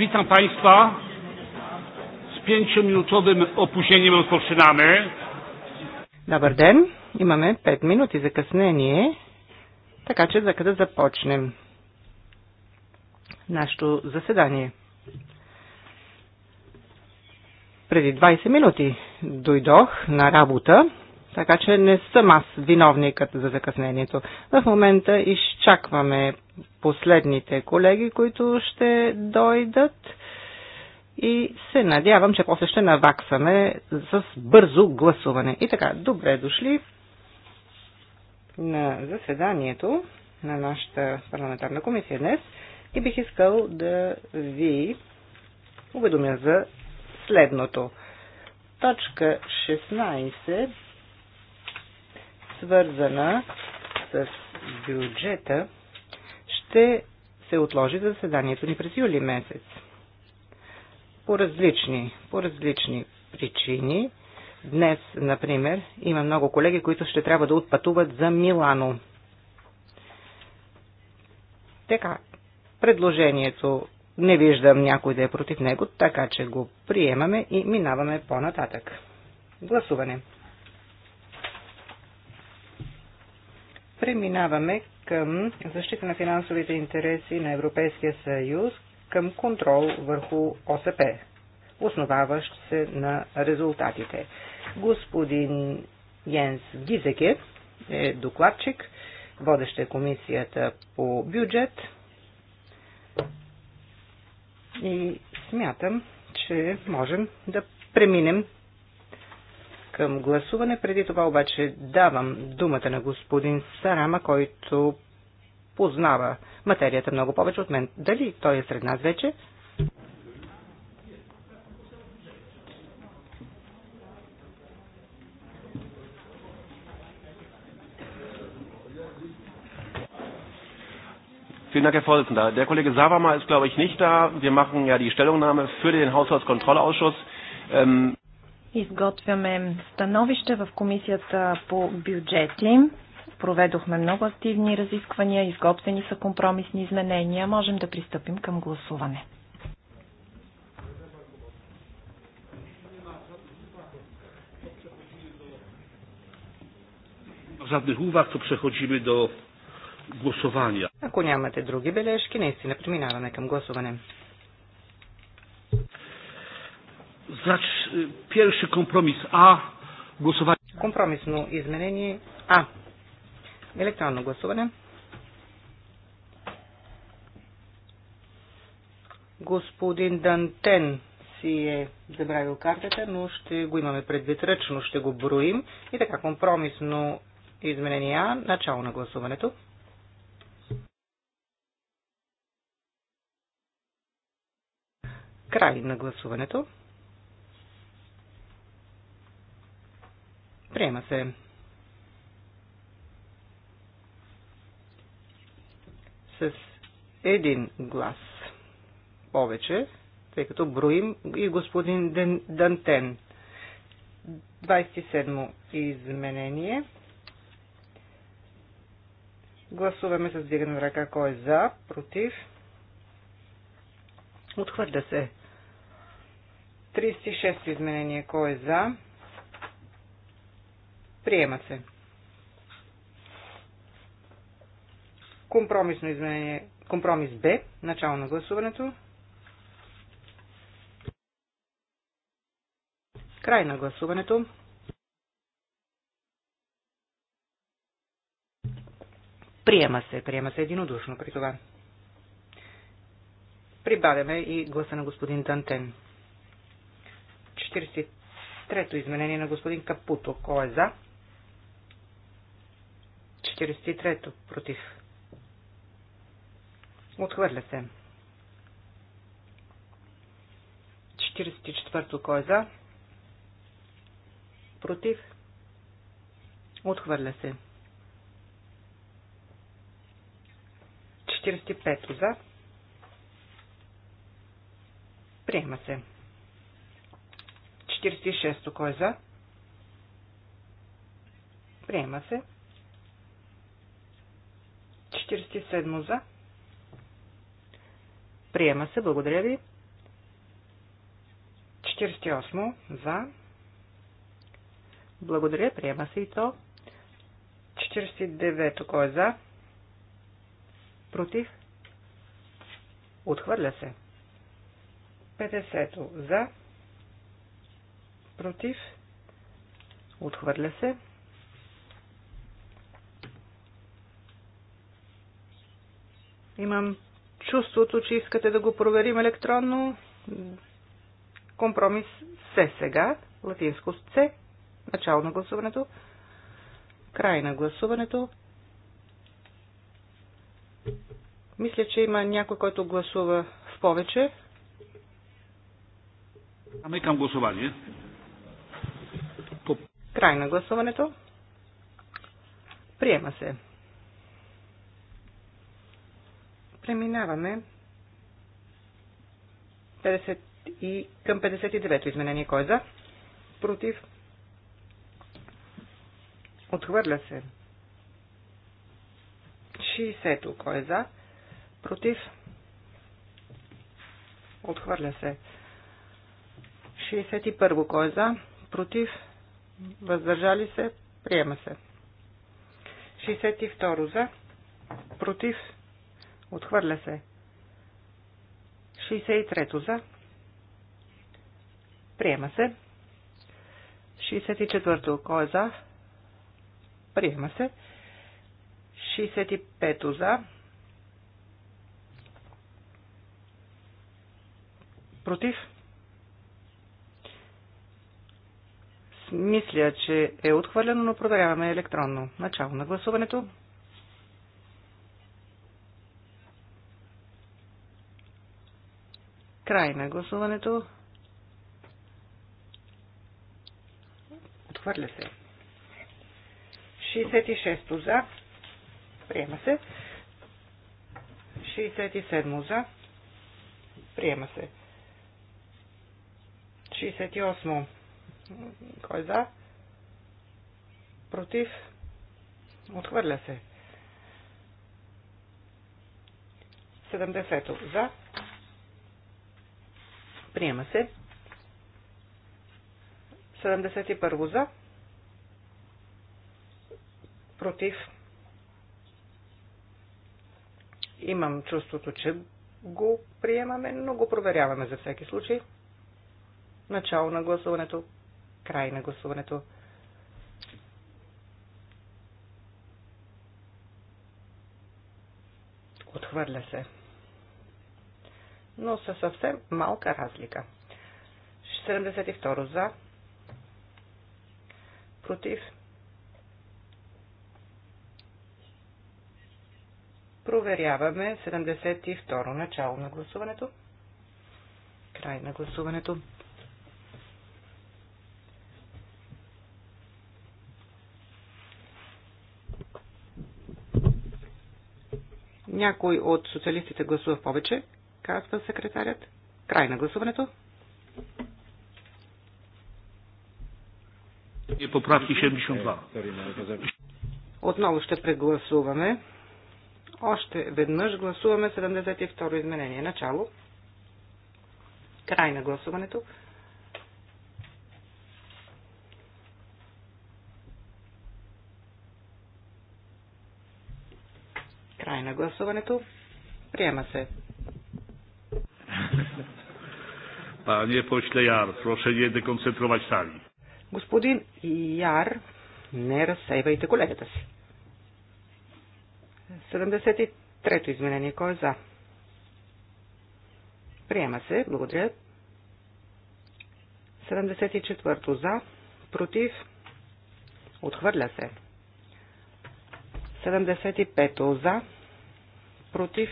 Witam Państwa. Z pięciominutowym opóźnieniem rozpoczynamy. Добър ден! Имаме 5 минути закъснение, така че за да започнем tu заседание. Преди 20 минути дойдох на работа, така че не съм аз виновникът за закъснението. В момента изчакваме последните колеги, които ще дойдат и се надявам, че после ще наваксаме с бързо гласуване. И така, добре дошли на заседанието на нашата парламентарна комисия днес и бих искал да ви уведомя за следното. Точка 16, свързана с бюджета ще се отложи заседанието ни през юли месец. По различни, по различни причини. Днес, например, има много колеги, които ще трябва да отпътуват за Милано. Така, предложението не виждам някой да е против него, така че го приемаме и минаваме по-нататък. Гласуване. Преминаваме към защита на финансовите интереси на Европейския съюз към контрол върху ОСП, основаващ се на резултатите. Господин Йенс Гизеке е докладчик, водеща е комисията по бюджет и смятам, че можем да преминем към гласуване. Преди това обаче давам думата на господин Сарама, който познава материята много повече от мен. Дали той е сред нас вече? Vielen Dank, Herr Vorsitzender. Der Kollege Savama ist, glaube ich, nicht da. Wir machen ja die Stellungnahme für den Haushaltskontrollausschuss. Ähm Изготвяме становище в комисията по бюджети. Проведохме много активни разисквания, изготвени са компромисни изменения. Можем да пристъпим към гласуване. Ако нямате други бележки, наистина преминаваме към гласуване. Значи, първи компромис А, гласуване. Компромисно изменение А. Електронно гласуване. Господин Дантен си е забравил картата, но ще го имаме предвид ръчно, ще го броим. И така, компромисно изменение А, начало на гласуването. Край на гласуването. Приема се. С един глас повече, тъй като броим и господин Дантен. 27 изменение. Гласуваме с дигана ръка кой е за, против. Отхвърля се. 36 изменение кой е за, Приема се. Компромисно изменение. Компромис Б. Начало на гласуването. Край на гласуването. Приема се. Приема се единодушно при това. Прибавяме и гласа на господин Дантен. 43-то изменение на господин Капуто. Кой е за? 43-то. Против. Отхвърля се. 44-то. Кой е за? Против. Отхвърля се. 45-то. За. Приема се. 46-то. Кой е за? Приема се. 47 за. Приема се. Благодаря ви. 48 за. Благодаря. Приема се и то. 49 кой е за? Против? Отхвърля се. 50 за. Против? Отхвърля се. Имам чувството, че искате да го проверим електронно. Компромис С сега, латинско С, начало на гласуването, край на гласуването. Мисля, че има някой, който гласува в повече. Ами към гласуване. Край на гласуването. Приема се. Преминаваме 50 и към 59-то изменение. Кой е за? Против? Отхвърля се. 60-то. Кой е за? Против? Отхвърля се. 61 го Кой е за? Против? Въздържали се? Приема се. 62-ро за? Против? Отхвърля се. 63 то за. Приема се. 64 то кой е за? Приема се. 65 за. Против? Мисля, че е отхвърлено, но проверяваме електронно. Начало на гласуването. Край на гласуването. Отхвърля се. 66 за. Приема се. 67 за. Приема се. 68. Кой е за? Против. Отхвърля се. 70 за Приема се. 71 за. Против. Имам чувството, че го приемаме, но го проверяваме за всеки случай. Начало на гласуването, край на гласуването. Отхвърля се но със съвсем малка разлика. 72 за, против, проверяваме 72 начало на гласуването, край на гласуването. Някой от социалистите гласува повече, казва секретарят. Край на гласуването. Е, и поправки 72. Отново ще прегласуваме. Още веднъж гласуваме 72 изменение. Начало. Край на гласуването. Край на гласуването. Приема се. Panie pośle Jar, proszę nie dekoncentrować sali. Господин Яр, не разсейвайте колегата си. 73-то изменение. Кой е за? Приема се. Благодаря. 74-то за. Против. Отхвърля се. 75-то за. Против.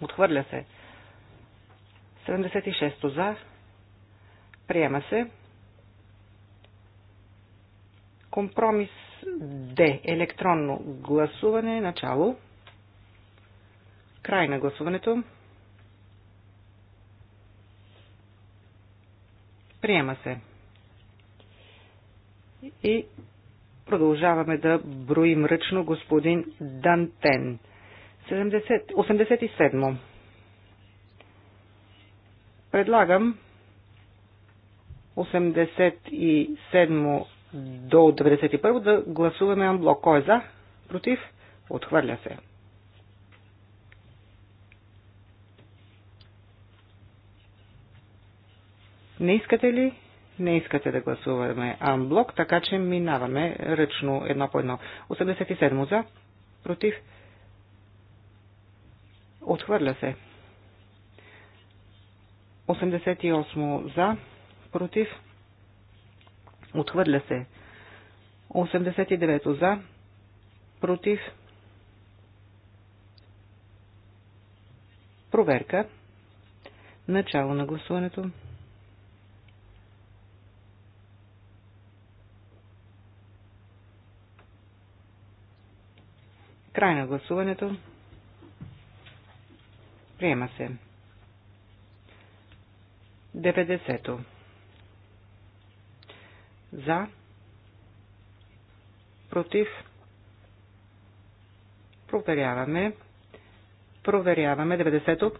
Отхвърля се. 76 за. Приема се. Компромис Д. Електронно гласуване. Начало. Край на гласуването. Приема се. И продължаваме да броим ръчно господин Дантен. 70, 87. Предлагам 87 до 91 да гласуваме анблок. Кой е за? Против? Отхвърля се. Не искате ли? Не искате да гласуваме анблок, така че минаваме ръчно едно по едно. 87 за, против, отхвърля се. 88 за, против, отхвърля се. 89 за, против, проверка, начало на гласуването. Край на гласуването. Приема се. 90-то. За. Против. Проверяваме. Проверяваме 90-то.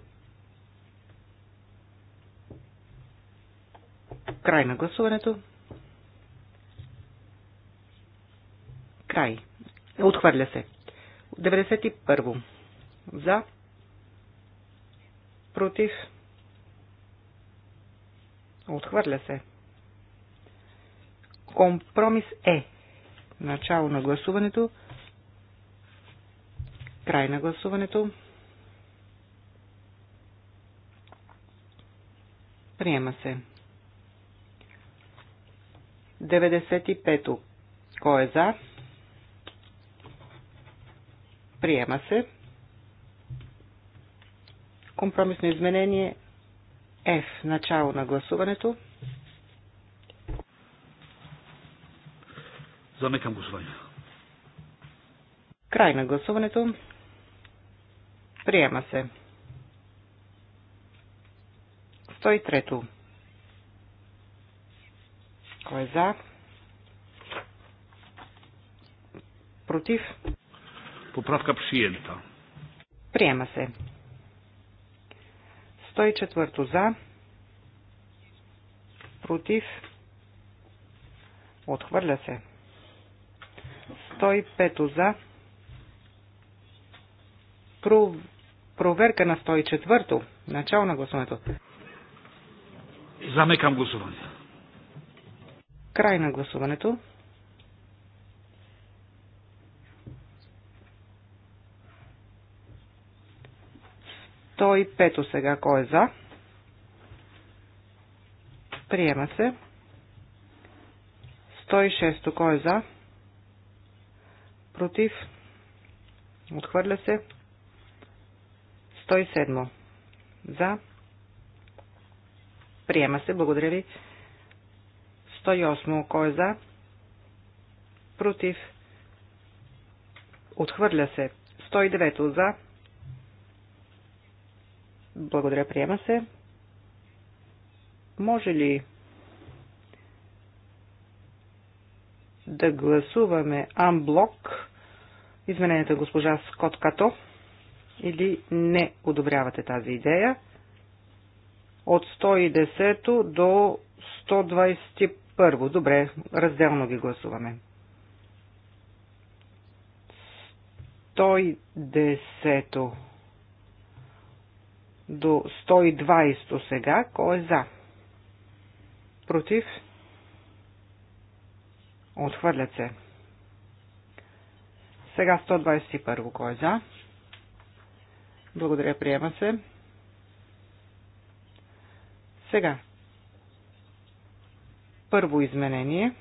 Край на гласуването. Край. Отхвърля се. 91. За. Против. Отхвърля се. Компромис е. Начало на гласуването. Край на гласуването. Приема се. 95-то. Кой е за? Приема се. Компромисно изменение F. Начало на гласуването. Замекам гласуване. Край на гласуването. Приема се. 103. Кой е за? Против? Поправка приента. Приема се. 104 за, против, отхвърля се. 105 за, Про... проверка на 104, начало на гласуването. Замекам гласуване. Край на гласуването. 105 сега. Кой е за? Приема се. 106 кой е за? Против. Отхвърля се. 107 за. Приема се. Благодаря ви. 108 кой е за? Против. Отхвърля се. 109 за благодаря, приема се. Може ли да гласуваме амблок измененията госпожа Скот Като или не одобрявате тази идея от 110 до 121. Добре, разделно ги гласуваме. 110 до 120 сега. Кой е за? Против? Отхвърлят се. Сега 121. Кой е за? Благодаря, приема се. Сега. Първо изменение.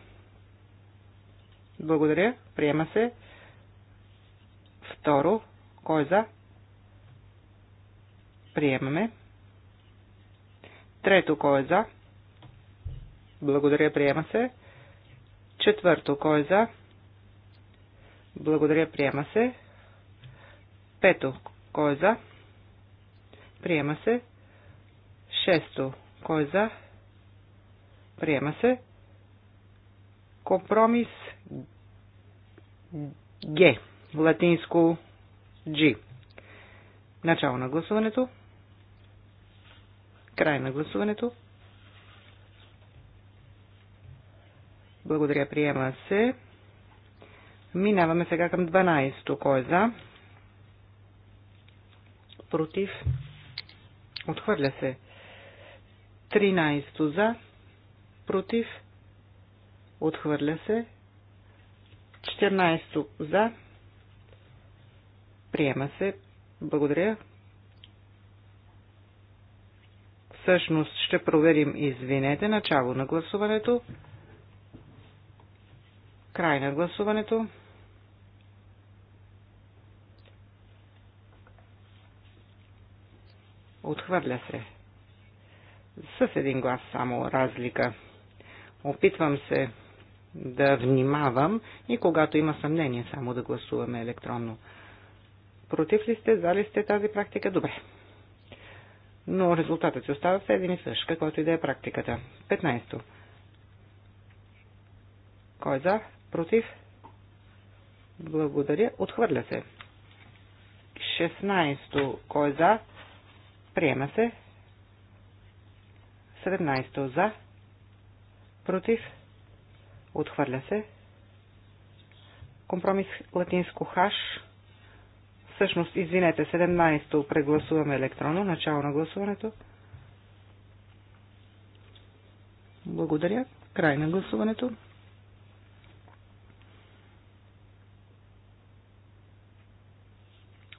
Благодаря, приема се. Второ. Кой е за? Приемаме. Трето, кой е за? Благодаря, приема се. Четвърто, кой е за? Благодаря, приема се. Пето, кой е за? Приема се. Шесто, кой е за? Приема се. Компромис Г. Латинско G. Начало на гласуването. Край на гласуването. Благодаря, приема се. Минаваме сега към 12-то. Кой е за? Против. Отхвърля се. 13-то за. Против. Отхвърля се. 14-то за. Приема се. Благодаря. всъщност ще проверим, извинете, начало на гласуването, край на гласуването. Отхвърля се. С един глас само разлика. Опитвам се да внимавам и когато има съмнение, само да гласуваме електронно. Против ли сте, за ли сте тази практика? Добре но резултатът си остава все един и същ, каквото и да е практиката. 15. Кой е за? Против? Благодаря. Отхвърля се. 16. Кой е за? Приема се. 17. За? Против? Отхвърля се. Компромис латинско хаш всъщност, извинете, 17-то прегласуваме електронно, начало на гласуването. Благодаря. Край на гласуването.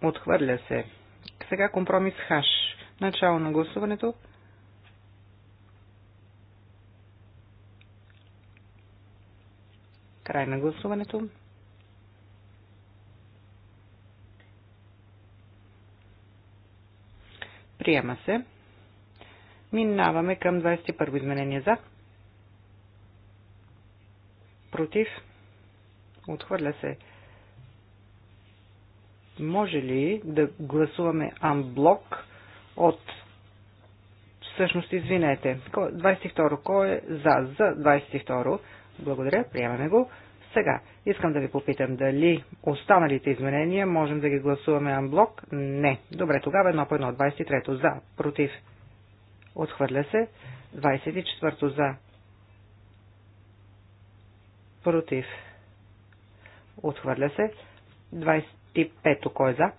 Отхвърля се. Сега компромис хаш. Начало на гласуването. Край на гласуването. Приема се. Минаваме към 21 изменение за. Против. Отхвърля се. Може ли да гласуваме Анблок от... Всъщност, извинете. 22. Кой е за? За 22. Благодаря. Приемаме го. Сега, искам да ви попитам дали останалите изменения можем да ги гласуваме анблок? Не. Добре, тогава едно по едно. 23-то за, против. Отхвърля се. 24-то за. Против. Отхвърля се. 25-то кой е за?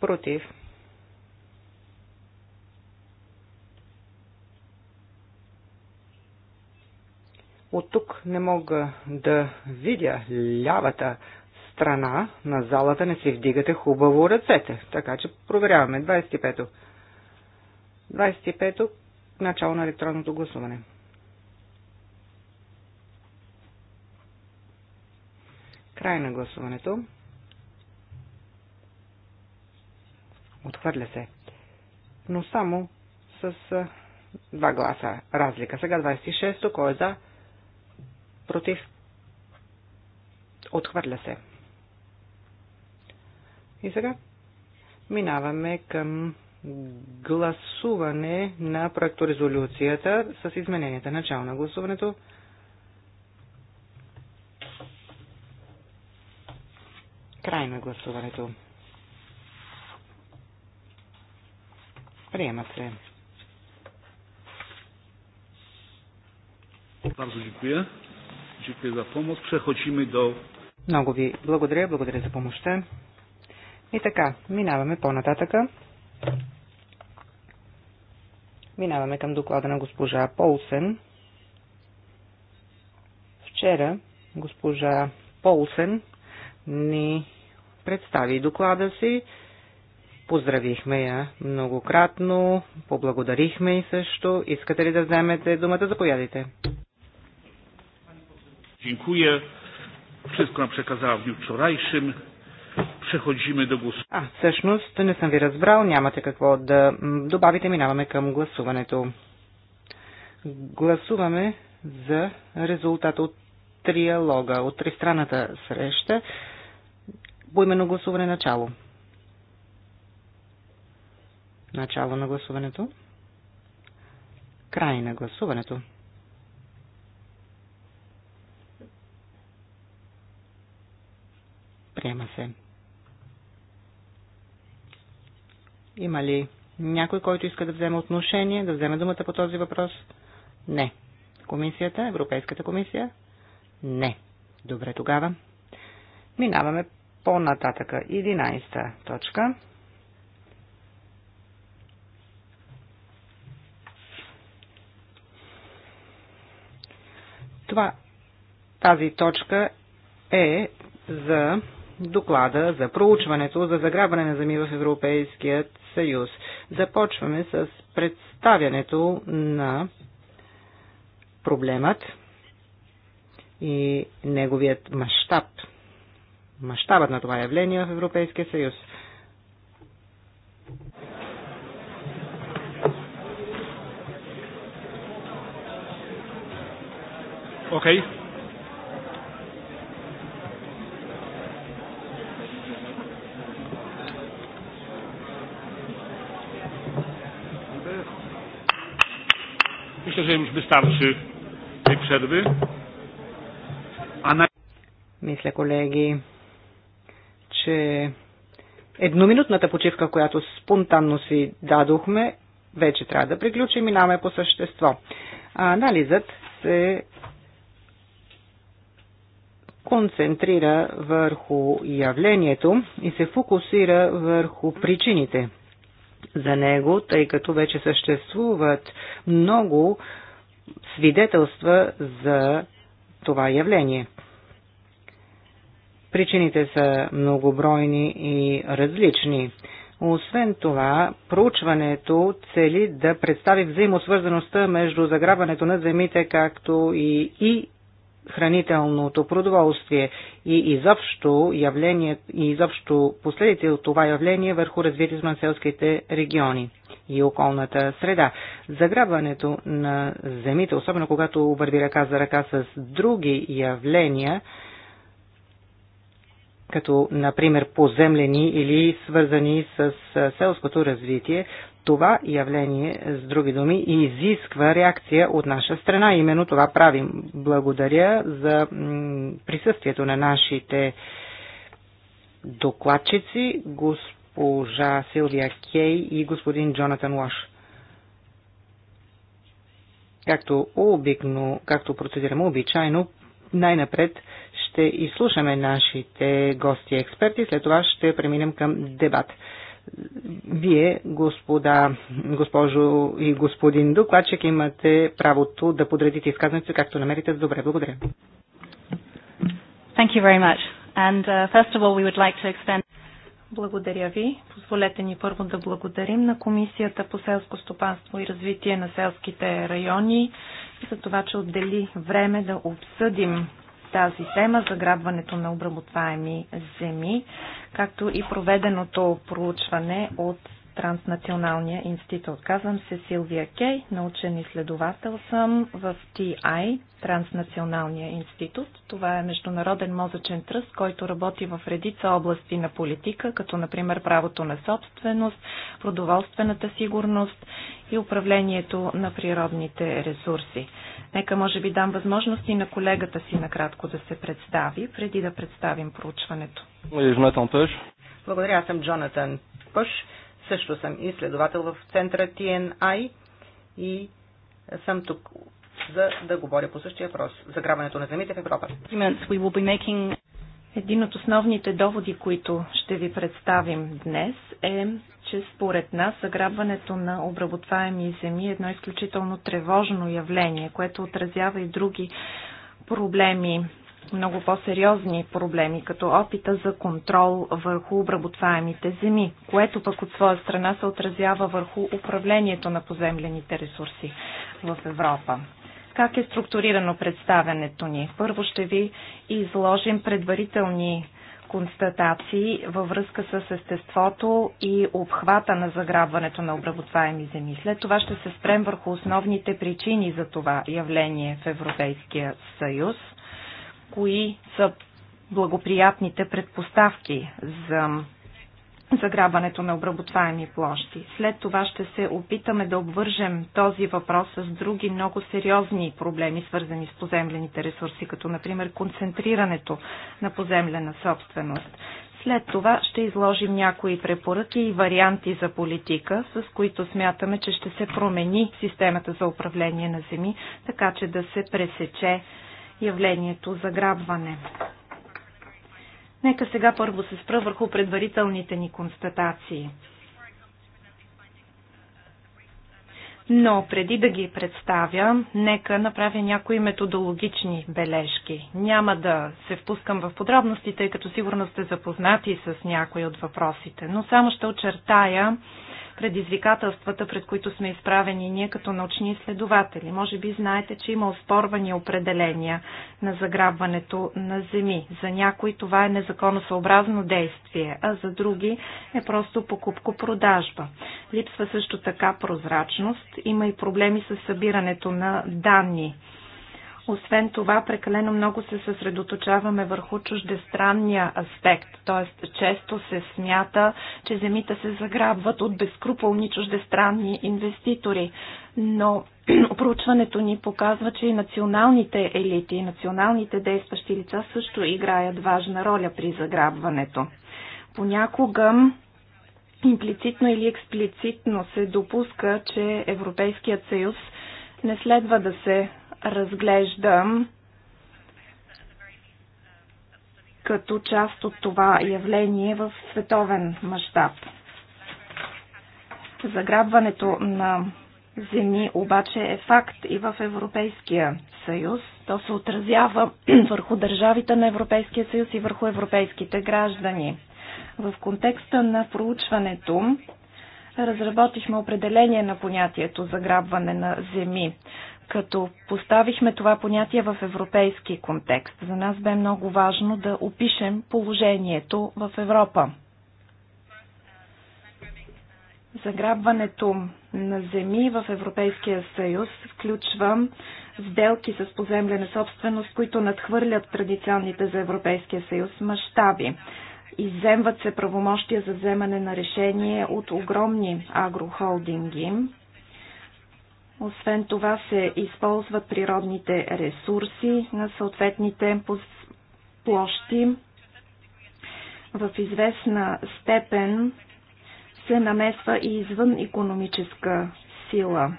Против. От тук не мога да видя лявата страна на залата, не си вдигате хубаво ръцете. Така че проверяваме. 25-то. 25-то, начало на електронното гласуване. Край на гласуването. Отхвърля се. Но само с два гласа разлика. Сега 26-то, кой е за? Да? Против. Отхвърля се. И сега минаваме към гласуване на проекторезолюцията с измененията. Начало на гласуването. Край на гласуването. Приема се. Bardzo dziękuję dziękuję za pomoc. Przechodzimy do... Много ви благодаря, благодаря за помощта. И така, минаваме по-нататъка. Минаваме към доклада на госпожа Полсен. Вчера госпожа Полсен ни представи доклада си. Поздравихме я многократно, поблагодарихме и също. Искате ли да вземете думата? Заповядайте. Dziękuję. Wszystko nam przekazała w dniu wczorajszym. Преходиме да гласуваме. А, всъщност не съм ви разбрал, нямате какво да добавите, минаваме към гласуването. Гласуваме за резултата от триалога, от тристранната среща, по именно гласуване начало. Начало на гласуването. Край на гласуването. Приема се. Има ли някой, който иска да вземе отношение, да вземе думата по този въпрос? Не. Комисията, Европейската комисия? Не. Добре тогава. Минаваме по-нататъка. 11 точка. Това, тази точка е за доклада за проучването за заграбване на земи в Европейският съюз. Започваме с представянето на проблемът и неговият мащаб. Мащабът на това явление в Европейския съюз. Okay. Myślę, że już wystarczy tej przerwy. А на... Мисля, колеги, че едноминутната почивка, която спонтанно си дадохме, вече трябва да приключи. Минаваме по същество. А анализът се концентрира върху явлението и се фокусира върху причините – за него, тъй като вече съществуват много свидетелства за това явление. Причините са многобройни и различни. Освен това, проучването цели да представи взаимосвързаността между заграбването на земите, както и, и хранителното продоволствие и изобщо, явление, и изобщо последите от това явление върху развитието на селските региони и околната среда. Заграбването на земите, особено когато върви ръка за ръка с други явления, като например поземлени или свързани с селското развитие, това явление, с други думи, изисква реакция от наша страна. Именно това правим. Благодаря за присъствието на нашите докладчици, госпожа Силвия Кей и господин Джонатан Лош. Както обикно, както процедираме обичайно, най-напред ще изслушаме нашите гости и експерти, след това ще преминем към дебат. Вие, господа, госпожо и господин докладчик, имате правото да подредите изказването, както намерите за добре. Благодаря. Thank you very much. And uh, first of all, we would like to extend благодаря ви. Позволете ни първо да благодарим на Комисията по селско стопанство и развитие на селските райони за това, че отдели време да обсъдим тази тема, заграбването на обработваеми земи, както и проведеното проучване от Транснационалния институт. Казвам се Силвия Кей, научен изследовател съм в TI, Транснационалния институт. Това е международен мозъчен тръст, който работи в редица области на политика, като например правото на собственост, продоволствената сигурност и управлението на природните ресурси. Нека може би дам възможност и на колегата си накратко да се представи, преди да представим проучването. Е, Благодаря, аз съм Джонатан Пъш. Също съм изследовател в центъра TNI и съм тук за да говоря по същия въпрос – за заграбването на земите в Европа. Един от основните доводи, които ще ви представим днес е че според нас заграбването на обработваеми земи е едно изключително тревожно явление, което отразява и други проблеми, много по-сериозни проблеми, като опита за контрол върху обработваемите земи, което пък от своя страна се отразява върху управлението на поземлените ресурси в Европа. Как е структурирано представянето ни? Първо ще ви изложим предварителни констатации във връзка с естеството и обхвата на заграбването на обработваеми земи. След това ще се спрем върху основните причини за това явление в Европейския съюз, кои са благоприятните предпоставки за заграбването на обработваеми площи. След това ще се опитаме да обвържем този въпрос с други много сериозни проблеми, свързани с поземлените ресурси, като например концентрирането на поземлена собственост. След това ще изложим някои препоръки и варианти за политика, с които смятаме, че ще се промени системата за управление на земи, така че да се пресече явлението заграбване. Нека сега първо се спра върху предварителните ни констатации. Но преди да ги представя, нека направя някои методологични бележки. Няма да се впускам в подробности, тъй като сигурно сте запознати с някои от въпросите, но само ще очертая предизвикателствата, пред които сме изправени ние като научни изследователи. Може би знаете, че има оспорвани определения на заграбването на земи. За някои това е незаконосъобразно действие, а за други е просто покупко-продажба. Липсва също така прозрачност. Има и проблеми с събирането на данни освен това, прекалено много се съсредоточаваме върху чуждестранния аспект, т.е. често се смята, че земите се заграбват от безкруполни чуждестранни инвеститори. Но проучването ни показва, че и националните елити, и националните действащи лица също играят важна роля при заграбването. Понякога имплицитно или експлицитно се допуска, че Европейският съюз не следва да се разглеждам като част от това явление в световен мащаб. Заграбването на земи обаче е факт и в Европейския съюз. То се отразява върху държавите на Европейския съюз и върху европейските граждани. В контекста на проучването разработихме определение на понятието заграбване на земи като поставихме това понятие в европейски контекст. За нас бе много важно да опишем положението в Европа. Заграбването на земи в Европейския съюз включва сделки с поземлена собственост, които надхвърлят традиционните за Европейския съюз мащаби. Иземват се правомощия за вземане на решение от огромни агрохолдинги, освен това се използват природните ресурси на съответните площи. В известна степен се намесва и извън економическа сила.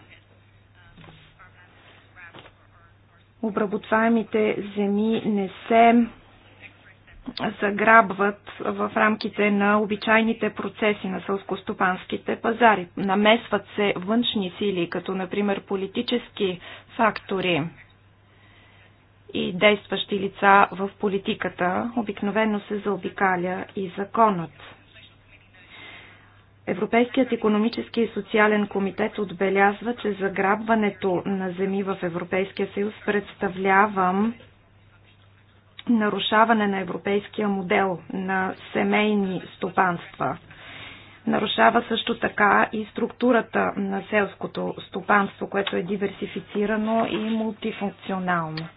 Обработваемите земи не се заграбват в рамките на обичайните процеси на сълскостопанските пазари. Намесват се външни сили, като например политически фактори и действащи лица в политиката. Обикновено се заобикаля и законът. Европейският економически и социален комитет отбелязва, че заграбването на земи в Европейския съюз представлява нарушаване на европейския модел на семейни стопанства. Нарушава също така и структурата на селското стопанство, което е диверсифицирано и мултифункционално.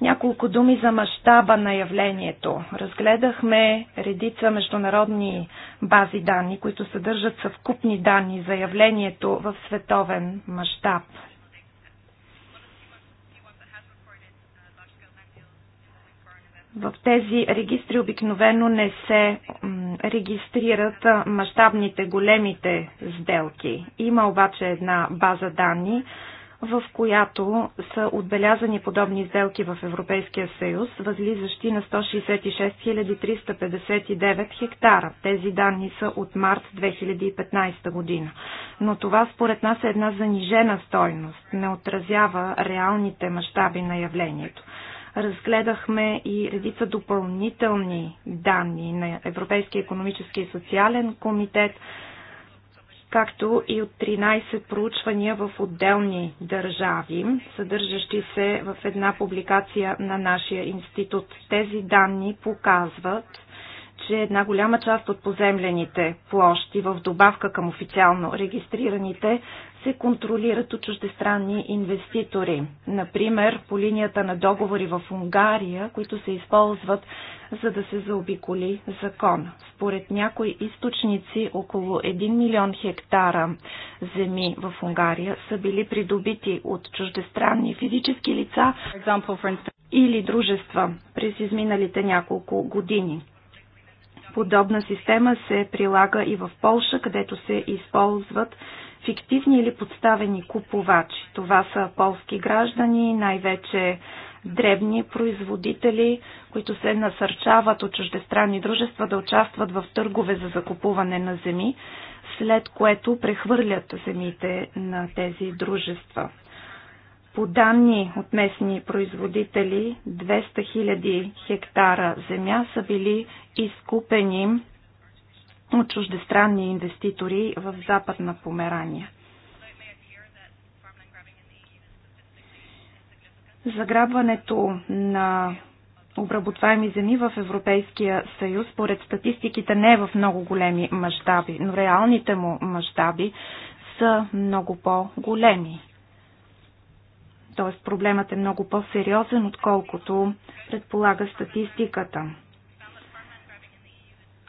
Няколко думи за мащаба на явлението. Разгледахме редица международни бази данни, които съдържат съвкупни данни за явлението в световен мащаб. В тези регистри обикновено не се регистрират мащабните, големите сделки. Има обаче една база данни, в която са отбелязани подобни сделки в Европейския съюз, възлизащи на 166 359 хектара. Тези данни са от март 2015 година. Но това според нас е една занижена стойност, не отразява реалните мащаби на явлението. Разгледахме и редица допълнителни данни на Европейския економически и социален комитет, както и от 13 проучвания в отделни държави, съдържащи се в една публикация на нашия институт. Тези данни показват, че една голяма част от поземлените площи в добавка към официално регистрираните се контролират от чуждестранни инвеститори. Например, по линията на договори в Унгария, които се използват за да се заобиколи закон. Според някои източници, около 1 милион хектара земи в Унгария са били придобити от чуждестранни физически лица или дружества през изминалите няколко години. Подобна система се прилага и в Полша, където се използват фиктивни или подставени купувачи. Това са полски граждани, най-вече дребни производители, които се насърчават от чуждестранни дружества да участват в търгове за закупуване на земи, след което прехвърлят земите на тези дружества. По данни от местни производители, 200 000 хектара земя са били изкупени от чуждестранни инвеститори в Западна Померания. Заграбването на обработваеми земи в Европейския съюз, според статистиките, не е в много големи мащаби, но реалните му мащаби са много по-големи. Тоест проблемът е много по-сериозен, отколкото предполага статистиката.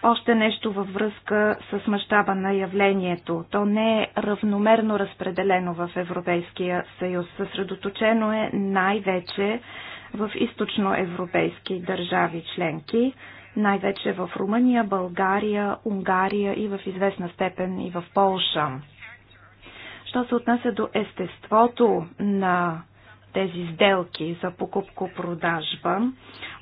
Още нещо във връзка с мащаба на явлението. То не е равномерно разпределено в Европейския съюз. Съсредоточено е най-вече в източноевропейски държави членки, най-вече в Румъния, България, Унгария и в известна степен и в Полша. Що се отнася до естеството на тези сделки за покупко-продажба,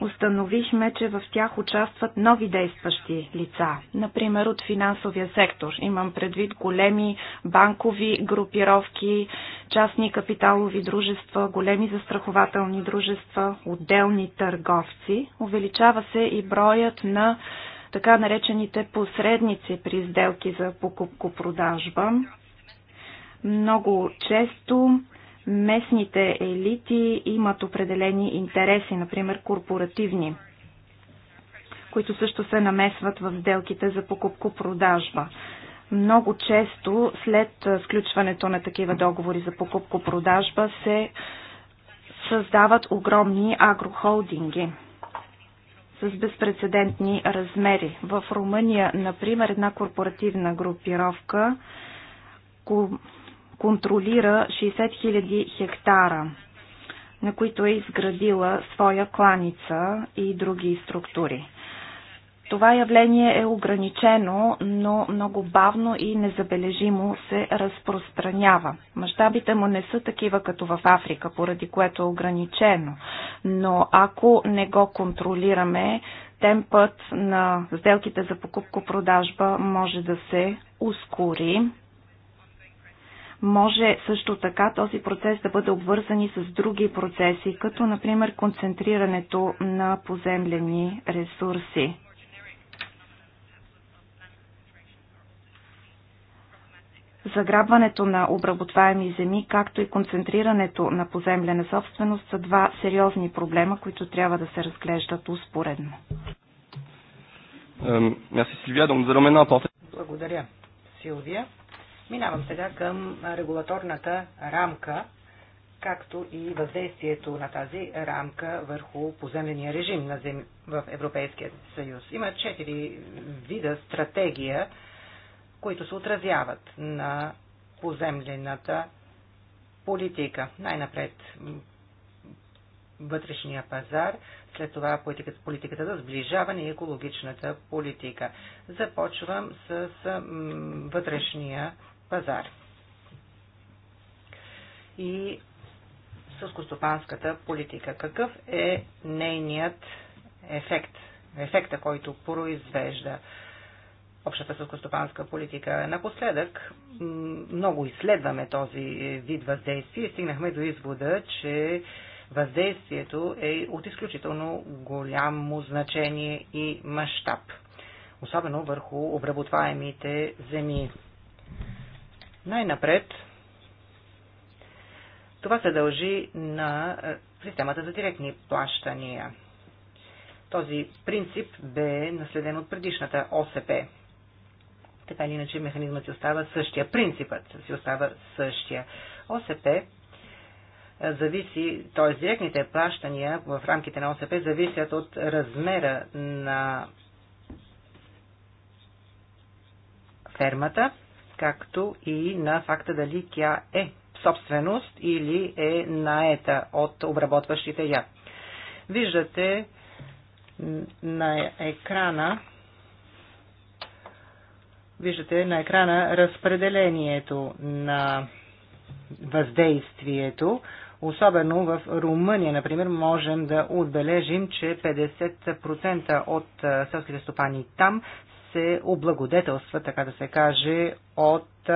установихме, че в тях участват нови действащи лица, например от финансовия сектор. Имам предвид големи банкови групировки, частни капиталови дружества, големи застрахователни дружества, отделни търговци. Увеличава се и броят на така наречените посредници при сделки за покупко-продажба. Много често местните елити имат определени интереси, например корпоративни, които също се намесват в сделките за покупко-продажба. Много често след сключването на такива договори за покупко-продажба се създават огромни агрохолдинги с безпредседентни размери. В Румъния, например, една корпоративна групировка контролира 60 000 хектара, на които е изградила своя кланица и други структури. Това явление е ограничено, но много бавно и незабележимо се разпространява. Мащабите му не са такива като в Африка, поради което е ограничено. Но ако не го контролираме, темпът на сделките за покупко-продажба може да се ускори. Може също така този процес да бъде обвързан и с други процеси, като например концентрирането на поземлени ресурси. Заграбването на обработваеми земи, както и концентрирането на поземлена собственост са два сериозни проблема, които трябва да се разглеждат успоредно. Благодаря, Силвия. Минавам сега към регулаторната рамка, както и въздействието на тази рамка върху поземления режим на зем... в Европейския съюз. Има четири вида стратегия, които се отразяват на поземлената политика. Най-напред вътрешния пазар, след това политиката, политиката за сближаване и екологичната политика. Започвам с вътрешния пазар. И сълскостопанската политика. Какъв е нейният ефект? Ефекта, който произвежда общата сълскостопанска политика. Напоследък много изследваме този вид въздействие и стигнахме до извода, че въздействието е от изключително голямо значение и мащаб, особено върху обработваемите земи. Най-напред това се дължи на е, системата за директни плащания. Този принцип бе наследен от предишната ОСП. Така или иначе механизмът си остава същия, принципът си остава същия. ОСП е, зависи, т.е. директните плащания в рамките на ОСП зависят от размера на фермата както и на факта дали тя е собственост или е наета от обработващите я. Виждате на екрана виждате на екрана разпределението на въздействието. Особено в Румъния, например, можем да отбележим, че 50% от селските стопани там се облагодетелства, така да се каже, от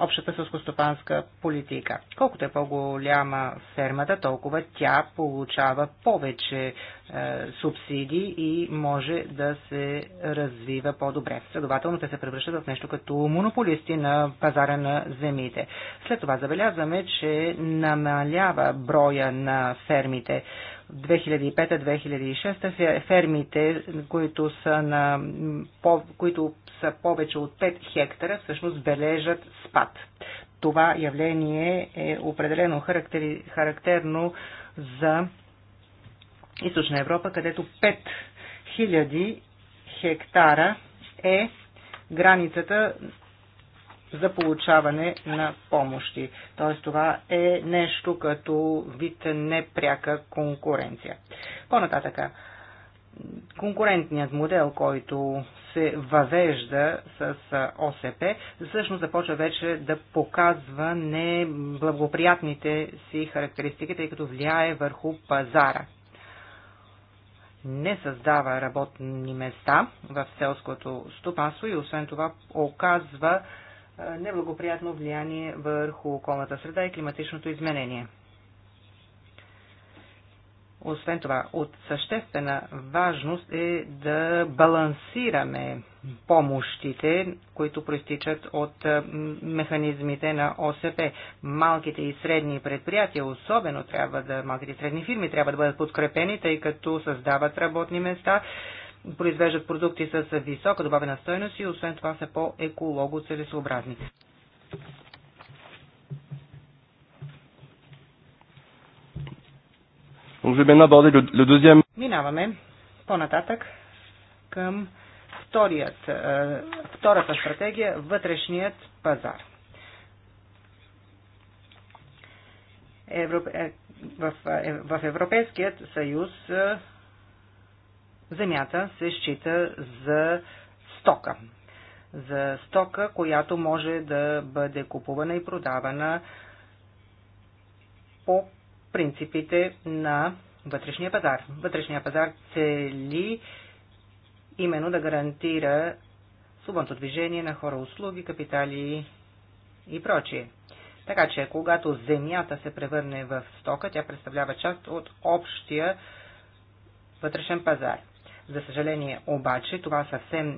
общата сълскостопанска политика. Колкото е по-голяма фермата, толкова тя получава повече е, субсидии и може да се развива по-добре. Следователно те се превръщат в нещо като монополисти на пазара на земите. След това забелязваме, че намалява броя на фермите. 2005-2006 фермите, които са, на, по, които са повече от 5 хектара, всъщност бележат спад. Това явление е определено характерно за Източна Европа, където 5000 хектара е границата за получаване на помощи. Т.е. това е нещо като вид непряка конкуренция. По-нататъка, конкурентният модел, който се въвежда с ОСП, всъщност започва вече да показва неблагоприятните си характеристики, тъй като влияе върху пазара не създава работни места в селското стопанство и освен това оказва е, неблагоприятно влияние върху околната среда и климатичното изменение. Освен това, от съществена важност е да балансираме помощите, които проистичат от механизмите на ОСП. Малките и средни предприятия, особено трябва да, малките и средни фирми трябва да бъдат подкрепени, тъй като създават работни места, произвеждат продукти с висока добавена стойност и освен това са по-еколого целесообразни. Минаваме по-нататък към вторият, е, втората стратегия вътрешният пазар. Е, е, в Европейският съюз земята се счита за стока. За стока, която може да бъде купувана и продавана по принципите на вътрешния пазар. Вътрешния пазар цели именно да гарантира свободното движение на хора, услуги, капитали и прочие. Така че, когато земята се превърне в стока, тя представлява част от общия вътрешен пазар. За съжаление обаче, това съвсем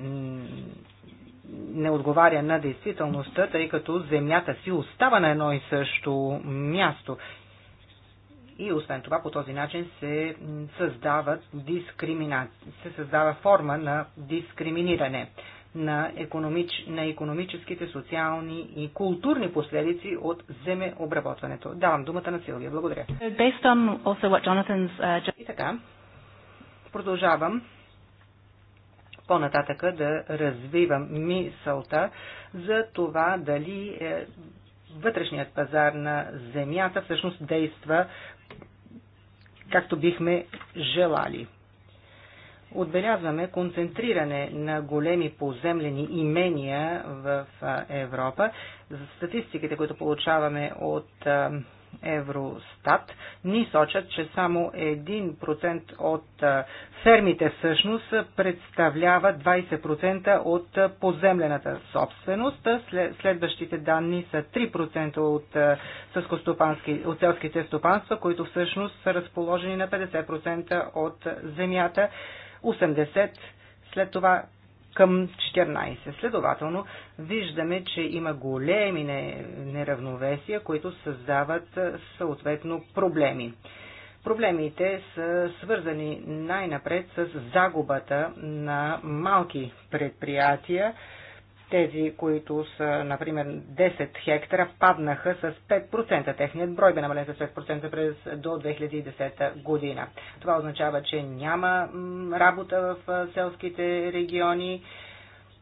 не отговаря на действителността, тъй като земята си остава на едно и също място и освен това, по този начин се, създава, дискримина... се създава форма на дискриминиране на, економич... на економическите, социални и културни последици от земеобработването. Давам думата на Силвия. Благодаря. Uh, и така, продължавам по-нататъка да развивам мисълта за това дали е, вътрешният пазар на земята всъщност действа както бихме желали. Отбелязваме концентриране на големи поземлени имения в Европа. За статистиките, които получаваме от Евростат ни сочат, че само 1% от фермите всъщност представлява 20% от поземлената собственост. Следващите данни са 3% от, от селските стопанства, които всъщност са разположени на 50% от земята, 80% след това към 14. Следователно, виждаме, че има големи неравновесия, които създават съответно проблеми. Проблемите са свързани най-напред с загубата на малки предприятия, тези, които са, например, 10 хектара, паднаха с 5%. Техният брой бе намален с 5% през до 2010 година. Това означава, че няма работа в селските региони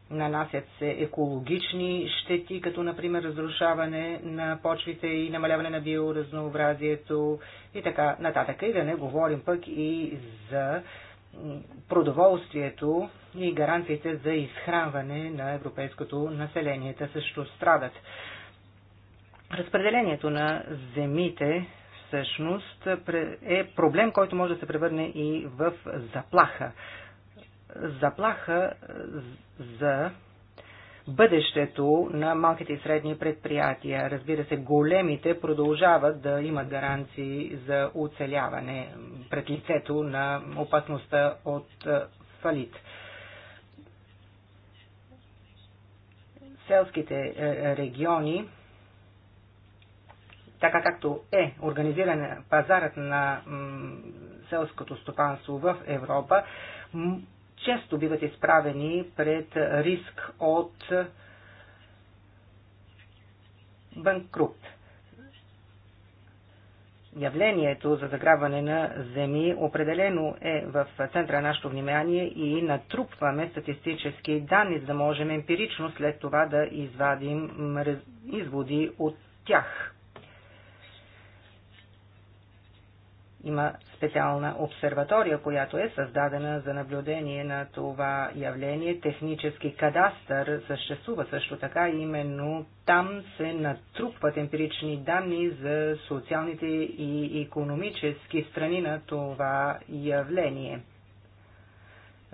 нанасят се екологични щети, като например разрушаване на почвите и намаляване на биоразнообразието и така нататък. И да не говорим пък и за продоволствието, и гаранциите за изхранване на европейското население. Те също страдат. Разпределението на земите всъщност е проблем, който може да се превърне и в заплаха. Заплаха за бъдещето на малките и средни предприятия. Разбира се, големите продължават да имат гаранции за оцеляване пред лицето на опасността от фалит. селските е, е, региони, така както е организиран пазарът на селското стопанство в Европа, често биват изправени пред риск от банкрупт явлението за заграбване на земи определено е в центъра на нашето внимание и натрупваме статистически данни, за да можем емпирично след това да извадим изводи от тях. Има специална обсерватория, която е създадена за наблюдение на това явление. Технически кадастър съществува също така. Именно там се натрупват емпирични данни за социалните и економически страни на това явление.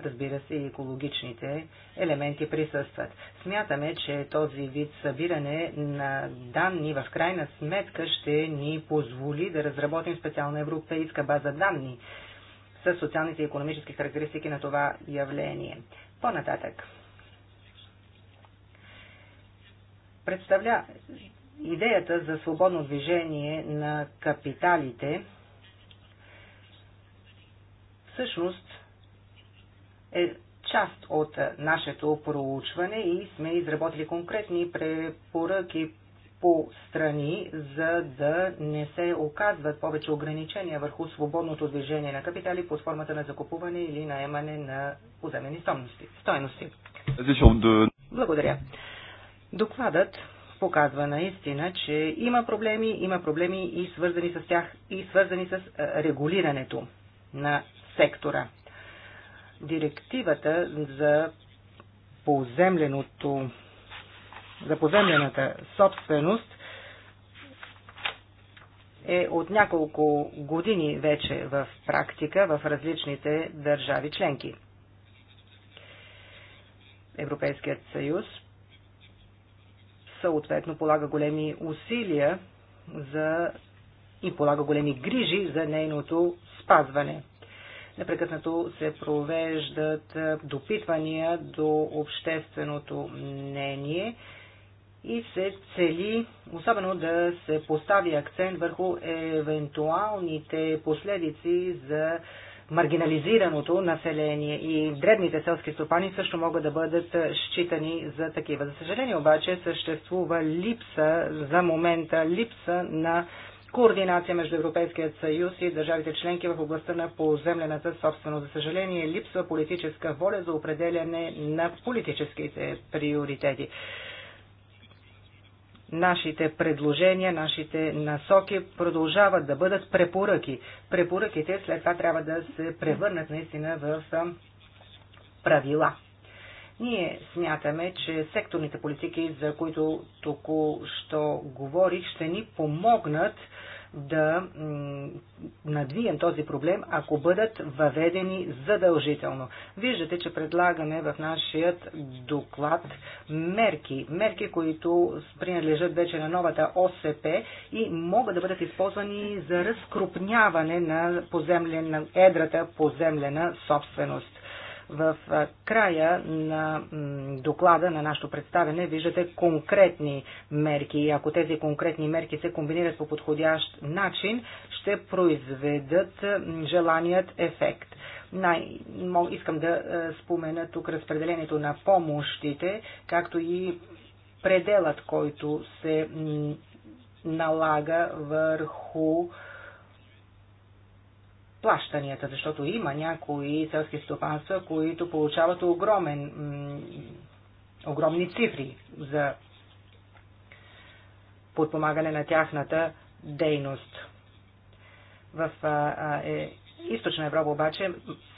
Разбира се, и екологичните елементи присъстват. Смятаме, че този вид събиране на данни в крайна сметка ще ни позволи да разработим специална европейска база данни с социалните и економически характеристики на това явление. По-нататък. Представля идеята за свободно движение на капиталите всъщност е част от нашето проучване и сме изработили конкретни препоръки по страни, за да не се оказват повече ограничения върху свободното движение на капитали под формата на закупуване или наемане на поземени стойности. Благодаря. Докладът показва наистина, че има проблеми, има проблеми и свързани с тях, и свързани с е, регулирането на сектора директивата за поземленото за поземлената собственост е от няколко години вече в практика в различните държави членки. Европейският съюз съответно полага големи усилия за и полага големи грижи за нейното спазване непрекъснато се провеждат допитвания до общественото мнение и се цели особено да се постави акцент върху евентуалните последици за маргинализираното население и дребните селски стопани също могат да бъдат считани за такива. За съжаление обаче съществува липса за момента, липса на координация между Европейският съюз и държавите членки в областта на поземлената собственост. За съжаление, липсва политическа воля за определяне на политическите приоритети. Нашите предложения, нашите насоки продължават да бъдат препоръки. Препоръките след това трябва да се превърнат наистина в правила. Ние смятаме, че секторните политики, за които току-що говорих, ще ни помогнат да надвием този проблем, ако бъдат въведени задължително. Виждате, че предлагаме в нашият доклад мерки, мерки, които принадлежат вече на новата ОСП и могат да бъдат използвани за разкрупняване на, на едрата поземлена собственост. В края на доклада на нашето представене виждате конкретни мерки и ако тези конкретни мерки се комбинират по подходящ начин, ще произведат желаният ефект. Най- искам да спомена тук разпределението на помощите, както и пределът, който се налага върху плащанията, защото има някои селски стопанства, които получават огромен, огромни цифри за подпомагане на тяхната дейност. В а, е, Източна Европа обаче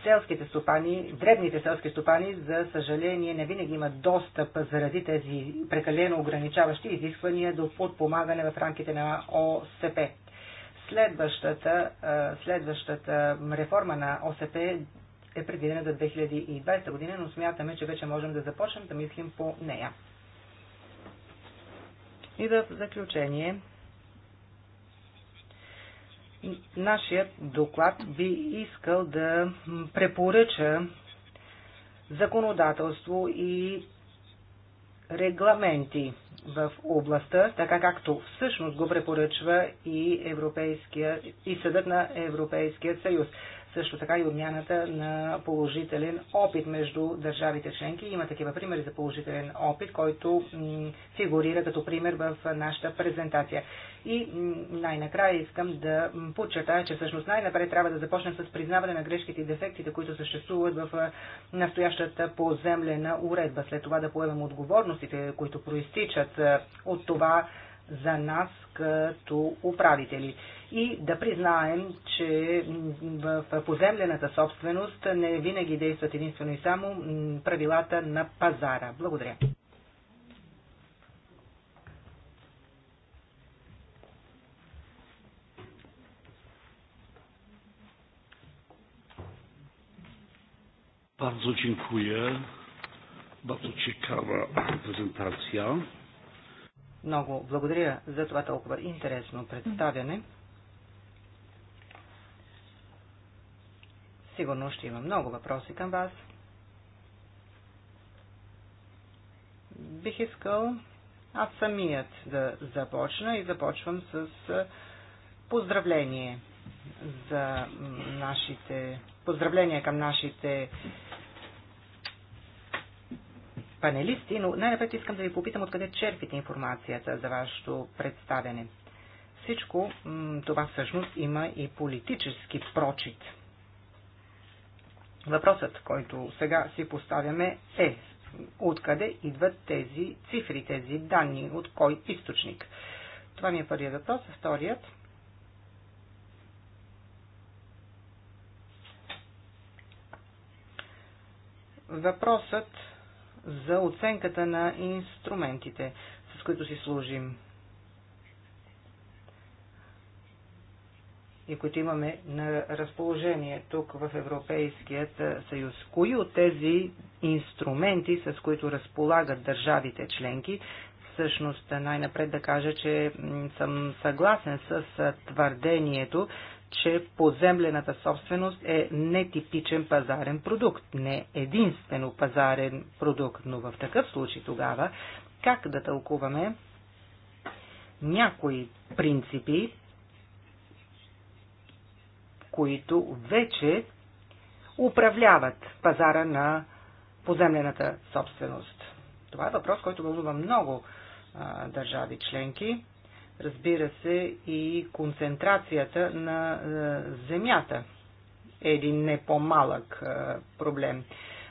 селските стопани, дребните селски стопани, за съжаление, не винаги имат достъп заради тези прекалено ограничаващи изисквания до подпомагане в рамките на ОСП. Следващата, следващата реформа на ОСП е предвидена за 2020 година, но смятаме, че вече можем да започнем да мислим по нея. И в заключение, нашият доклад би искал да препоръча законодателство и регламенти в областта, така както всъщност го препоръчва и, Европейския, и Съдът на Европейския съюз също така и обмяната на положителен опит между държавите членки. Има такива примери за положителен опит, който фигурира като пример в нашата презентация. И най-накрая искам да подчертая, че всъщност най-напред трябва да започнем с признаване на грешките и дефектите, които съществуват в настоящата поземлена уредба. След това да поемем отговорностите, които проистичат от това за нас като управители и да признаем, че в поземлената собственост не винаги действат единствено и само правилата на пазара. Благодаря. Bardzo dziękuję. Bardzo ciekawa prezentacja. Много благодаря за това толкова интересно представяне. Сигурно ще има много въпроси към вас. Бих искал аз самият да започна и започвам с поздравление за нашите поздравления към нашите панелисти, но най-напред искам да ви попитам откъде черпите информацията за вашето представяне. Всичко това всъщност има и политически прочит. Въпросът, който сега си поставяме е откъде идват тези цифри, тези данни, от кой източник. Това ми е първият въпрос. Вторият въпросът за оценката на инструментите, с които си служим и които имаме на разположение тук в Европейският съюз. Кои от тези инструменти, с които разполагат държавите членки, всъщност най-напред да кажа, че съм съгласен с твърдението, че поземлената собственост е нетипичен пазарен продукт, не единствено пазарен продукт, но в такъв случай тогава как да тълкуваме някои принципи, които вече управляват пазара на поземлената собственост. Това е въпрос, който вълнува много а, държави членки Разбира се, и концентрацията на е, земята е един не по-малък е, проблем.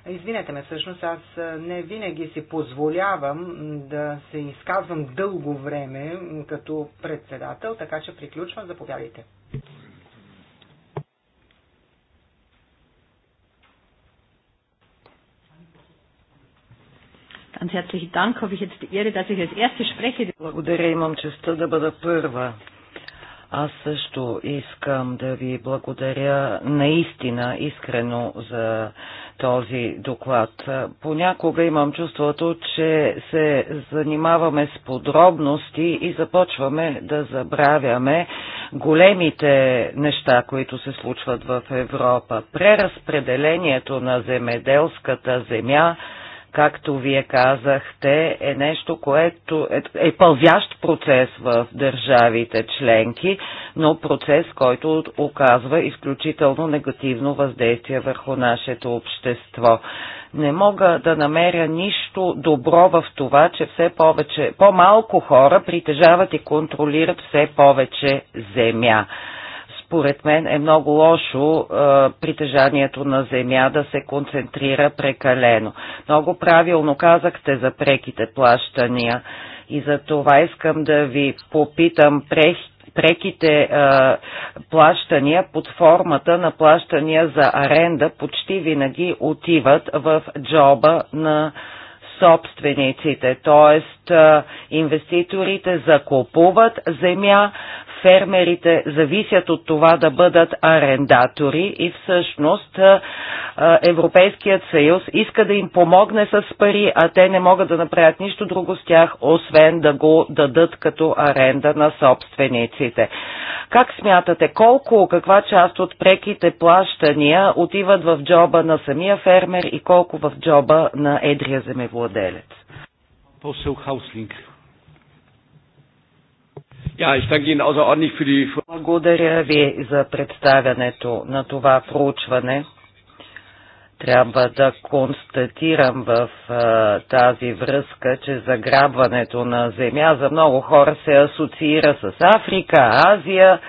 Извинете ме, всъщност аз е, не винаги си позволявам да се изказвам дълго време като председател, така че приключвам, заповядайте. Ganz herzlichen Dank. Habe ich jetzt die Ehre, dass ich als erste spreche. Благодаря, имам честа да бъда първа. Аз също искам да ви благодаря наистина искрено за този доклад. Понякога имам чувството, че се занимаваме с подробности и започваме да забравяме големите неща, които се случват в Европа. Преразпределението на земеделската земя, както вие казахте, е нещо, което е, е пълзящ процес в държавите членки, но процес, който оказва изключително негативно въздействие върху нашето общество. Не мога да намеря нищо добро в това, че все повече, по-малко хора притежават и контролират все повече земя. Според мен е много лошо е, притежанието на земя да се концентрира прекалено. Много правилно казахте за преките плащания и за това искам да ви попитам прех, преките е, плащания под формата на плащания за аренда почти винаги отиват в джоба на собствениците, т.е. инвеститорите закупуват земя, фермерите зависят от това да бъдат арендатори и всъщност Европейският съюз иска да им помогне с пари, а те не могат да направят нищо друго с тях, освен да го дадат като аренда на собствениците. Как смятате, колко, каква част от преките плащания отиват в джоба на самия фермер и колко в джоба на едрия земевладелец? Посел Хауслинг. Благодаря ви за представянето на това проучване. Трябва да констатирам в а, тази връзка, че заграбването на земя за много хора се асоциира с Африка, Азия,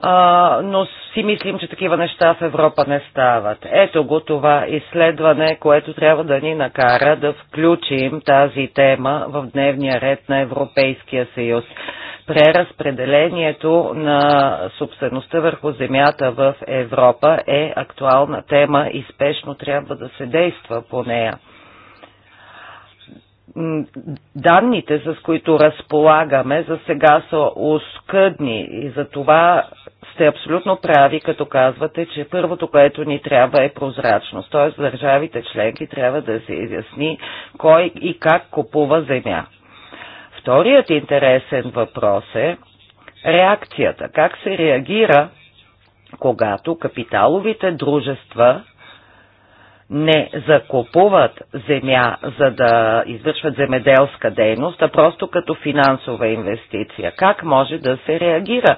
а, но си мислим, че такива неща в Европа не стават. Ето го това изследване, което трябва да ни накара да включим тази тема в дневния ред на Европейския съюз преразпределението на собствеността върху земята в Европа е актуална тема и спешно трябва да се действа по нея. Данните, с които разполагаме, за сега са оскъдни и за това сте абсолютно прави, като казвате, че първото, което ни трябва е прозрачност. Т.е. държавите членки трябва да се изясни кой и как купува земя. Вторият интересен въпрос е реакцията. Как се реагира, когато капиталовите дружества не закупуват земя, за да извършват земеделска дейност, а просто като финансова инвестиция. Как може да се реагира?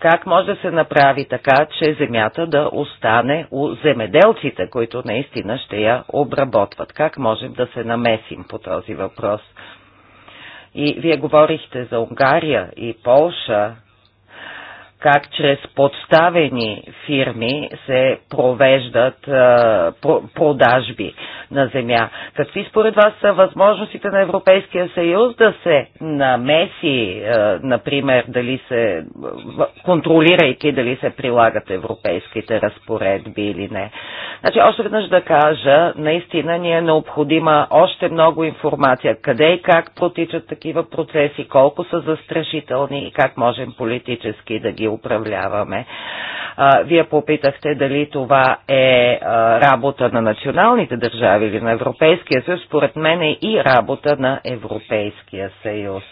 Как може да се направи така, че земята да остане у земеделците, които наистина ще я обработват? Как можем да се намесим по този въпрос? И вие говорихте за Унгария и Полша, как чрез подставени фирми се провеждат про, продажби на земя. Какви според вас са възможностите на Европейския съюз да се намеси, а, например, дали се, контролирайки дали се прилагат европейските разпоредби или не? Значи, още веднъж да кажа, наистина ни е необходима още много информация, къде и как протичат такива процеси, колко са застрашителни и как можем политически да ги управляваме. Вие попитахте дали това е работа на националните държави или на Европейския съюз. Според мен е и работа на Европейския съюз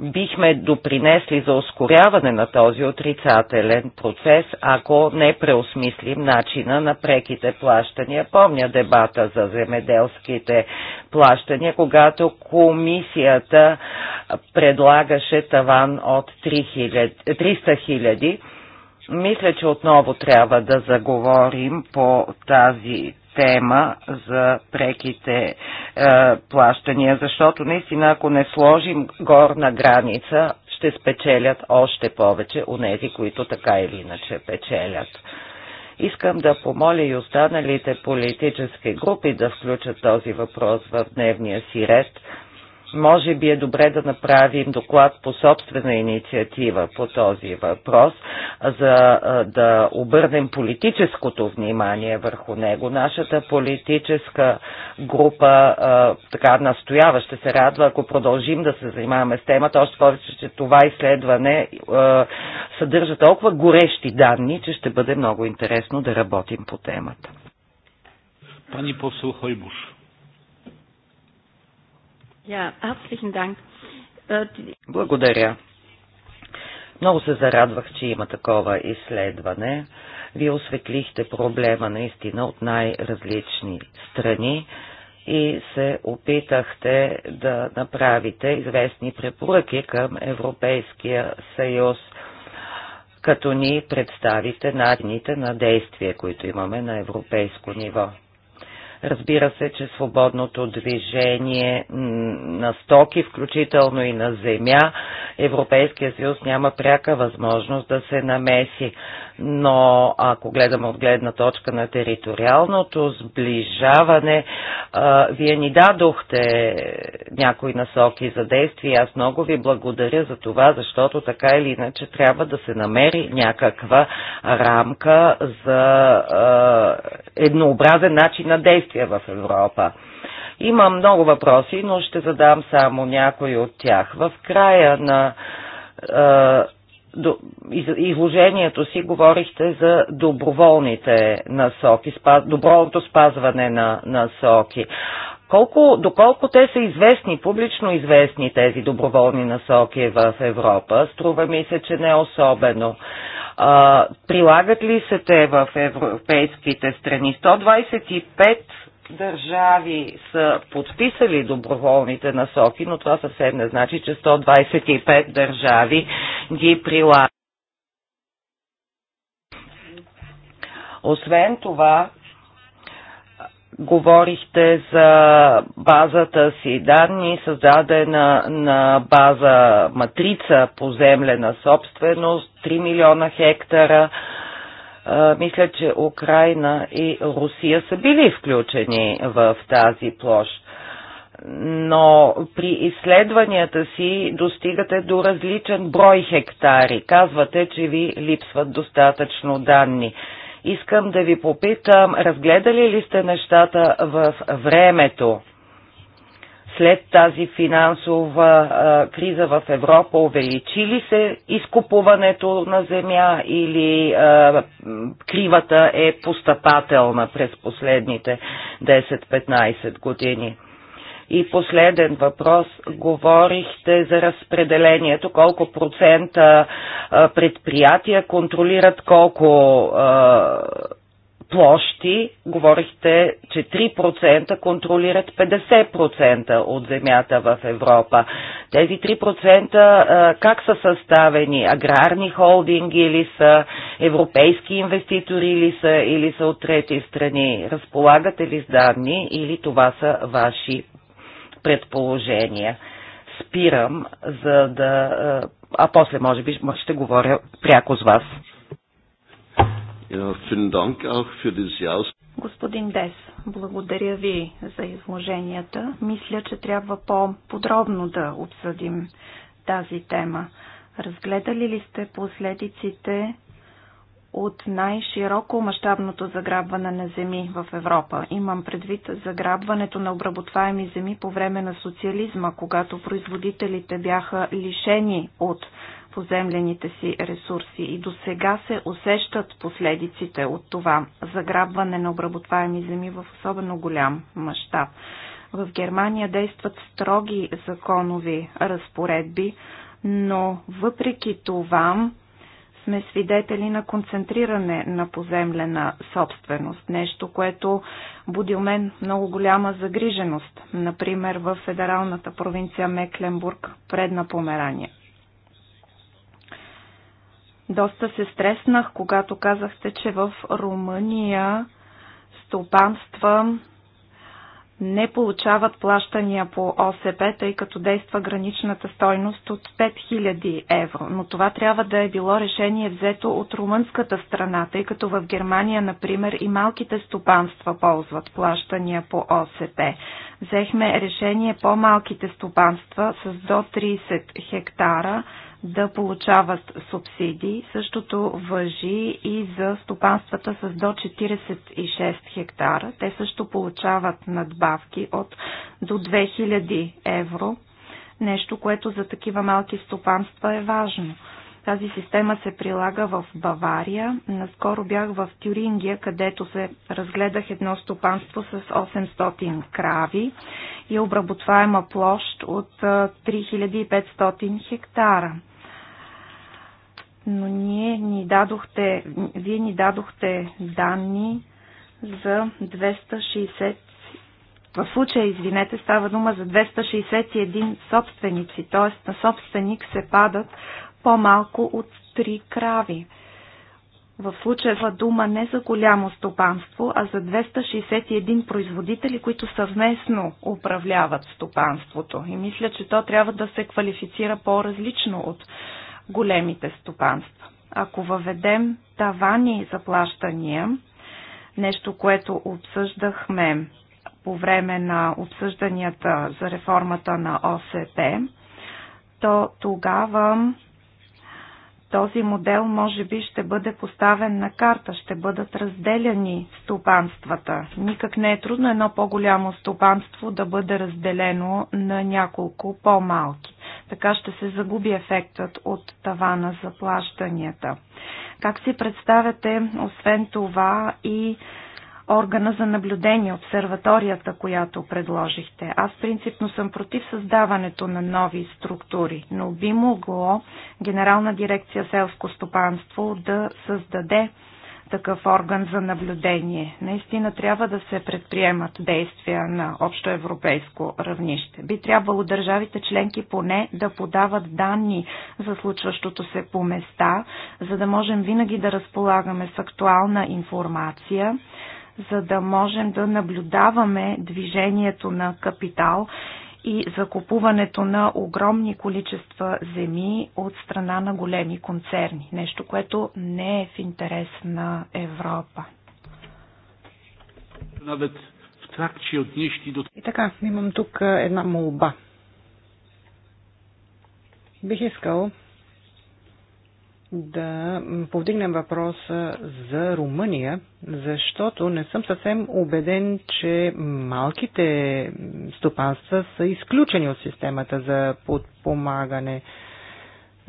бихме допринесли за ускоряване на този отрицателен процес, ако не преосмислим начина на преките плащания. Помня дебата за земеделските плащания, когато комисията предлагаше таван от 300 хиляди. Мисля, че отново трябва да заговорим по тази тема за преките е, плащания, защото наистина, ако не сложим горна граница, ще спечелят още повече у нези, които така или иначе печелят. Искам да помоля и останалите политически групи да включат този въпрос в дневния си ред, може би е добре да направим доклад по собствена инициатива по този въпрос, за да обърнем политическото внимание върху него. Нашата политическа група така настоява, ще се радва, ако продължим да се занимаваме с темата, още повече, че това изследване съдържа толкова горещи данни, че ще бъде много интересно да работим по темата. Пани poseł Hojbusz. Äh, Благодаря. Много се зарадвах, че има такова изследване. Вие осветлихте проблема наистина от най-различни страни и се опитахте да направите известни препоръки към Европейския съюз, като ни представите начините на действие, които имаме на европейско ниво. Разбира се, че свободното движение на стоки, включително и на земя, Европейския съюз няма пряка възможност да се намеси. Но ако гледаме от гледна точка на териториалното сближаване, вие ни дадохте някои насоки за действие. Аз много ви благодаря за това, защото така или иначе трябва да се намери някаква рамка за еднообразен начин на действие действия в Европа. Има много въпроси, но ще задам само някои от тях. В края на е, изложението си говорихте за доброволните насоки, доброволното спазване на насоки. Колко, доколко те са известни, публично известни тези доброволни насоки в Европа, струва ми се, че не особено. А, прилагат ли се те в европейските страни? 125 държави са подписали доброволните насоки, но това съвсем не значи, че 125 държави ги прилагат. Освен това, говорихте за базата си данни, създадена на база матрица поземлена собственост, 3 милиона хектара мисля, че Украина и Русия са били включени в тази площ но при изследванията си достигате до различен брой хектари. Казвате, че ви липсват достатъчно данни. Искам да ви попитам, разгледали ли сте нещата в времето? след тази финансова а, криза в Европа увеличи ли се изкупуването на земя или а, кривата е постъпателна през последните 10-15 години? И последен въпрос. Говорихте за разпределението, колко процента предприятия контролират колко а, площи, говорихте, че 3% контролират 50% от земята в Европа. Тези 3% как са съставени? Аграрни холдинги или са европейски инвеститори или са, или са от трети страни? Разполагате ли с данни или това са ваши предположения? Спирам, за да. А после, може би, ще говоря пряко с вас. Господин Дес, благодаря ви за изложенията. Мисля, че трябва по-подробно да обсъдим тази тема. Разгледали ли сте последиците от най-широко мащабното заграбване на земи в Европа. Имам предвид заграбването на обработваеми земи по време на социализма, когато производителите бяха лишени от поземлените си ресурси и до сега се усещат последиците от това заграбване на обработваеми земи в особено голям мащаб. В Германия действат строги законови разпоредби, но въпреки това сме свидетели на концентриране на поземлена собственост, нещо, което буди у мен много голяма загриженост, например в федералната провинция Мекленбург, предна Померания. Доста се стреснах, когато казахте, че в Румъния стопанства не получават плащания по ОСП, тъй като действа граничната стойност от 5000 евро. Но това трябва да е било решение взето от румънската страна, тъй като в Германия, например, и малките стопанства ползват плащания по ОСП. Взехме решение по-малките стопанства с до 30 хектара да получават субсидии. Същото въжи и за стопанствата с до 46 хектара. Те също получават надбавки от до 2000 евро. Нещо, което за такива малки стопанства е важно. Тази система се прилага в Бавария. Наскоро бях в Тюрингия, където се разгледах едно стопанство с 800 крави и обработваема площ от 3500 хектара но ние ни дадохте, вие ни дадохте данни за 260 в случая, извинете, става дума за 261 собственици, т.е. на собственик се падат по-малко от 3 крави. В случая това дума не за голямо стопанство, а за 261 производители, които съвместно управляват стопанството. И мисля, че то трябва да се квалифицира по-различно от големите стопанства. Ако въведем тавани за плащания, нещо, което обсъждахме по време на обсъжданията за реформата на ОСП, то тогава този модел може би ще бъде поставен на карта, ще бъдат разделяни стопанствата. Никак не е трудно едно по-голямо стопанство да бъде разделено на няколко по-малки. Така ще се загуби ефектът от тавана за плащанията. Как си представяте, освен това, и органа за наблюдение, обсерваторията, която предложихте. Аз принципно съм против създаването на нови структури, но би могло Генерална дирекция селско стопанство да създаде такъв орган за наблюдение. Наистина трябва да се предприемат действия на общоевропейско равнище. Би трябвало държавите членки поне да подават данни за случващото се по места, за да можем винаги да разполагаме с актуална информация, за да можем да наблюдаваме движението на капитал и закупуването на огромни количества земи от страна на големи концерни. Нещо, което не е в интерес на Европа. И така, имам тук е, една молба. Бих искал да повдигнем въпроса за Румъния, защото не съм съвсем убеден, че малките стопанства са изключени от системата за подпомагане.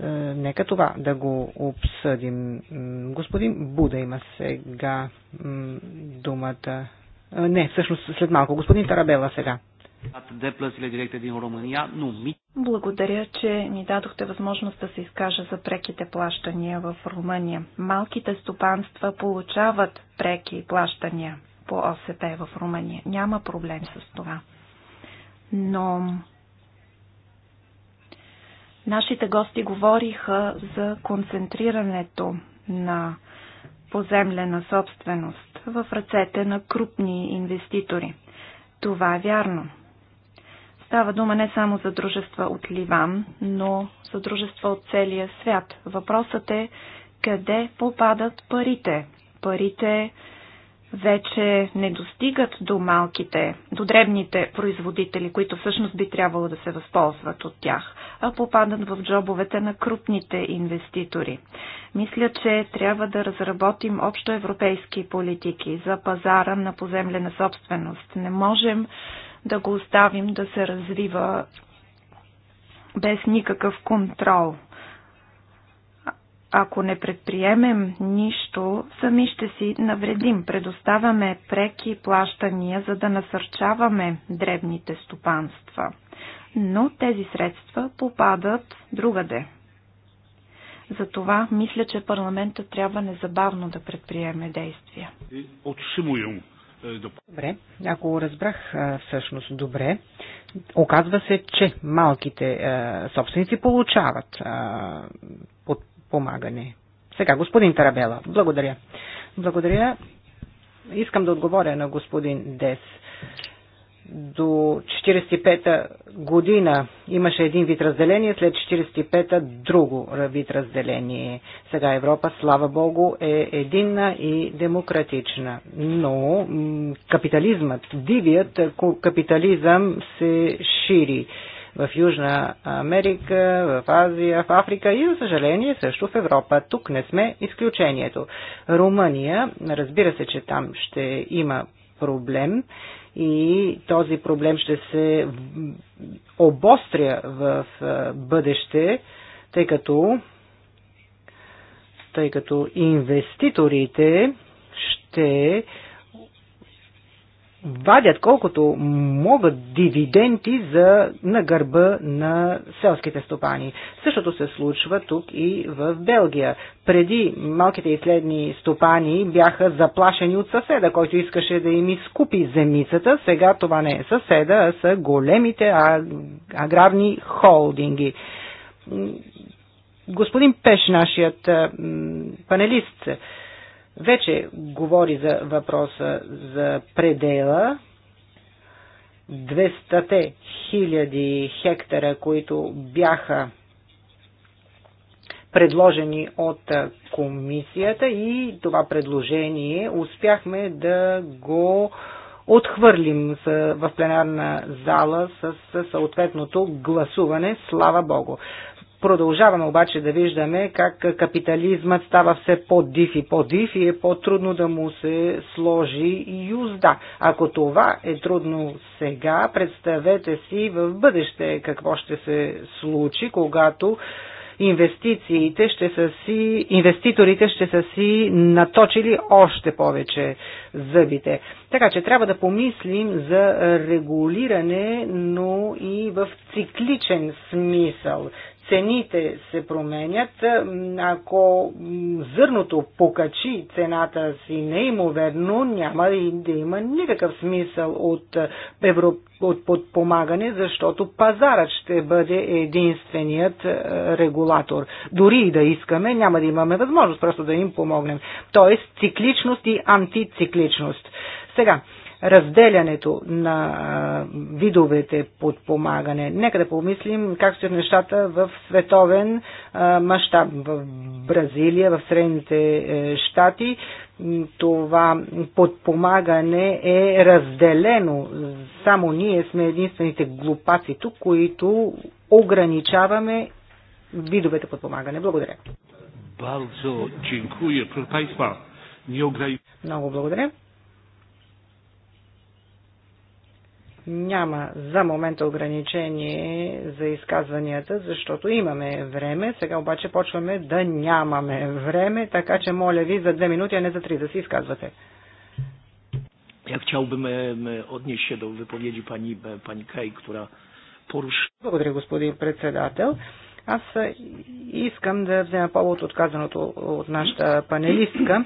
Е, нека това да го обсъдим. Господин Буда има сега думата. Е, не, всъщност след малко. Господин Тарабела сега. De plățile directe din Румъния, но mici. Благодаря, че ни дадохте възможност да се изкажа за преките плащания в Румъния. Малките стопанства получават преки плащания по ОСП в Румъния. Няма проблем с това. Но нашите гости говориха за концентрирането на поземлена собственост в ръцете на крупни инвеститори. Това е вярно. Става дума не само за дружества от Ливан, но за дружества от целия свят. Въпросът е къде попадат парите. Парите вече не достигат до малките, до дребните производители, които всъщност би трябвало да се възползват от тях, а попадат в джобовете на крупните инвеститори. Мисля, че трябва да разработим общо европейски политики за пазара на поземлена собственост. Не можем да го оставим да се развива без никакъв контрол. Ако не предприемем нищо, сами ще си навредим. Предоставяме преки плащания, за да насърчаваме дребните стопанства. Но тези средства попадат другаде. Затова мисля, че парламентът трябва незабавно да предприеме действия. Добре, ако разбрах всъщност добре, оказва се, че малките собственици получават подпомагане. Сега, господин Тарабела, благодаря. Благодаря. Искам да отговоря на господин Дес до 45-та година имаше един вид разделение, след 45-та друго вид разделение. Сега Европа, слава Богу, е единна и демократична. Но капитализмът, дивият капитализъм се шири в Южна Америка, в Азия, в Африка и, за съжаление, също в Европа. Тук не сме изключението. Румъния, разбира се, че там ще има проблем и този проблем ще се обостря в бъдеще, тъй като, тъй като инвеститорите ще вадят колкото могат дивиденти за, на гърба на селските стопани. Същото се случва тук и в Белгия. Преди малките и средни стопани бяха заплашени от съседа, който искаше да им изкупи земицата. Сега това не е съседа, а са големите аграрни холдинги. Господин Пеш, нашият панелист, вече говори за въпроса за предела. 200 хиляди хектара, които бяха предложени от комисията и това предложение успяхме да го отхвърлим в пленарна зала с съответното гласуване, слава Богу. Продължаваме обаче да виждаме как капитализмът става все по-див и по-див и е по-трудно да му се сложи юзда. Ако това е трудно сега, представете си в бъдеще какво ще се случи, когато инвестициите ще са си, инвеститорите ще са си наточили още повече зъбите. Така че трябва да помислим за регулиране, но и в цикличен смисъл цените се променят. Ако зърното покачи цената си неимоверно, няма и да има никакъв смисъл от, евро, от подпомагане, защото пазарът ще бъде единственият е, регулатор. Дори и да искаме, няма да имаме възможност просто да им помогнем. Тоест цикличност и антицикличност. Сега, разделянето на видовете подпомагане. Нека да помислим как стоят нещата в световен мащаб. В Бразилия, в Средните е, щати това подпомагане е разделено. Само ние сме единствените глупаци тук, които ограничаваме видовете подпомагане. Благодаря. Много благодаря. Няма за момента ограничение за изказванията, защото имаме време. Сега обаче почваме да нямаме време, така че моля ви за две минути, а не за три да се изказвате. Ja chciałbym odnieść się do wypowiedzi pani, e, pani Kej, która poruszyła. Благодаря, господин председател. Аз искам да взема повод от казаното от нашата панелистка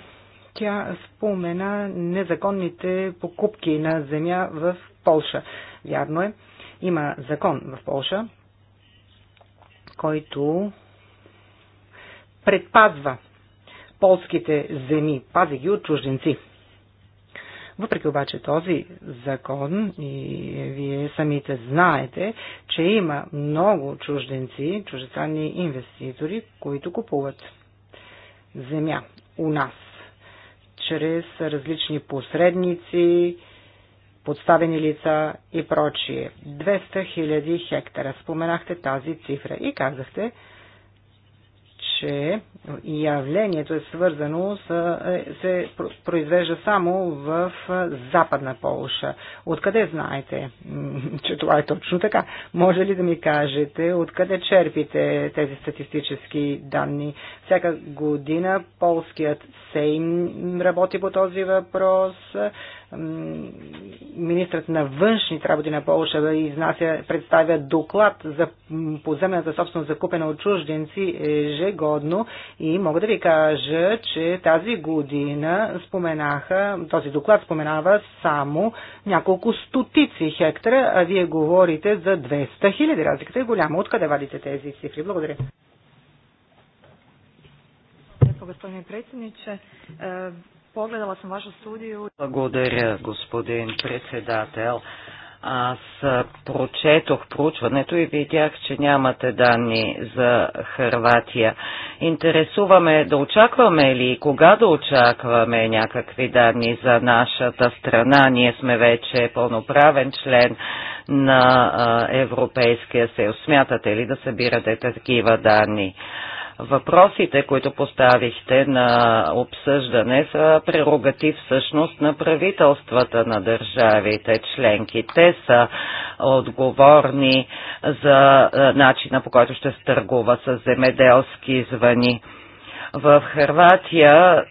тя спомена незаконните покупки на земя в Полша. Вярно е, има закон в Полша, който предпазва полските земи, пази ги от чужденци. Въпреки обаче този закон, и вие самите знаете, че има много чужденци, чуждестранни инвеститори, които купуват земя у нас чрез различни посредници, подставени лица и прочие. 200 000 хектара. Споменахте тази цифра и казахте, че явлението е свързано с, е, се произвежда само в е, Западна Полша. Откъде знаете, че това е точно така? Може ли да ми кажете откъде черпите тези статистически данни? Всяка година полският Сейм работи по този въпрос министрът на външните работи на Полша да изнася, представя доклад за поземната собственост закупена от чужденци ежегодно и мога да ви кажа, че тази година споменаха, този доклад споменава само няколко стотици хектара, а вие говорите за 200 хиляди. Разликата е голяма. Откъде вадите тези цифри? Благодаря. Lijepo gospodine predsjedniče. Погледала съм vašu studiju. Благодаря, господин председател. Аз прочетох проучването и видях, че нямате данни за Харватия. Интересуваме да очакваме ли и кога да очакваме някакви данни за нашата страна. Ние сме вече пълноправен член на Европейския съюз. Смятате ли да събирате такива данни? Въпросите, които поставихте на обсъждане, са прерогатив всъщност на правителствата на държавите членки. Те са отговорни за е, начина по който ще стъргува с земеделски звъни. В Хрватия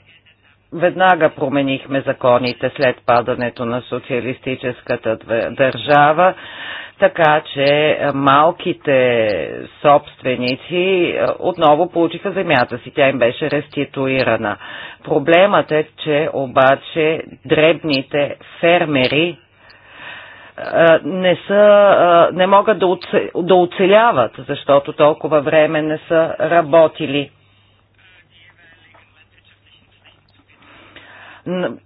веднага променихме законите след падането на социалистическата държава, така че е, малките собственици е, отново получиха земята си, тя им беше реституирана. Проблемът е, че обаче дребните фермери е, не, са, не могат да оцеляват, защото толкова време не са работили.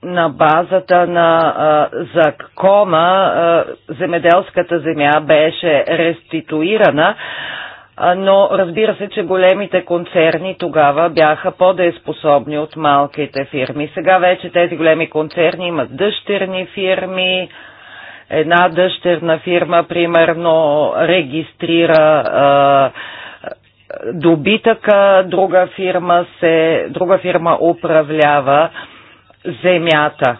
на базата на а, закона а, земеделската земя беше реституирана, а, но разбира се, че големите концерни тогава бяха по-дееспособни от малките фирми. Сега вече тези големи концерни имат дъщерни фирми, една дъщерна фирма примерно регистрира а, добитъка, друга фирма, се, друга фирма управлява земята.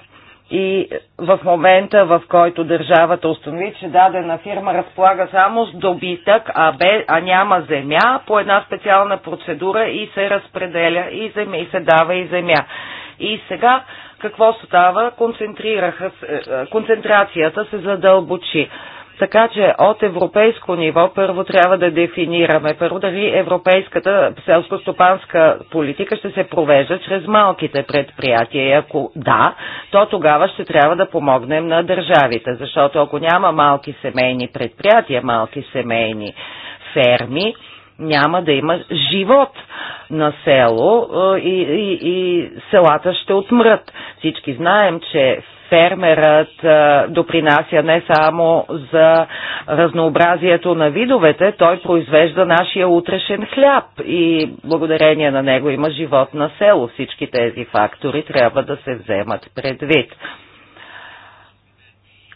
И в момента, в който държавата установи, че дадена фирма разполага само с добитък, а, бе, а няма земя, по една специална процедура и се разпределя и земя, и се дава и земя. И сега какво става? Е, е, концентрацията се задълбочи. Така че от европейско ниво първо трябва да дефинираме първо дали европейската селско-стопанска политика ще се провежда чрез малките предприятия. И ако да, то тогава ще трябва да помогнем на държавите, защото ако няма малки семейни предприятия, малки семейни ферми, няма да има живот на село е, и, и, и селата ще отмрат. Всички знаем, че фермерът допринася не само за разнообразието на видовете, той произвежда нашия утрешен хляб и благодарение на него има живот на село. Всички тези фактори трябва да се вземат предвид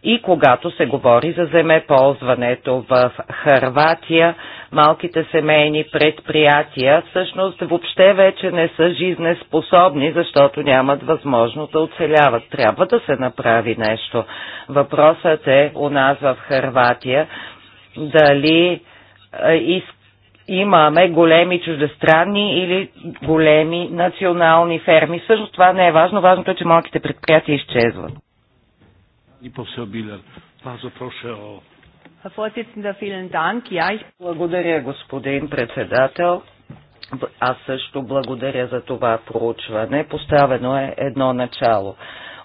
и когато се говори за земеползването в Харватия, малките семейни предприятия всъщност въобще вече не са жизнеспособни, защото нямат възможност да оцеляват. Трябва да се направи нещо. Въпросът е у нас в Харватия дали е, имаме големи чуждестранни или големи национални ферми. Всъщност това не е важно. Важното е, че малките предприятия изчезват. Благодаря, господин председател. Аз също благодаря за това проучване. Поставено е едно начало.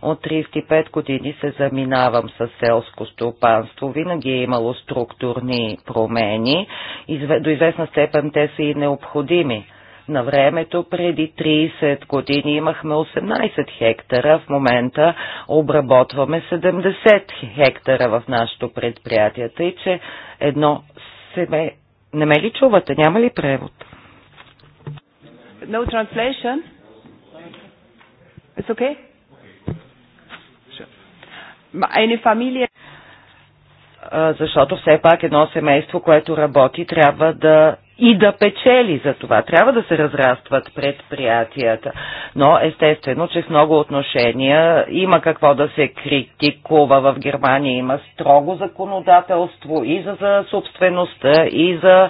От 35 години се заминавам с селско стопанство. Винаги е имало структурни промени. До известна степен те са и необходими на времето преди 30 години имахме 18 хектара, в момента обработваме 70 хектара в нашето предприятие, тъй че едно себе... Не ме ли чувате? Няма ли превод? No translation? It's okay? Familie защото все пак едно семейство, което работи, трябва да и да печели за това. Трябва да се разрастват предприятията. Но естествено, че в много отношения има какво да се критикува. В Германия има строго законодателство и за, за собствеността, и за а,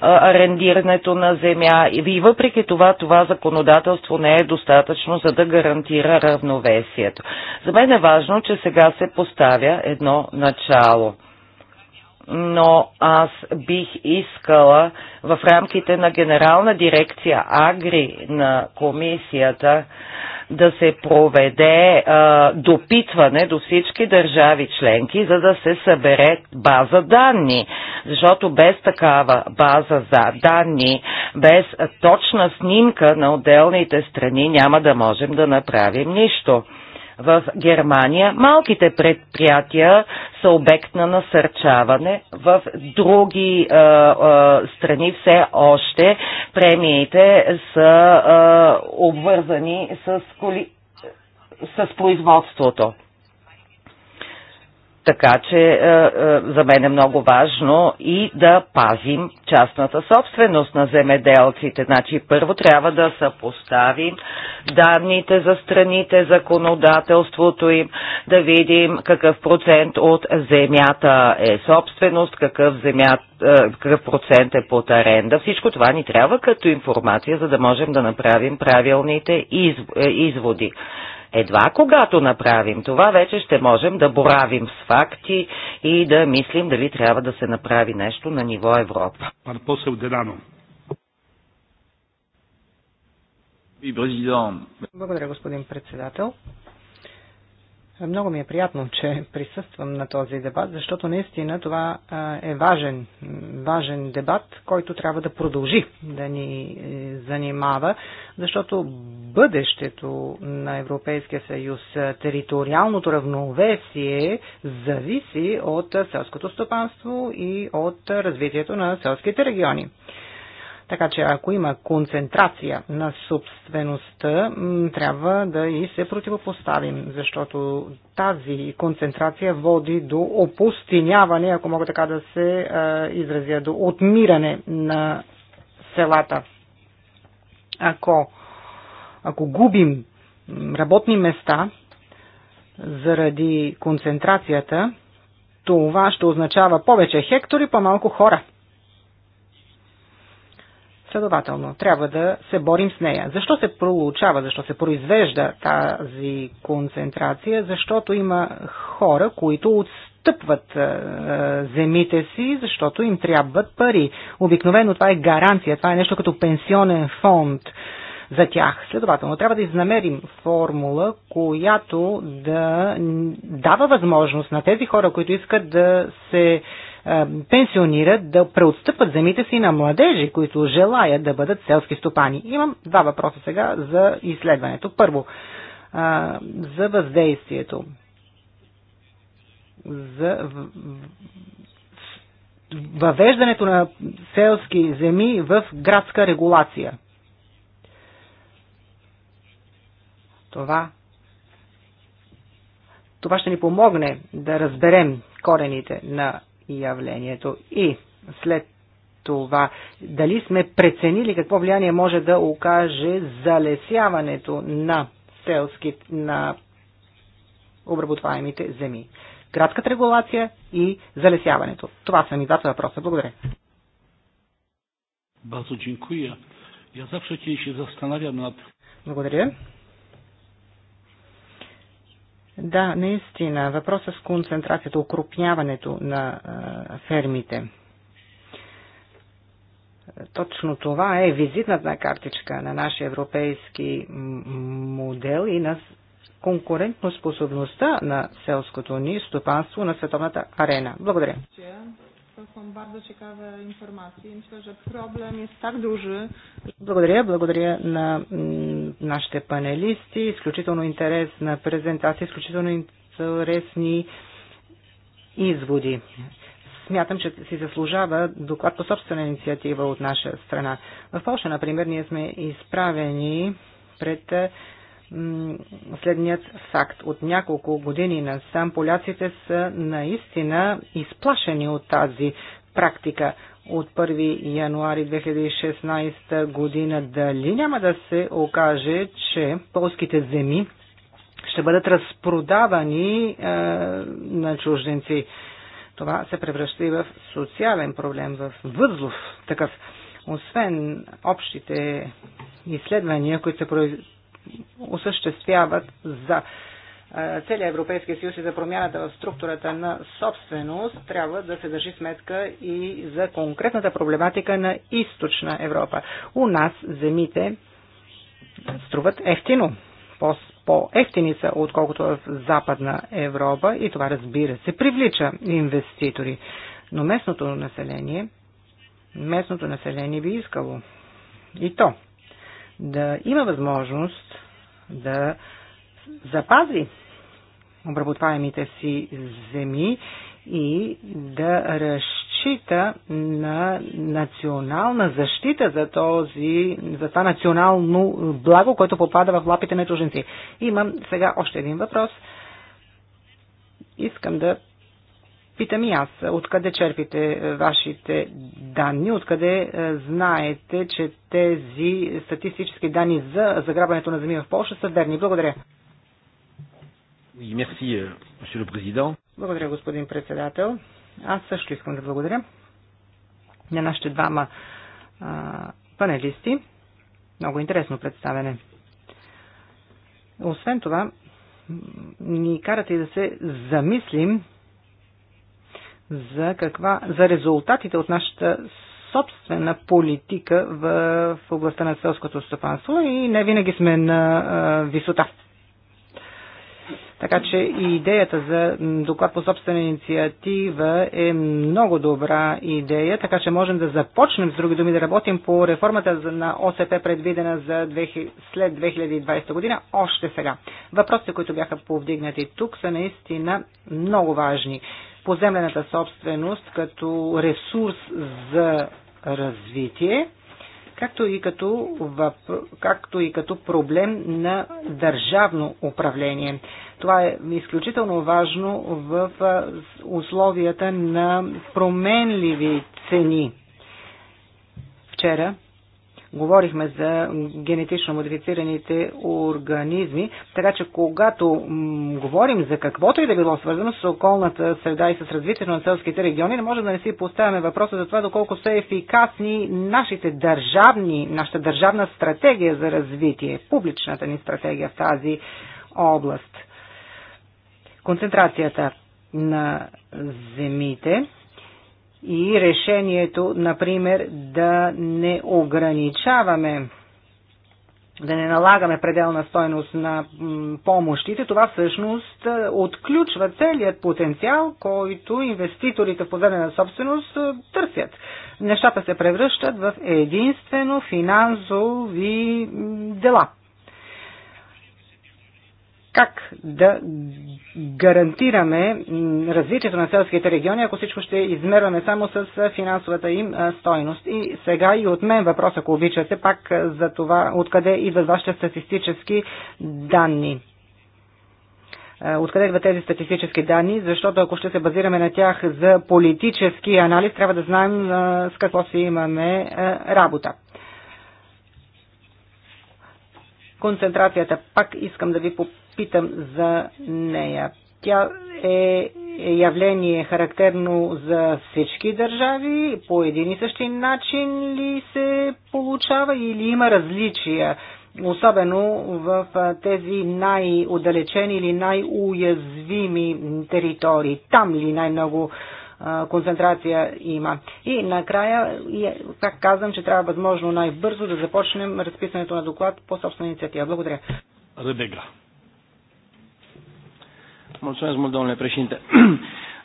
арендирането на земя. И въпреки това, това законодателство не е достатъчно, за да гарантира равновесието. За мен е важно, че сега се поставя едно начало – но аз бих искала в рамките на Генерална дирекция Агри на комисията да се проведе а, допитване до всички държави членки, за да се събере база данни. Защото без такава база за данни, без точна снимка на отделните страни няма да можем да направим нищо в Германия. Малките предприятия са обект на насърчаване. В други а, е, а, е, страни все още премиите са а, е, обвързани с, коли... с производството. Така че е, е, за мен е много важно и да пазим частната собственост на земеделците. Значи първо трябва да съпоставим данните за страните, законодателството им, да видим какъв процент от земята е собственост, какъв, земят, е, какъв процент е под аренда. Всичко това ни трябва като информация, за да можем да направим правилните изводи. Едва когато направим това, вече ще можем да боравим с факти и да мислим дали трябва да се направи нещо на ниво Европа. Пан посел Денано. Благодаря, господин председател. Много ми е приятно, че присъствам на този дебат, защото наистина това е важен, важен дебат, който трябва да продължи да ни е, занимава, защото бъдещето на Европейския съюз, териториалното равновесие зависи от селското стопанство и от развитието на селските региони. Така че ако има концентрация на собствеността, трябва да и се противопоставим, защото тази концентрация води до опустиняване, ако мога така да се изразя, до отмиране на селата. Ако, ако губим работни места заради концентрацията, това ще означава повече хектори, по-малко хора – Следователно, трябва да се борим с нея. Защо се получава, защо се произвежда тази концентрация? Защото има хора, които отстъпват е, земите си, защото им трябват пари. Обикновено това е гаранция, това е нещо като пенсионен фонд за тях. Следователно, трябва да изнамерим формула, която да дава възможност на тези хора, които искат да се е, пенсионират, да преотстъпат земите си на младежи, които желаят да бъдат селски стопани. Имам два въпроса сега за изследването. Първо, е, за въздействието. За въвеждането на селски земи в градска регулация. Това това ще ни помогне да разберем корените на явлението. И след това, дали сме преценили какво влияние може да окаже залесяването на селски, на обработваемите земи. Градската регулация и залесяването. Това са ми двата въпроса. Благодаря. Благодаря. Благодаря. Да, наистина. Въпросът с концентрацията, укрупняването на фермите. Точно това е визитната картичка на нашия европейски модел и на конкурентоспособността на селското ни стопанство на световната арена. Благодаря są bardzo ciekawe informacje. Myślę, że problem jest tak duży. Благодаря, благодаря на нашите панелисти. Изключително интересна презентация, изключително интересни изводи. Смятам, че си заслужава доклад по собствена инициатива от наша страна. В Польша, например, ние сме изправени пред следният факт. От няколко години насам поляците са наистина изплашени от тази практика. От 1 януари 2016 година дали няма да се окаже, че полските земи ще бъдат разпродавани е, на чужденци. Това се превръща и в социален проблем, в възлов такъв. Освен общите изследвания, които се осъществяват за целия Европейския съюз и за промяната в структурата на собственост, трябва да се държи сметка и за конкретната проблематика на източна Европа. У нас земите струват ефтино, по-ефтини са, отколкото в Западна Европа и това разбира се привлича инвеститори. Но местното население, местното население би искало. И то да има възможност да запази обработваемите си земи и да разчита на национална защита за, този, за това национално благо, което попада в лапите на чуженци. Имам сега още един въпрос. Искам да Питам и аз, откъде черпите е, вашите данни, откъде е, знаете, че тези статистически данни за заграбването на земи в Польша са верни? Благодаря. Euh, благодаря, господин председател. Аз също искам да благодаря на нашите двама а, панелисти. Много интересно представене. Освен това, ни карате и да се замислим за, каква, за резултатите от нашата собствена политика в, в областта на селското стопанство и не винаги сме на а, висота. Така че и идеята за доклад по собствена инициатива е много добра идея, така че можем да започнем с други думи да работим по реформата на ОСП, предвидена за 2000, след 2020 година, още сега. Въпросите, които бяха повдигнати тук, са наистина много важни поземлената собственост като ресурс за развитие, както и като, както и като проблем на държавно управление. Това е изключително важно в условията на променливи цени. Вчера Говорихме за генетично модифицираните организми, така че когато говорим за каквото и да било свързано с околната среда и с развитието на селските региони, не може да не си поставяме въпроса за това доколко са ефикасни нашите държавни, нашата държавна стратегия за развитие, публичната ни стратегия в тази област. Концентрацията на земите и решението, например, да не ограничаваме да не налагаме пределна стойност на помощите, това всъщност е, отключва целият потенциал, който инвеститорите в подведена собственост е, търсят. Нещата се превръщат в единствено финансови дела как да гарантираме развитието на селските региони, ако всичко ще измерваме само с финансовата им стойност. И сега и от мен въпрос, ако обичате, пак за това, откъде идват вашите статистически данни. Откъде идват тези статистически данни, защото ако ще се базираме на тях за политически анализ, трябва да знаем с какво си имаме работа концентрацията. Пак искам да ви питам за нея. Тя е, е явление характерно за всички държави, по един и същи начин ли се получава или има различия, особено в тези най удалечени или най-уязвими територии. Там ли най-много концентрация има. И накрая, как казвам, че трябва възможно най-бързо да започнем разписането на доклад по собствена инициатива. Благодаря. Ребега. Mulțumesc mult, domnule președinte.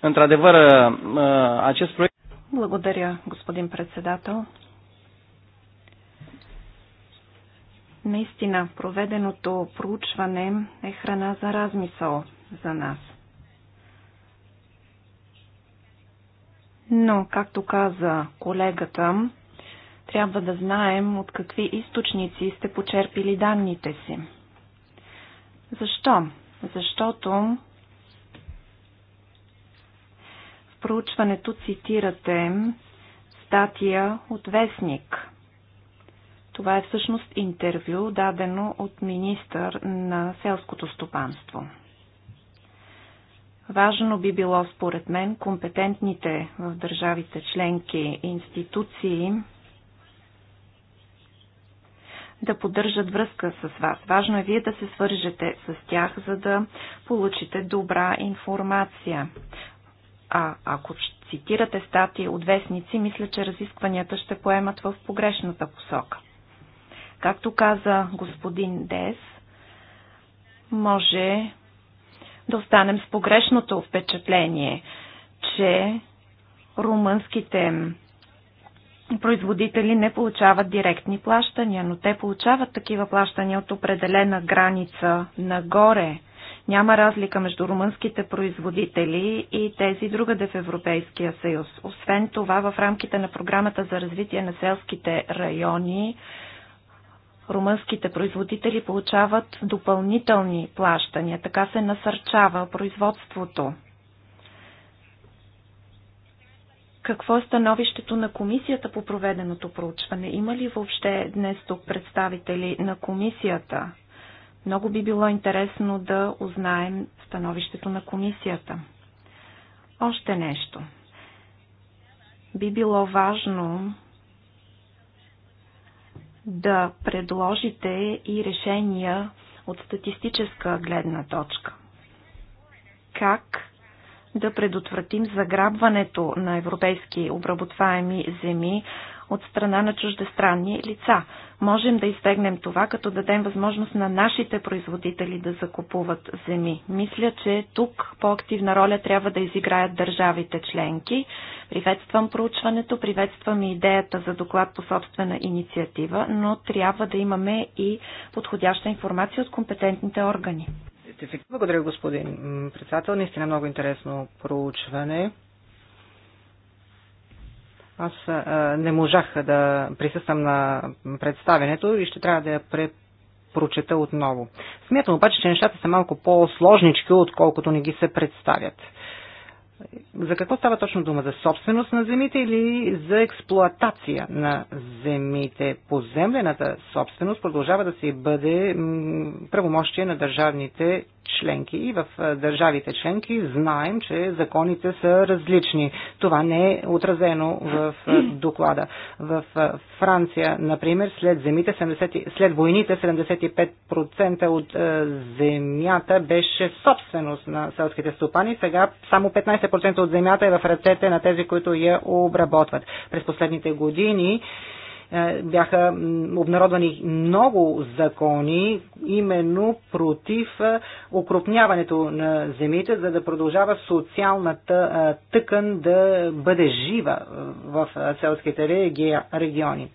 Într-adevăr, uh, acest proiect... Благодаря, господин председател. Наистина, проведеното проучване е храна за размисъл за нас. Но, както каза колегата, трябва да знаем от какви източници сте почерпили данните си. Защо? Защото проучването цитирате статия от Вестник. Това е всъщност интервю, дадено от министър на селското стопанство. Важно би било, според мен, компетентните в държавите членки институции да поддържат връзка с вас. Важно е вие да се свържете с тях, за да получите добра информация. А ако цитирате статии от вестници, мисля, че разискванията ще поемат в погрешната посока. Както каза господин Дес, може да останем с погрешното впечатление, че румънските производители не получават директни плащания, но те получават такива плащания от определена граница нагоре. Няма разлика между румънските производители и тези другаде в Европейския съюз. Освен това, в рамките на програмата за развитие на селските райони, румънските производители получават допълнителни плащания. Така се насърчава производството. Какво е становището на комисията по проведеното проучване? Има ли въобще днес тук представители на комисията? Много би било интересно да узнаем становището на комисията. Още нещо. Би било важно да предложите и решения от статистическа гледна точка. Как да предотвратим заграбването на европейски обработваеми земи от страна на чуждестранни лица? можем да изтегнем това, като дадем възможност на нашите производители да закупуват земи. Мисля, че тук по-активна роля трябва да изиграят държавите членки. Приветствам проучването, приветствам и идеята за доклад по собствена инициатива, но трябва да имаме и подходяща информация от компетентните органи. Благодаря, господин председател. Наистина много интересно проучване. Аз не можах да присъствам на представенето и ще трябва да я препрочета отново. Смятам обаче, че нещата са малко по-сложнички, отколкото не ги се представят. За какво става точно дума? За собственост на земите или за експлоатация на земите? Поземлената собственост продължава да се бъде правомощие на държавните членки и в държавите членки знаем, че законите са различни. Това не е отразено в доклада. В Франция, например, след, земите 70, след войните 75% от земята беше собственост на селските стопани. Сега само 15% от земята е в ръцете на тези, които я обработват. През последните години е, бяха обнародвани много закони именно против е, окрупняването на земите, за да продължава социалната е, тъкан да бъде жива в селските региони.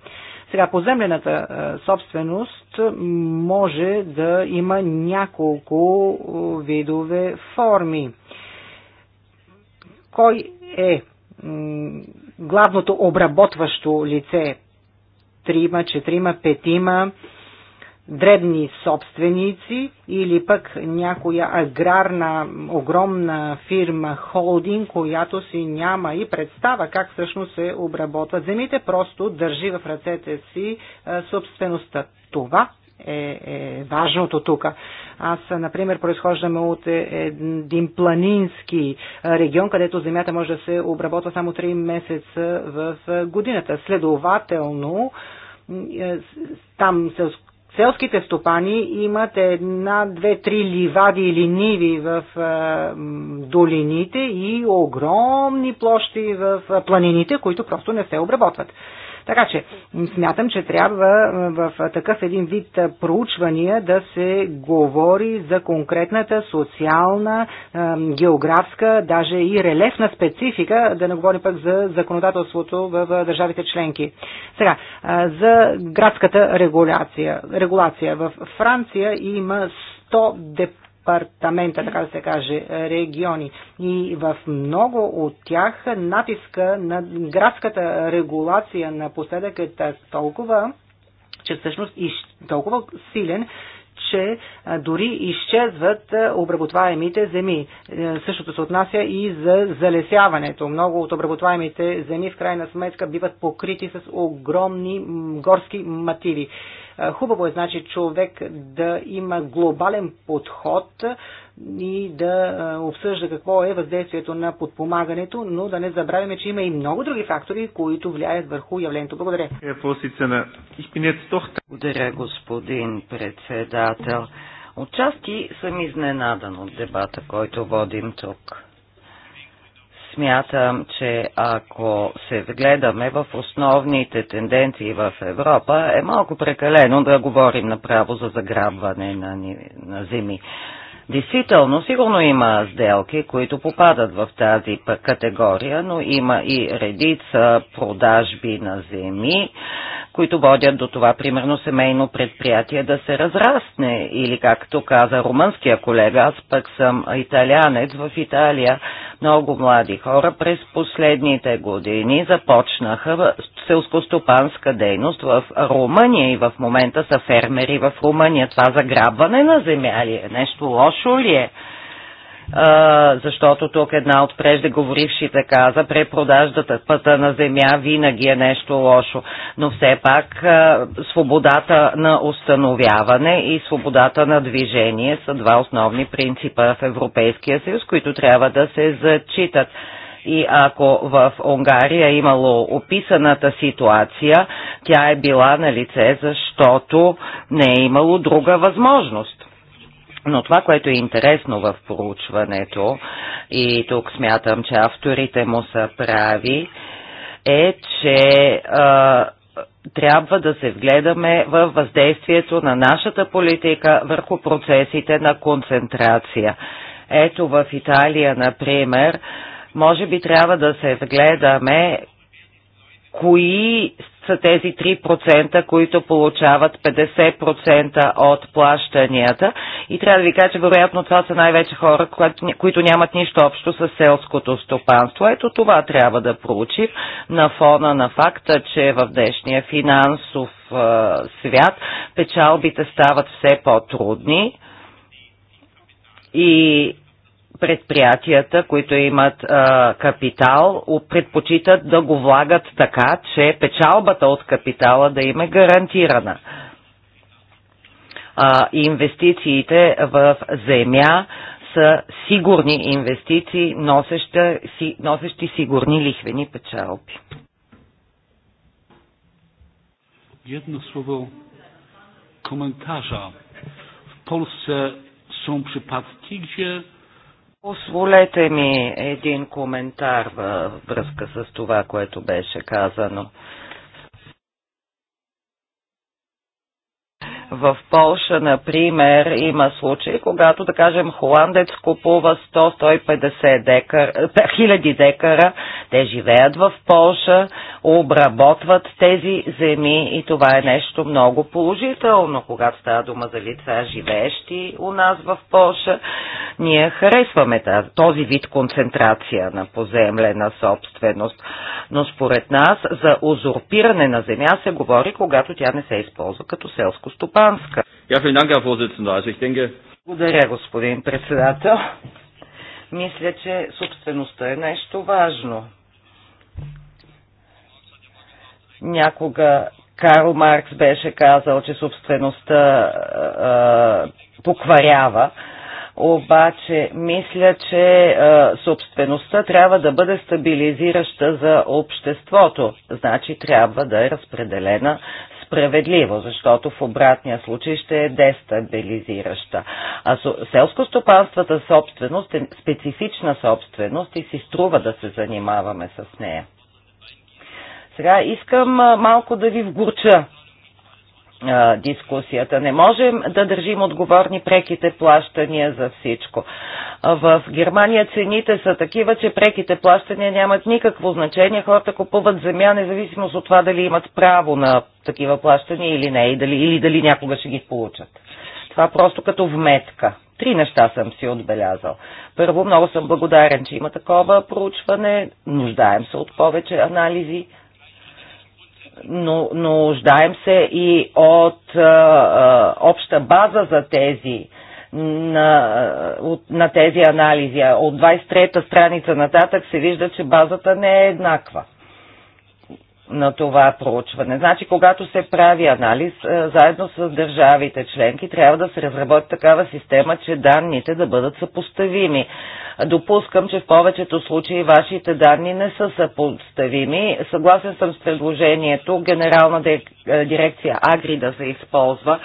Сега, поземлената собственост може да има няколко видове форми. Кой е главното обработващо лице трима, четирима, петима дребни собственици или пък някоя аграрна огромна фирма, холдинг, която си няма и представа как всъщност се обработват земите, просто държи в ръцете си собствеността. Това е, е важното тук. Аз, например, произхождаме от е, един планински регион, където земята може да се обработва само 3 месеца в годината. Следователно, е, там се селските стопани имат една, две, три ливади или ниви в е, долините и огромни площи в планините, които просто не се обработват. Така че смятам, че трябва в такъв един вид проучвания да се говори за конкретната социална, географска, даже и релефна специфика, да не говорим пък за законодателството в държавите членки. Сега, за градската регуляция. регулация. В Франция има 100 депутати департамента, така да се каже, региони. И в много от тях натиска на градската регулация на последък е толкова, че всъщност и толкова силен, че дори изчезват обработваемите земи. Е, същото се отнася и за залесяването. Много от обработваемите земи в крайна сметка биват покрити с огромни горски мативи. Хубаво е, значи, човек да има глобален подход и да обсъжда какво е въздействието на подпомагането, но да не забравяме, че има и много други фактори, които влияят върху явлението. Благодаря. Е, Благодаря, господин председател. Отчасти съм изненадан от дебата, който водим тук. Смятам, че ако се вгледаме в основните тенденции в Европа, е малко прекалено да говорим направо за заграбване на, на земи. Действително, сигурно има сделки, които попадат в тази категория, но има и редица продажби на земи, които водят до това, примерно, семейно предприятие да се разрасне. Или, както каза румънския колега, аз пък съм италянец в Италия, много млади хора през последните години започнаха селскостопанска дейност в Румъния и в момента са фермери в Румъния. Това заграбване на земя ли е? Нещо лошо ли е? а, защото тук една от преждеговорившите каза, препродаждата пъта на земя винаги е нещо лошо, но все пак а, свободата на установяване и свободата на движение са два основни принципа в Европейския съюз, които трябва да се зачитат и ако в Унгария е имало описаната ситуация, тя е била на лице, защото не е имало друга възможност. Но това, което е интересно в проучването, и тук смятам, че авторите му са прави, е, че а, трябва да се вгледаме в въздействието на нашата политика върху процесите на концентрация. Ето в Италия, например, може би трябва да се вгледаме кои са тези 3%, които получават 50% от плащанията. И трябва да ви кажа, че вероятно това са най-вече хора, които нямат нищо общо с селското стопанство. Ето това трябва да проучим на фона на факта, че в днешния финансов свят печалбите стават все по-трудни и предприятията, които имат а, капитал, предпочитат да го влагат така, че печалбата от капитала да им е гарантирана. А, инвестициите в земя са сигурни инвестиции, носеща, си, носещи сигурни лихвени печалби. Едно слово коментажа. В Polsce са припадки, gdzie Позволете ми един коментар във връзка с това, което беше казано. В Полша, например, има случаи, когато, да кажем, холандец купува 100-150 декара, хиляди декара, те живеят в Польша, обработват тези земи и това е нещо много положително, когато става дума за лица, живеещи у нас в Польша, Ние харесваме този вид концентрация на поземлена собственост, но според нас за узурпиране на земя се говори, когато тя не се използва като селско стопанство Банска. Благодаря, господин председател. Мисля, че собствеността е нещо важно. Някога Карл Маркс беше казал, че собствеността а, покварява обаче мисля, че а, собствеността трябва да бъде стабилизираща за обществото. Значи трябва да е разпределена справедливо, защото в обратния случай ще е дестабилизираща. А селско-стопанствата собственост е специфична собственост и си струва да се занимаваме с нея. Сега искам малко да ви вгорча дискусията. Не можем да държим отговорни преките плащания за всичко. В Германия цените са такива, че преките плащания нямат никакво значение. Хората купуват земя, независимо от това дали имат право на такива плащания или не, и дали, или дали някога ще ги получат. Това просто като вметка. Три неща съм си отбелязал. Първо, много съм благодарен, че има такова проучване. Нуждаем се от повече анализи но нуждаем се и от а, а, обща база за тези на, от, на тези анализи. От 23-та страница нататък се вижда, че базата не е еднаква на това проучване. Значи, когато се прави анализ, е, заедно с държавите членки трябва да се разработи такава система, че данните да бъдат съпоставими. Допускам, че в повечето случаи вашите данни не са съпоставими. Съгласен съм с предложението Генерална е, дирекция Агри да се използва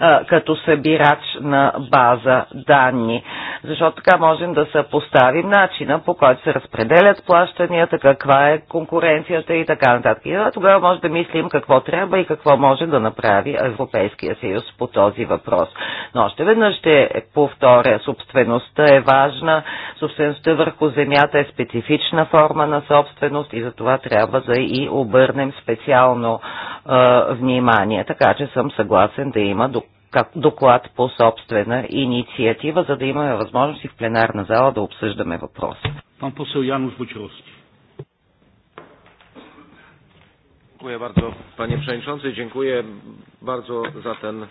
а, е, като събирач на база данни. Защото така можем да съпоставим начина по който се разпределят плащанията, каква е конкуренцията и така нататък комисия, тогава може да мислим какво трябва и какво може да направи Европейския съюз по този въпрос. Но още веднъж ще повторя, собствеността е важна, собствеността върху земята е специфична форма на собственост и за това трябва да и обърнем специално е, внимание. Така че съм съгласен да има доклад по собствена инициатива, за да имаме възможност и в пленарна зала да обсъждаме въпроса. Пан посел Янус Бочаровски. Dziękuję bardzo, panie przewodniczący. Dziękuję bardzo za ten. E,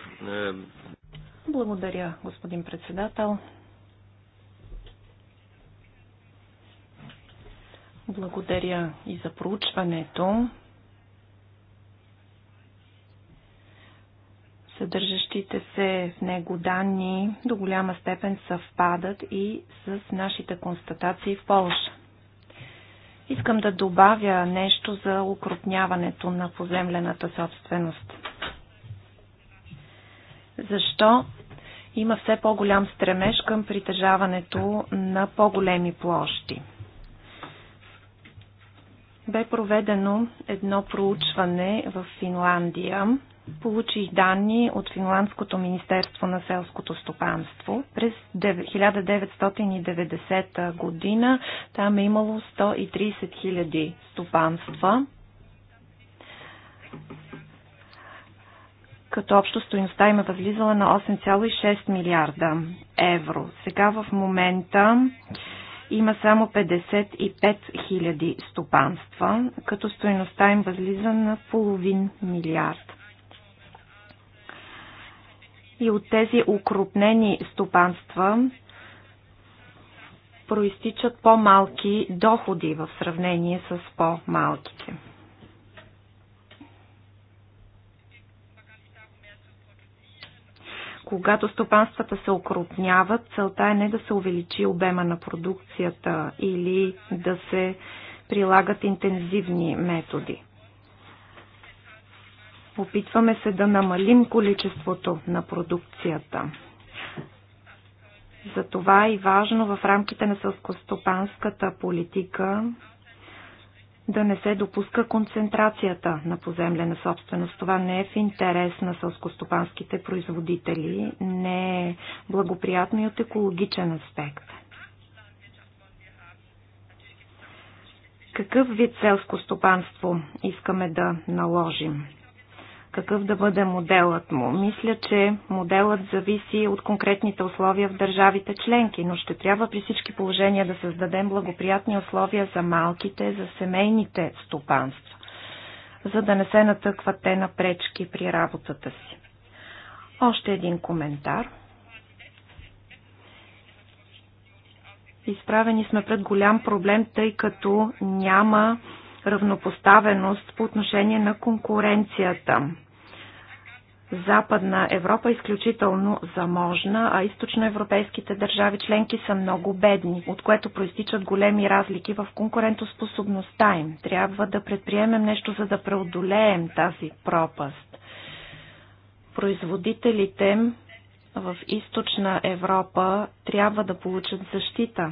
Благодаря, господин председател. Благодаря и за проучването, съдържащите се в него данни до голяма степен съвпадат и с нашите констатации в Полша. Искам да добавя нещо за укрупняването на поземлената собственост. Защо има все по-голям стремеж към притежаването на по-големи площи? Бе проведено едно проучване в Финландия получих данни от Финландското министерство на селското стопанство. През 1990 година там е имало 130 000 стопанства, като общо стоеността им е възлизала на 8,6 милиарда евро. Сега в момента има само 55 000 стопанства, като стоеността им възлиза на половин милиард. И от тези укрупнени стопанства проистичат по-малки доходи в сравнение с по-малките. Когато стопанствата се окрупняват, целта е не да се увеличи обема на продукцията или да се прилагат интензивни методи. Опитваме се да намалим количеството на продукцията. Затова е и важно в рамките на сълскостопанската политика да не се допуска концентрацията на поземлена собственост. Това не е в интерес на сълскостопанските производители, не е благоприятно и от екологичен аспект. Какъв вид селско стопанство искаме да наложим? какъв да бъде моделът му. Мисля, че моделът зависи от конкретните условия в държавите членки, но ще трябва при всички положения да създадем благоприятни условия за малките, за семейните стопанства, за да не се натъкват те на пречки при работата си. Още един коментар. Изправени сме пред голям проблем, тъй като няма равнопоставеност по отношение на конкуренцията. Западна Европа е изключително заможна, а източноевропейските държави членки са много бедни, от което проистичат големи разлики в конкурентоспособността им. Трябва да предприемем нещо, за да преодолеем тази пропаст. Производителите в източна Европа трябва да получат защита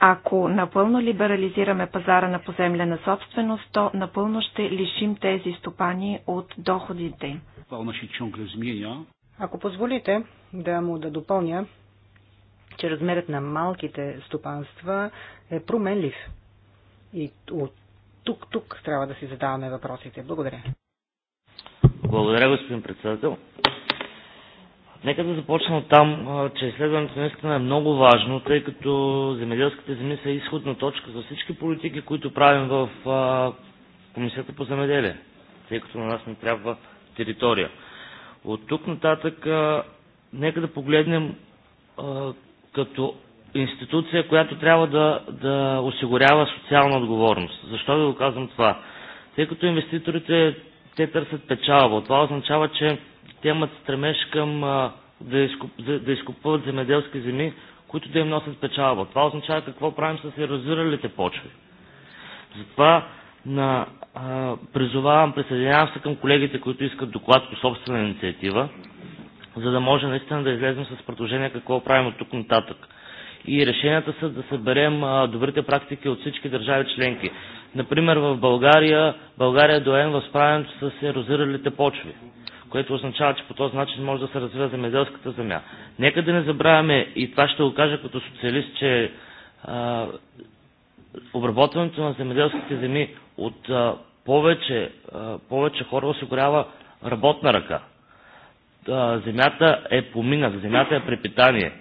ако напълно либерализираме пазара на поземлена собственост, то напълно ще лишим тези стопани от доходите Ако позволите да му да допълня, че размерът на малките стопанства е променлив. И от тук, тук трябва да си задаваме въпросите. Благодаря. Благодаря, господин председател. Нека да започна от там, че изследването наистина е много важно, тъй като земеделските земи са изходна точка за всички политики, които правим в Комисията по земеделие, тъй като на нас не трябва територия. От тук нататък, нека да погледнем като институция, която трябва да, да осигурява социална отговорност. Защо да го казвам това? Тъй като инвеститорите, те търсят печалба. Това означава, че те имат стремеж към а, да, изкуп, да изкупуват земеделски земи, които да им носят печалба. Това означава какво правим с ерозиралите почви. Затова на, а, призовавам, присъединявам се към колегите, които искат доклад по собствена инициатива, за да може наистина да излезем с предложение какво правим от тук нататък. И решенията са да съберем а, добрите практики от всички държави членки. Например, в България, България доен в справянето с ерозиралите почви което означава, че по този начин може да се развива земеделската земя. Нека да не забравяме, и това ще го кажа като социалист, че а, обработването на земеделските земи от а, повече, а, повече хора осигурява работна ръка. А, земята е поминък, земята е препитание,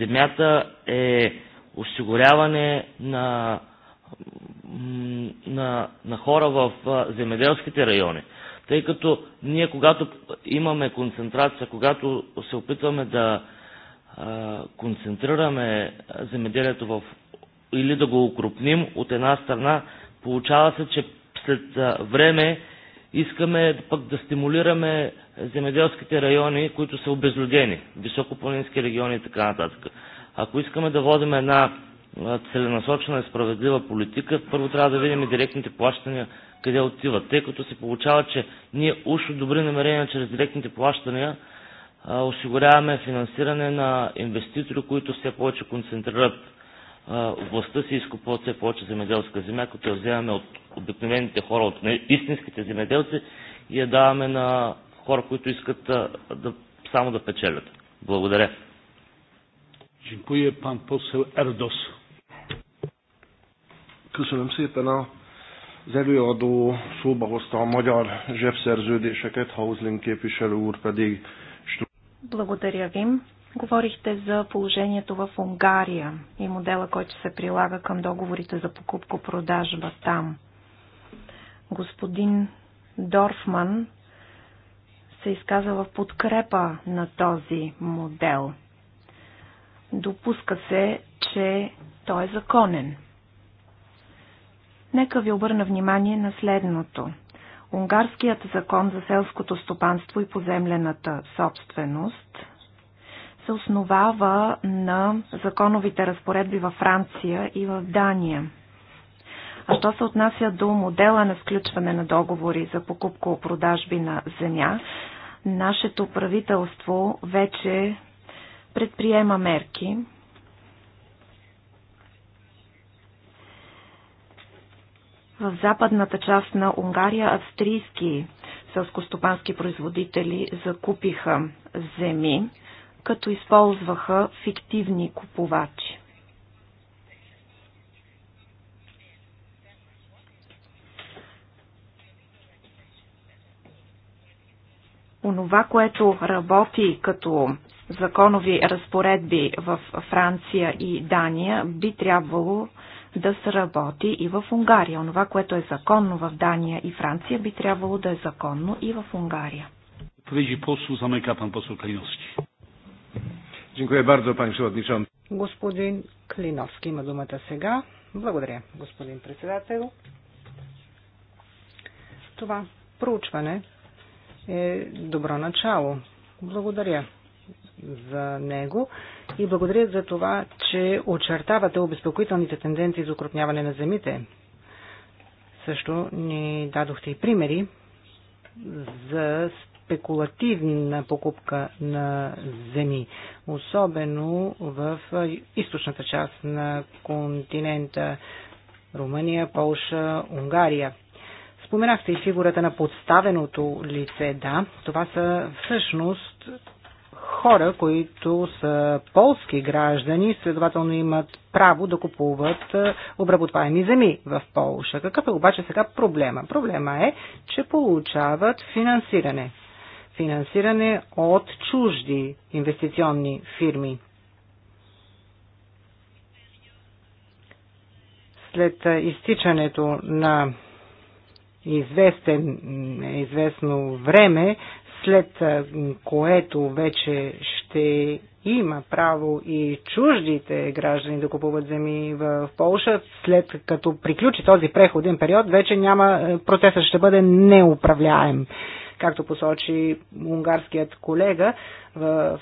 земята е осигуряване на, на, на хора в земеделските райони. Тъй като ние, когато имаме концентрация, когато се опитваме да а, концентрираме земеделието в, или да го укрупним от една страна, получава се, че след време искаме пък да стимулираме земеделските райони, които са обезлюдени, високопланински региони и така нататък. Ако искаме да водим една целенасочена и справедлива политика, първо трябва да видим директните плащания къде отиват, тъй като се получава, че ние уж от добри намерения чрез директните плащания а, осигуряваме финансиране на инвеститори, които все повече концентрират а, си и изкупуват все повече земеделска земя, като я вземаме от обикновените хора, от истинските земеделци и я даваме на хора, които искат а, да, само да печелят. Благодаря. Дякую, пан посел Ердос. Köszönöm szépen a Az előadó szóba hozta a magyar zsebszerződéseket, Hauslin képviselő úr pedig... Благодаря ви. Говорихте за положението в Унгария и модела, който се прилага към договорите за покупко-продажба там. Господин Дорфман се изказа в подкрепа на този модел. Допуска се, че той е законен. Нека ви обърна внимание на следното. Унгарският закон за селското стопанство и поземлената собственост се основава на законовите разпоредби във Франция и в Дания. А що се отнася до модела на сключване на договори за покупко-продажби на земя, нашето правителство вече предприема мерки, В западната част на Унгария австрийски селскостопански производители закупиха земи, като използваха фиктивни купувачи. онова, което работи като законови разпоредби в Франция и Дания, би трябвало да се работи и в Унгария. Онова, което е законно в Дания и Франция, би трябвало да е законно и в Унгария. Odpowiedzi за мека пан poseł Калиновски. Дякую bardzo, пан przewodniczący. Господин Клиновски има думата сега. Благодаря, господин председател. Това проучване е добро начало. Благодаря за него и благодаря за това, че очертавате обезпокоителните тенденции за укрупняване на земите. Също ни дадохте и примери за спекулативна покупка на земи, особено в източната част на континента Румъния, Полша, Унгария. Споменахте и фигурата на подставеното лице. Да, това са всъщност хора, които са полски граждани, следователно имат право да купуват е, обработваеми земи в Полша. Какъв е обаче сега проблема? Проблема е, че получават финансиране. Финансиране от чужди инвестиционни фирми. След е, изтичането на известен, известно време след което вече ще има право и чуждите граждани да купуват земи в Полша, след като приключи този преходен период, вече няма, процесът ще бъде неуправляем. Както посочи унгарският колега, в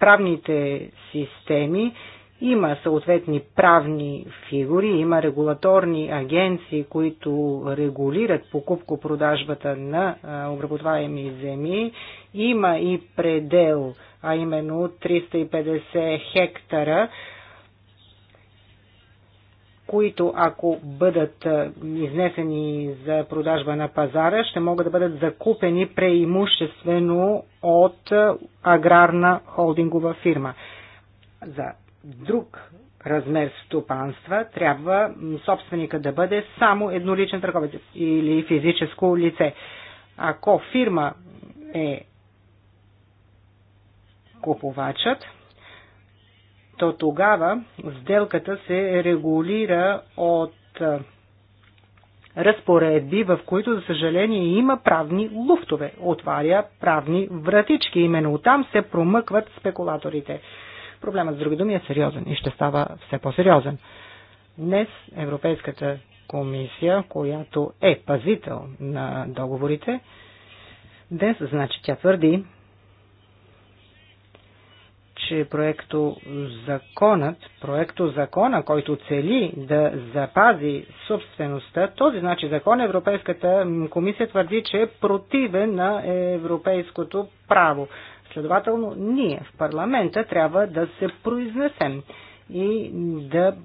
правните системи има съответни правни фигури, има регулаторни агенции, които регулират покупко-продажбата на обработваеми земи. Има и предел, а именно 350 хектара, които ако бъдат изнесени за продажба на пазара, ще могат да бъдат закупени преимуществено от аграрна холдингова фирма. За друг размер стопанства, трябва собственика да бъде само едноличен търговец или физическо лице. Ако фирма е купувачът, то тогава сделката се регулира от разпоредби, в които, за съжаление, има правни луфтове, отваря правни вратички. Именно там се промъкват спекулаторите. Проблемът, с други думи, е сериозен и ще става все по-сериозен. Днес Европейската комисия, която е пазител на договорите, днес, значи, тя твърди, че проекто законът, проекто закона, който цели да запази собствеността, този значи закон Европейската комисия твърди, че е противен на европейското право. Следователно, ние в парламента трябва да се произнесем и да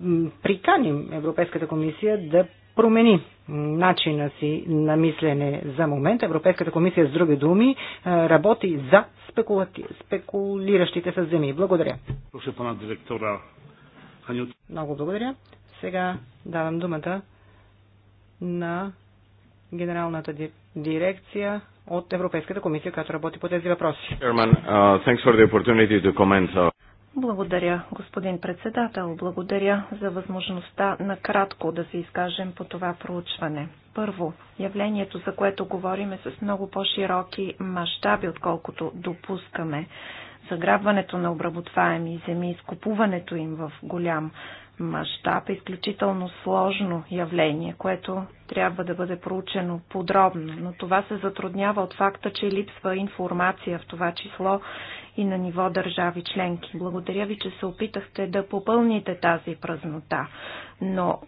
приканим Европейската комисия да промени начина си на мислене за момент. Европейската комисия, с други думи, работи за спекулати... спекулиращите с земи. Благодаря. Много благодаря. Сега давам думата на генералната дирекция от Европейската комисия, която работи по тези въпроси. Uh, uh. Благодаря, господин председател. Благодаря за възможността накратко да се изкажем по това проучване. Първо, явлението, за което говорим е с много по-широки мащаби, отколкото допускаме заграбването на обработваеми земи, изкупуването им в голям мащаб изключително сложно явление, което трябва да бъде проучено подробно, но това се затруднява от факта, че липсва информация в това число и на ниво държави членки. Благодаря ви, че се опитахте да попълните тази празнота, но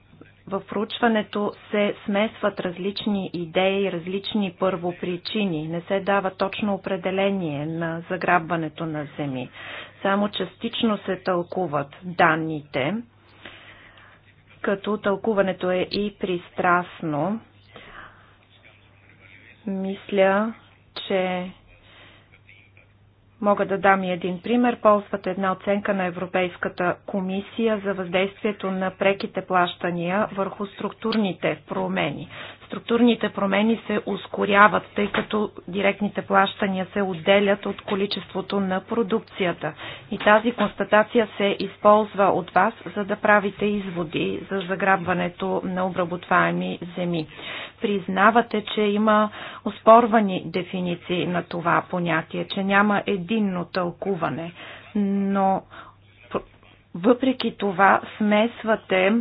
в проучването се смесват различни идеи, различни първопричини. Не се дава точно определение на заграбването на земи. Само частично се тълкуват данните като тълкуването е и пристрастно, мисля, че Мога да дам и един пример. Ползват една оценка на Европейската комисия за въздействието на преките плащания върху структурните промени. Структурните промени се ускоряват, тъй като директните плащания се отделят от количеството на продукцията. И тази констатация се използва от вас, за да правите изводи за заграбването на обработваеми земи. Признавате, че има оспорвани дефиниции на това понятие, че няма един единно тълкуване, но въпреки това смесвате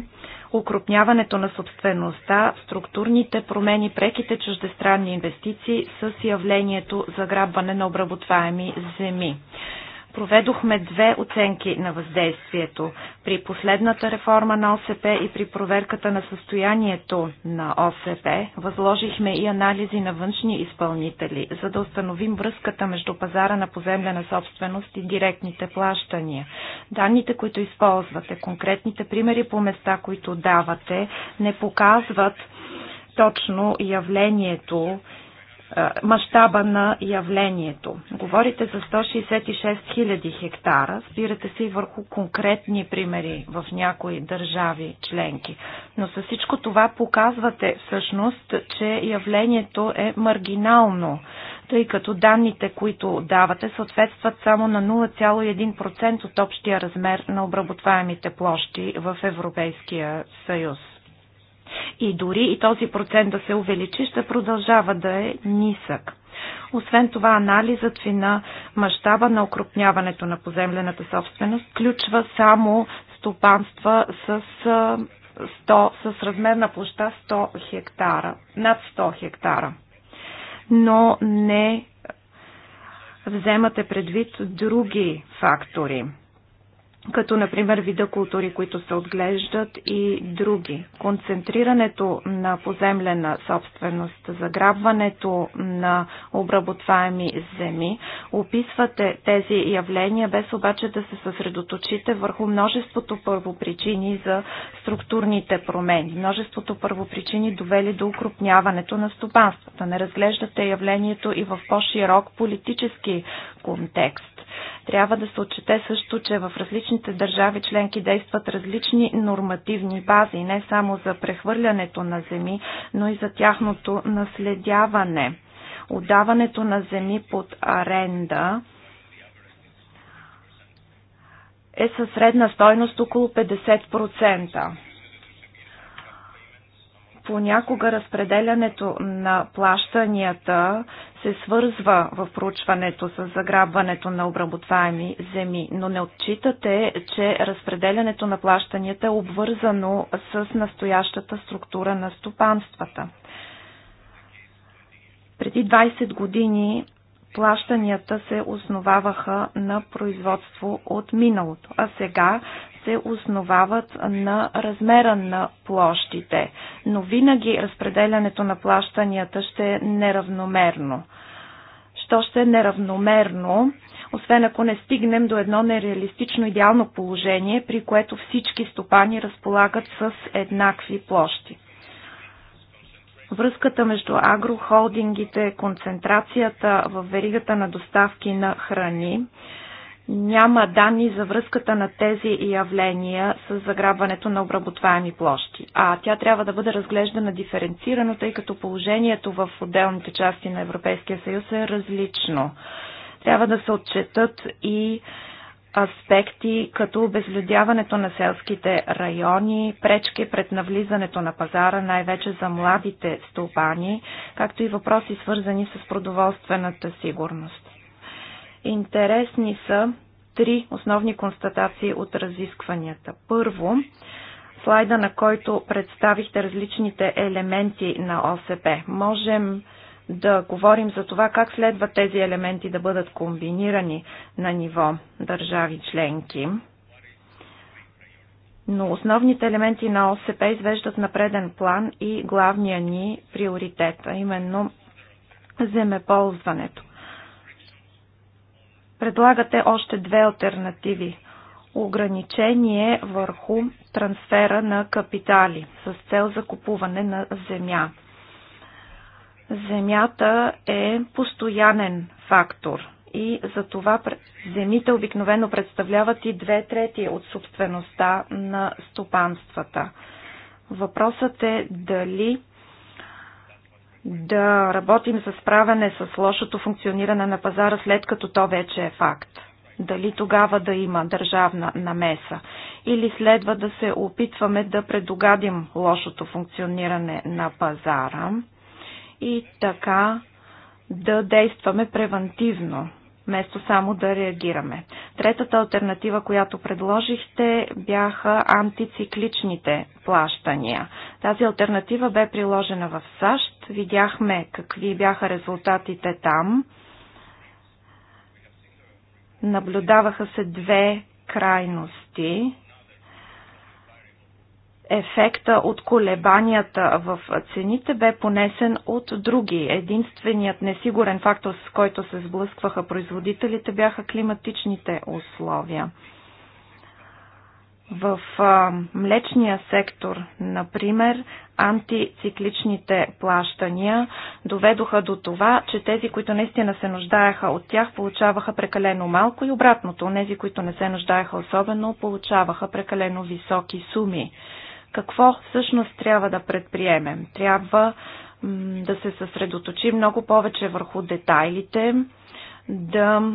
укрупняването на собствеността, структурните промени, преките чуждестранни инвестиции с явлението заграбване на обработваеми земи. Проведохме две оценки на въздействието при последната реформа на ОСП и при проверката на състоянието на ОСП. Възложихме и анализи на външни изпълнители, за да установим връзката между пазара на поземлена собственост и директните плащания. Данните, които използвате, конкретните примери по места, които давате, не показват точно явлението мащаба на явлението. Говорите за 166 000 хектара, спирате се и върху конкретни примери в някои държави членки. Но със всичко това показвате всъщност, че явлението е маргинално, тъй като данните, които давате, съответстват само на 0,1% от общия размер на обработваемите площи в Европейския съюз. И дори и този процент да се увеличи, ще продължава да е нисък. Освен това, анализът ви на мащаба на окрупняването на поземлената собственост включва само стопанства с 100, с размер на площа 100 хектара, над 100 хектара. Но не вземате предвид други фактори като например вида култури, които се отглеждат и други. Концентрирането на поземлена собственост, заграбването на обработваеми земи, описвате тези явления, без обаче да се съсредоточите върху множеството първопричини за структурните промени, множеството първопричини довели до укрупняването на стопанствата. Не разглеждате явлението и в по-широк политически контекст трябва да се отчете също, че в различните държави членки действат различни нормативни бази, не само за прехвърлянето на земи, но и за тяхното наследяване. Отдаването на земи под аренда е със средна стойност около 50%. Понякога разпределянето на плащанията се свързва в проучването с заграбването на обработваеми земи, но не отчитате, че разпределянето на плащанията е обвързано с настоящата структура на стопанствата. Преди 20 години плащанията се основаваха на производство от миналото, а сега се основават на размера на площите, но винаги разпределянето на плащанията ще е неравномерно. Що ще е неравномерно? освен ако не стигнем до едно нереалистично идеално положение, при което всички стопани разполагат с еднакви площи. Връзката между агрохолдингите, концентрацията в веригата на доставки на храни, няма данни за връзката на тези явления с заграбването на обработваеми площи. А тя трябва да бъде разглеждана диференцирано, тъй като положението в отделните части на Европейския съюз е различно. Трябва да се отчетат и аспекти, като обезлюдяването на селските райони, пречки пред навлизането на пазара, най-вече за младите стопани, както и въпроси свързани с продоволствената сигурност. Интересни са три основни констатации от разискванията. Първо, слайда, на който представихте различните елементи на ОСП. Можем да говорим за това как следва тези елементи да бъдат комбинирани на ниво държави членки. Но основните елементи на ОСП извеждат на преден план и главния ни приоритет, а именно земеползването. Предлагате още две альтернативи. Ограничение върху трансфера на капитали с цел закупуване на земя. Земята е постоянен фактор и за това земите обикновено представляват и две трети от собствеността на стопанствата. Въпросът е дали да работим за справяне с лошото функциониране на пазара след като то вече е факт. Дали тогава да има държавна намеса или следва да се опитваме да предогадим лошото функциониране на пазара и така да действаме превантивно вместо само да реагираме. Третата альтернатива, която предложихте, бяха антицикличните плащания. Тази альтернатива бе приложена в САЩ. Видяхме какви бяха резултатите там. Наблюдаваха се две крайности ефекта от колебанията в цените бе понесен от други. Единственият несигурен фактор, с който се сблъскваха производителите, бяха климатичните условия. В а, млечния сектор, например, антицикличните плащания доведоха до това, че тези, които наистина се нуждаеха от тях, получаваха прекалено малко и обратното, тези, които не се нуждаеха особено, получаваха прекалено високи суми какво всъщност трябва да предприемем. Трябва да се съсредоточи много повече върху детайлите, да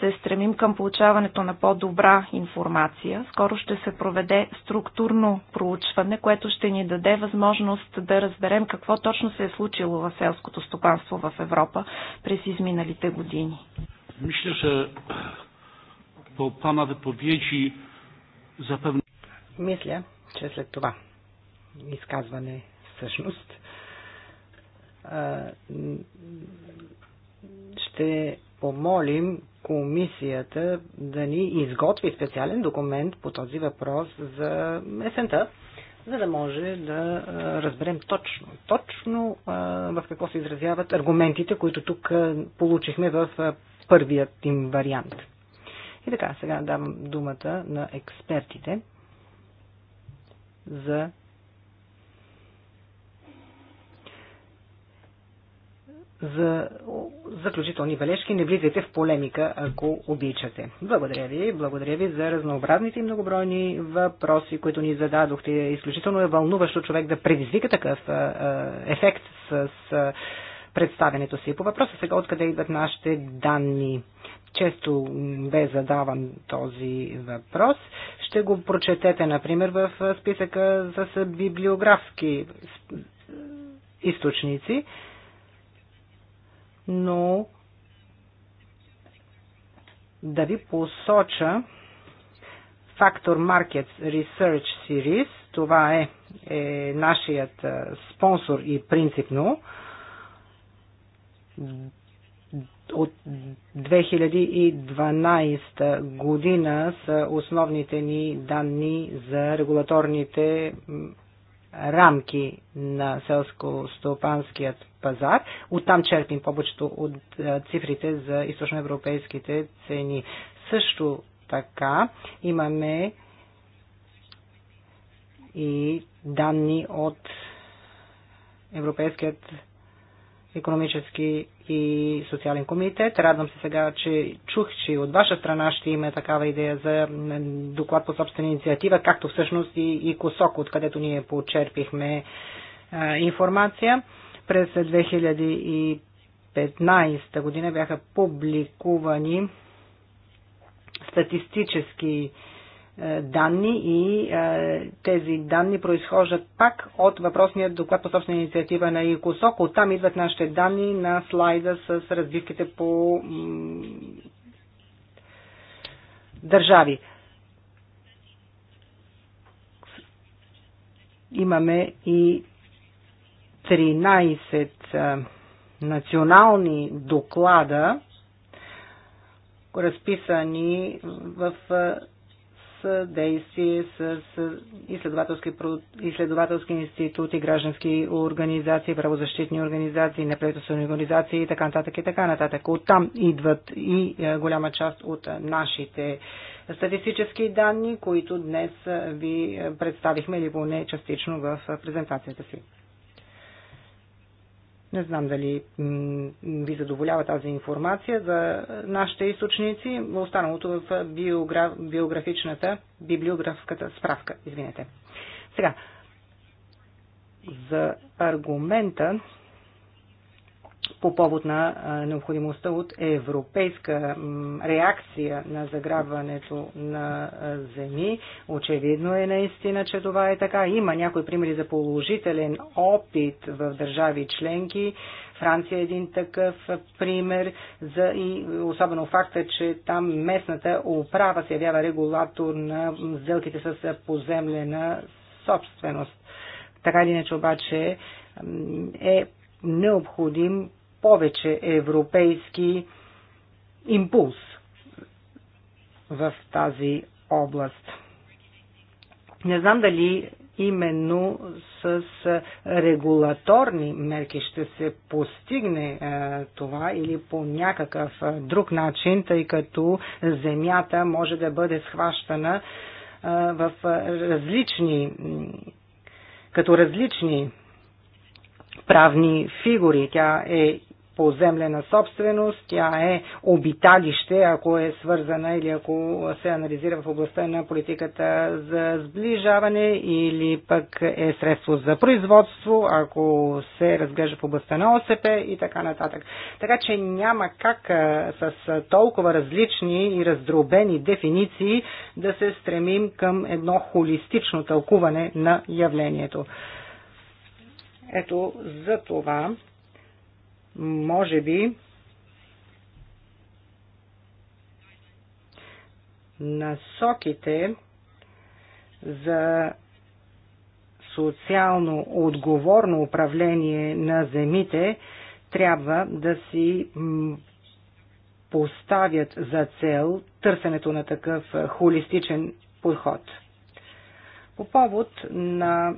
се стремим към получаването на по-добра информация. Скоро ще се проведе структурно проучване, което ще ни даде възможност да разберем какво точно се е случило в селското стопанство в Европа през изминалите години. Мисля, че по пана повече, запевне... Мисля, че след това изказване всъщност ще помолим комисията да ни изготви специален документ по този въпрос за есента, за да може да разберем точно, точно в какво се изразяват аргументите, които тук получихме в първият им вариант. И така, сега давам думата на експертите за за заключителни бележки. Не влизайте в полемика, ако обичате. Благодаря ви. Благодаря ви за разнообразните и многобройни въпроси, които ни зададохте. Изключително е вълнуващо човек да предизвика такъв а, а, ефект с а, представенето си. По въпроса сега откъде идват нашите данни често бе задаван този въпрос. Ще го прочетете, например, в списъка с библиографски източници, но да ви посоча Factor Markets Research Series, това е, е нашият спонсор и принципно, от 2012 година са основните ни данни за регулаторните рамки на селско-стопанският пазар. Оттам черпим повечето от цифрите за източноевропейските цени. Също така имаме и данни от Европейският економически и социален комитет. Радвам се сега, че чух, че от ваша страна ще има такава идея за доклад по собствена инициатива, както всъщност и, и Косок, откъдето ние почерпихме а, е, информация. През 2015 година бяха публикувани статистически а, е, данни и е, тези данни произхождат пак от въпросния доклад по собствена инициатива на ИКОСОК. Оттам идват нашите данни на слайда с развивките по държави. Имаме и 13 е, национални доклада, разписани в съдействие с изследователски, изследователски институти, граждански организации, правозащитни организации, неправителствени организации и така нататък и така нататък. Оттам идват и е, голяма част от е, нашите статистически данни, които днес е, ви представихме или поне частично в презентацията си. Не знам дали ви задоволява тази информация за нашите източници, останалото в биографичната, библиографската справка. Извинете. Сега, за аргумента, по повод на необходимостта от европейска реакция на заграбването на земи. Очевидно е наистина, че това е така. Има някои примери за положителен опит в държави членки. Франция е един такъв пример за и особено факта, че там местната управа се явява регулатор на сделките с поземлена собственост. Така или иначе обаче е необходим повече европейски импулс в тази област. Не знам дали именно с регулаторни мерки ще се постигне това или по някакъв друг начин, тъй като земята може да бъде схващана в различни, като различни правни фигури. Тя е поземлена собственост, тя е обиталище, ако е свързана или ако се анализира в областта на политиката за сближаване или пък е средство за производство, ако се разглежда в областта на ОСП и така нататък. Така че няма как с толкова различни и раздробени дефиниции да се стремим към едно холистично тълкуване на явлението. Ето за това, може би, насоките за социално отговорно управление на земите трябва да си поставят за цел търсенето на такъв холистичен подход. По повод на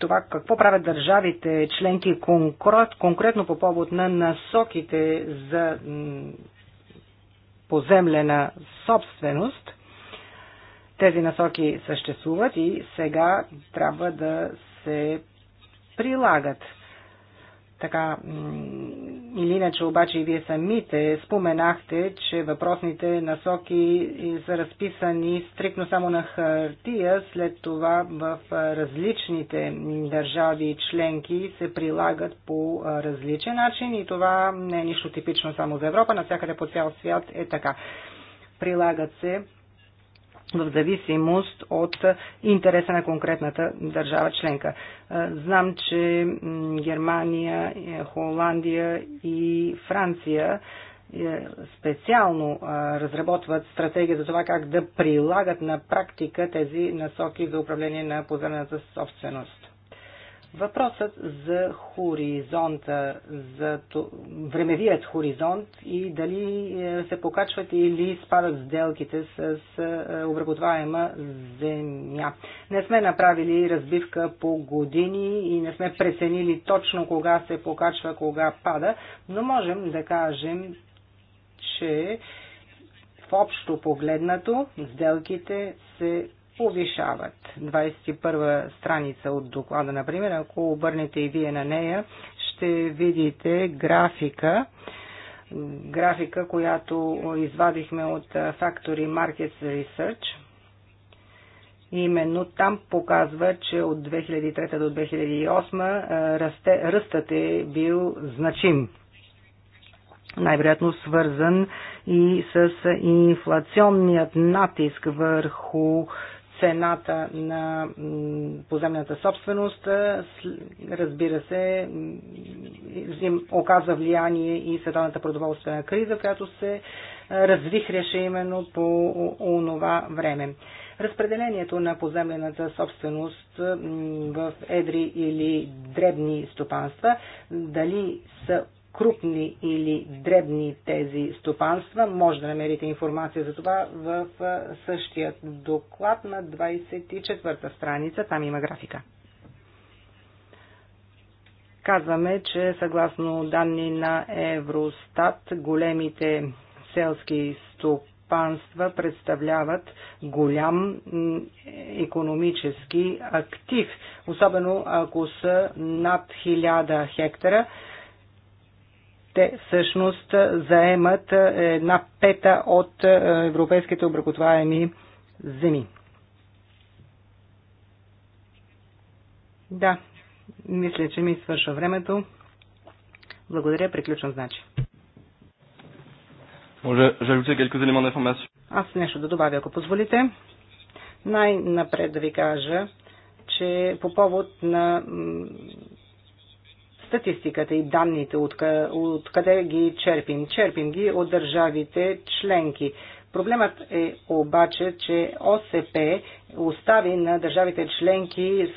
това какво правят държавите членки конкретно по повод на насоките за поземлена собственост. Тези насоки съществуват и сега трябва да се прилагат. Така, или иначе обаче и вие самите споменахте, че въпросните насоки са разписани стрикно само на хартия, след това в различните държави и членки се прилагат по различен начин и това не е нищо типично само за Европа, навсякъде по цял свят е така. Прилагат се в зависимост от интереса на конкретната държава членка. Знам, че Германия, е, Холандия и Франция е, специално разработват стратегия за това как да прилагат на практика тези насоки за управление на поземната собственост. Въпросът за хоризонта, за времевият хоризонт и дали е, се покачват или спадат сделките с е, обработваема земя. Не сме направили разбивка по години и не сме преценили точно кога се покачва, кога пада, но можем да кажем, че в общо погледнато сделките се повишават. 21 страница от доклада, например, ако обърнете и вие на нея, ще видите графика, графика, която извадихме от Factory Markets Research. Именно там показва, че от 2003 до 2008 расте, ръстът е бил значим. Най-вероятно свързан и с инфлационният натиск върху цената на поземната собственост, разбира се, им оказа влияние и световната продоволствена криза, която се развихряше именно по онова време. Разпределението на поземлената собственост в едри или дребни стопанства, дали са крупни или дребни тези стопанства. Може да намерите информация за това в същия доклад на 24-та страница. Там има графика. Казваме, че съгласно данни на Евростат, големите селски стопанства представляват голям економически актив, особено ако са над 1000 хектара те всъщност заемат е, една пета от е, европейските обракотваеми земи. Да, мисля, че ми свършва времето. Благодаря, приключвам значи. Аз нещо да добавя, ако позволите. Най-напред да ви кажа, че по повод на статистиката и данните, откъде, ги черпим. Черпим ги от държавите членки. Проблемът е обаче, че ОСП остави на държавите членки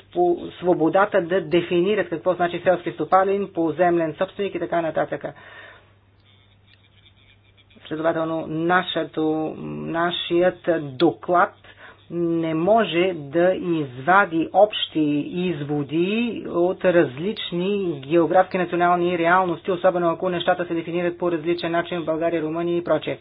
свободата да дефинират какво значи селски стопалин, поземлен собственик и така нататък. Следователно, нашето, нашият доклад не може да извади общи изводи от различни географски национални реалности, особено ако нещата се дефинират по различен начин в България, Румъния и прочее.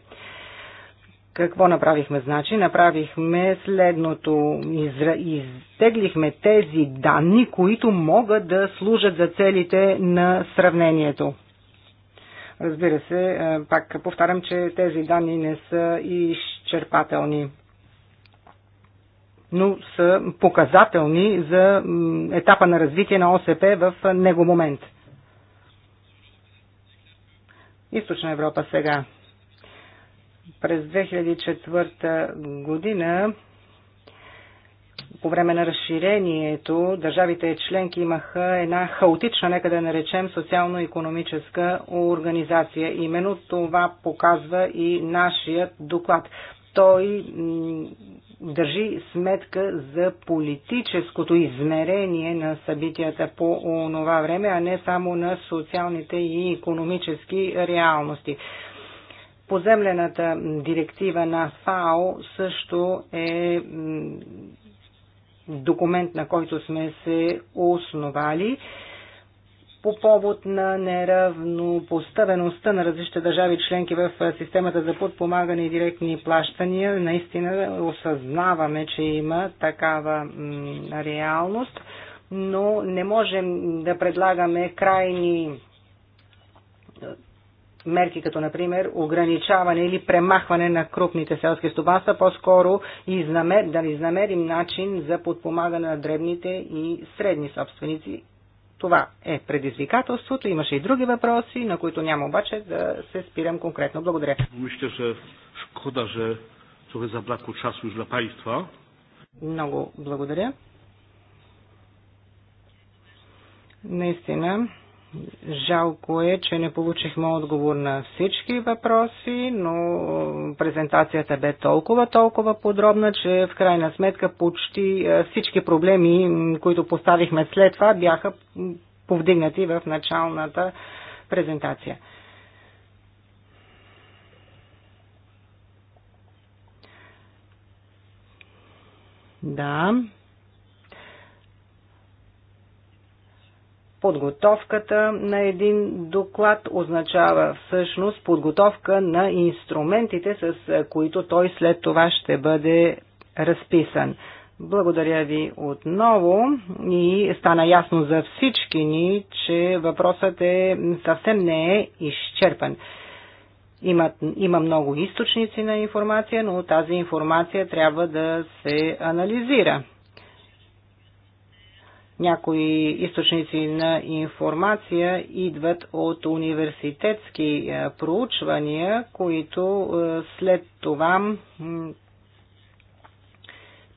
Какво направихме, значи? Направихме следното. Изра... Изтеглихме тези данни, които могат да служат за целите на сравнението. Разбира се, е, пак повтарям, че тези данни не са изчерпателни но са показателни за етапа на развитие на ОСП в него момент. Източна Европа сега. През 2004 година по време на разширението държавите членки имаха една хаотична, нека да наречем, социално-економическа организация. Именно това показва и нашият доклад. Той държи сметка за политическото измерение на събитията по онова време, а не само на социалните и економически реалности. Поземлената директива на ФАО също е документ, на който сме се основали по повод на неравнопоставеността на различните държави членки в системата за подпомагане и директни плащания. Наистина осъзнаваме, че има такава реалност, но не можем да предлагаме крайни мерки, като например ограничаване или премахване на крупните селски стопанства, по-скоро изнамер, да изнамерим начин за подпомагане на дребните и средни собственици това е предизвикателството. Имаше и други въпроси, на които няма обаче да се спирам конкретно. Благодаря. Мисля, че шкода, че trochę zabrakło час już dla Państwa. Много благодаря. Наистина, Жалко е, че не получихме отговор на всички въпроси, но презентацията бе толкова, толкова подробна, че в крайна сметка почти е, всички проблеми, които поставихме след това, бяха повдигнати в началната презентация. Да, Подготовката на един доклад означава всъщност подготовка на инструментите, с които той след това ще бъде разписан. Благодаря ви отново и стана ясно за всички ни, че въпросът е съвсем не е изчерпан. Има, има много източници на информация, но тази информация трябва да се анализира. Някои източници на информация идват от университетски е, проучвания, които е, след това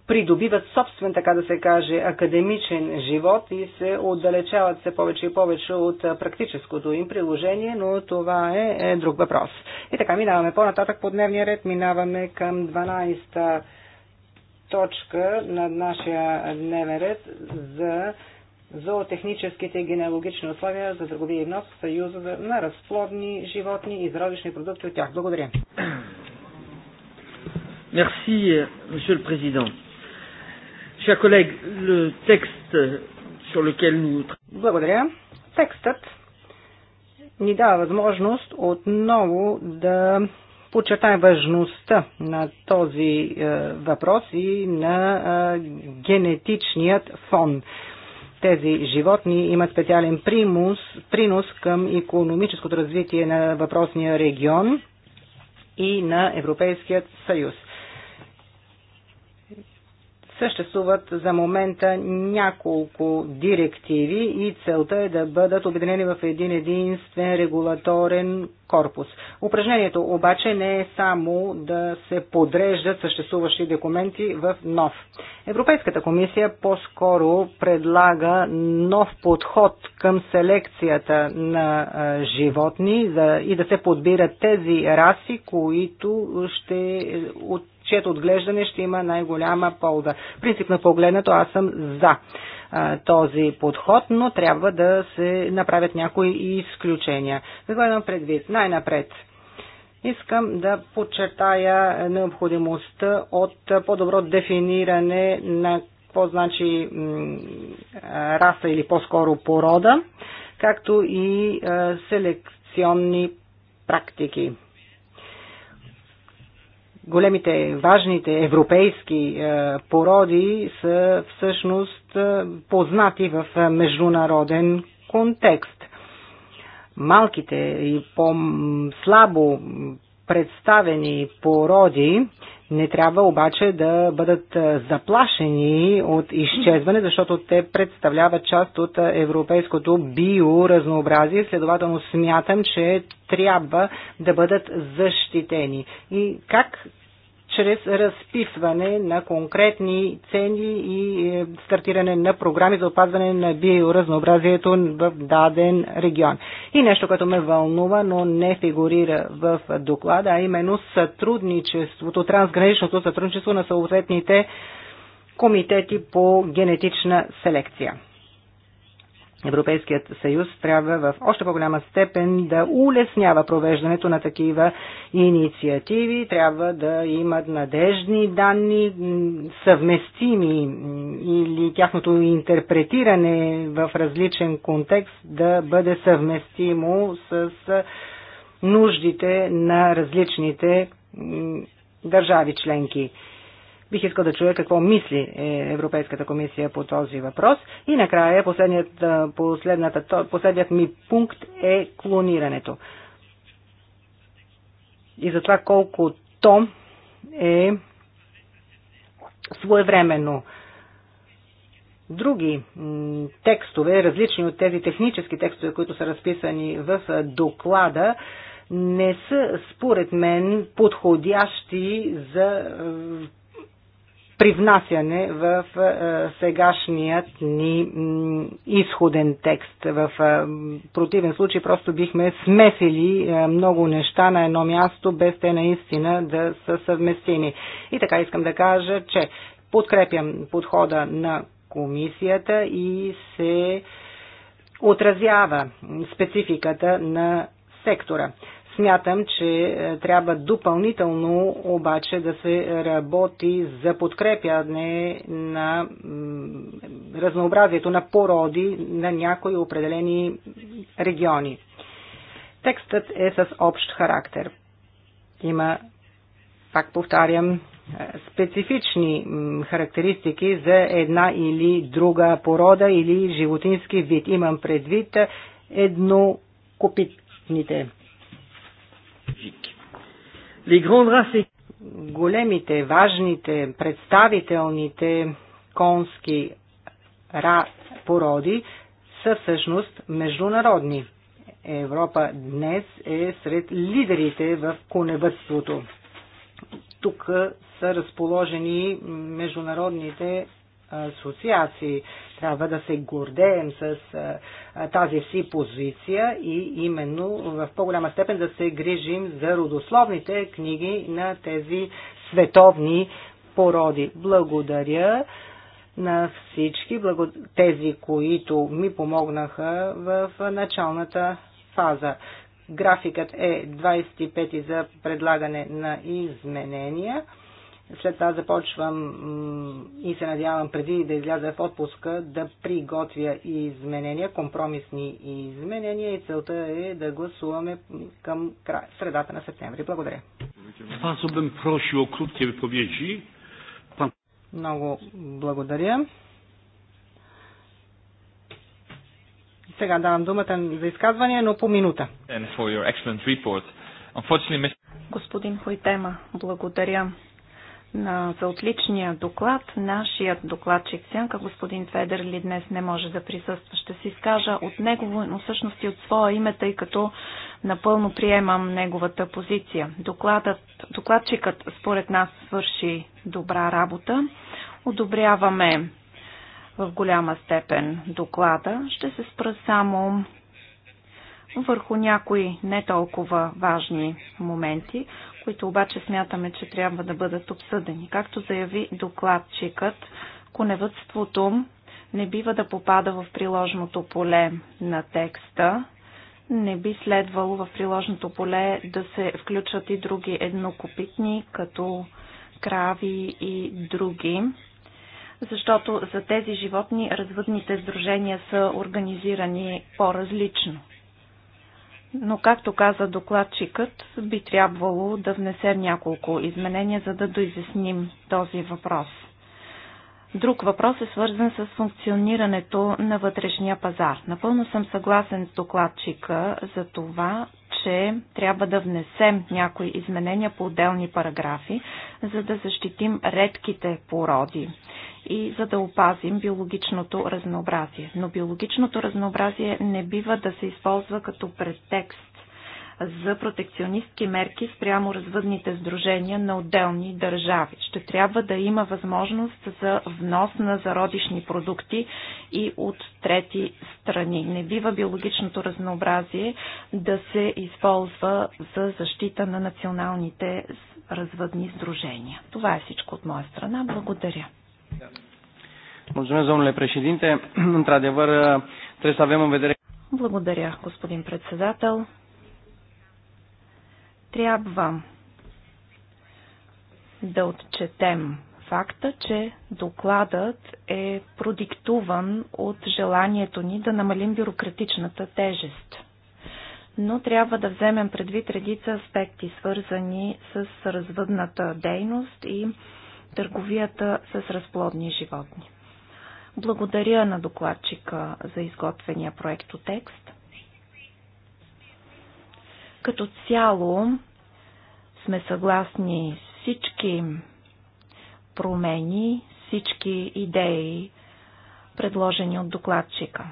придобиват собствен, така да се каже, академичен живот и се отдалечават се повече и повече от е, практическото им приложение, но това е, е друг въпрос. И така, минаваме по-нататък по дневния ред, минаваме към 12-та точка на нашия дневен ред за зоотехническите и генеалогични условия за търговия и внос в Съюза на разплодни животни и зародишни продукти от тях. Благодаря. Merci, Monsieur le Président. Chers collègues, le texte sur lequel nous... Благодаря. Текстът ни дава възможност отново да Подчертая важността на този е, въпрос и на е, генетичният фон тези животни имат специален примус, принос към економическото развитие на въпросния регион и на Европейският съюз. Съществуват за момента няколко директиви и целта е да бъдат обединени в един единствен регулаторен корпус. Упражнението обаче не е само да се подреждат съществуващи документи в нов. Европейската комисия по-скоро предлага нов подход към селекцията на животни и да се подбират тези раси, които ще от чието отглеждане ще има най-голяма полза. Принципно погледнато аз съм за а, този подход, но трябва да се направят някои изключения. Какво имам предвид? Най-напред. Искам да подчертая необходимостта от по-добро дефиниране на какво значи раса или по-скоро порода, както и селекционни практики големите, важните европейски е, породи са всъщност е, познати в е, международен контекст. Малките и по-слабо представени породи не трябва обаче да бъдат заплашени от изчезване, защото те представляват част от европейското биоразнообразие. Следователно смятам, че трябва да бъдат защитени. И как чрез разписване на конкретни цени и е, стартиране на програми за опазване на биоразнообразието в даден регион. И нещо, което ме вълнува, но не фигурира в доклада, а именно сътрудничеството, трансграничното сътрудничество на съответните комитети по генетична селекция. Европейският съюз трябва в още по-голяма степен да улеснява провеждането на такива инициативи, трябва да имат надежни данни, съвместими или тяхното интерпретиране в различен контекст да бъде съвместимо с нуждите на различните държави членки. Бих искал да чуя какво мисли е, Европейската комисия по този въпрос. И накрая последният, последният ми пункт е клонирането. И за това колко то е своевременно. Други текстове, различни от тези технически текстове, които са разписани в доклада, не са, според мен, подходящи за привнасяне в е, сегашният ни изходен текст. В е, противен случай просто бихме смесили е, много неща на едно място, без те наистина да са съвместими. И така искам да кажа, че подкрепям подхода на комисията и се отразява спецификата на сектора. Смятам, че е, трябва допълнително обаче да се работи за подкрепяне на разнообразието на породи на някои определени региони. Текстът е с общ характер. Има, пак повтарям, е, специфични характеристики за една или друга порода или животински вид. Имам предвид е, еднокопитните е- Големите, важните, представителните конски породи са всъщност международни. Европа днес е сред лидерите в коневътството. Тук са разположени международните асоциации. Трябва да се гордеем с тази си позиция и именно в по-голяма степен да се грижим за родословните книги на тези световни породи. Благодаря на всички, тези, които ми помогнаха в началната фаза. Графикът е 25 за предлагане на изменения. След това започвам и се надявам преди да изляза в отпуска да приготвя и изменения, компромисни изменения и целта е да гласуваме към средата на септември. Благодаря. Много благодаря. Сега давам думата за изказване, но по минута. Господин Хойтема, благодаря на, за отличния доклад. Нашият докладчик Сянка, господин Федер ли днес не може да присъства. Ще се изкажа от негово, но всъщност и от своя име, тъй като напълно приемам неговата позиция. Докладът, докладчикът според нас свърши добра работа. Одобряваме в голяма степен доклада. Ще се спра само върху някои не толкова важни моменти които обаче смятаме, че трябва да бъдат обсъдени. Както заяви докладчикът, коневътството не бива да попада в приложното поле на текста. Не би следвало в приложното поле да се включат и други еднокопитни, като крави и други, защото за тези животни развъдните сдружения са организирани по-различно но както каза докладчикът, би трябвало да внесем няколко изменения, за да доизясним този въпрос. Друг въпрос е свързан с функционирането на вътрешния пазар. Напълно съм съгласен с докладчика за това, че трябва да внесем някои изменения по отделни параграфи, за да защитим редките породи и за да опазим биологичното разнообразие. Но биологичното разнообразие не бива да се използва като претекст за протекционистки мерки спрямо развъдните сдружения на отделни държави. Ще трябва да има възможност за внос на зародишни продукти и от трети страни. Не бива биологичното разнообразие да се използва за защита на националните развъдни сдружения. Това е всичко от моя страна. Благодаря. Mulțumesc, domnule președinte. Într-adevăr, trebuie să avem în vedere. Благодаря, господин председател трябва да отчетем факта, че докладът е продиктуван от желанието ни да намалим бюрократичната тежест. Но трябва да вземем предвид редица аспекти, свързани с развъдната дейност и търговията с разплодни животни. Благодаря на докладчика за изготвения текст. Като цяло, сме съгласни всички промени, всички идеи, предложени от докладчика.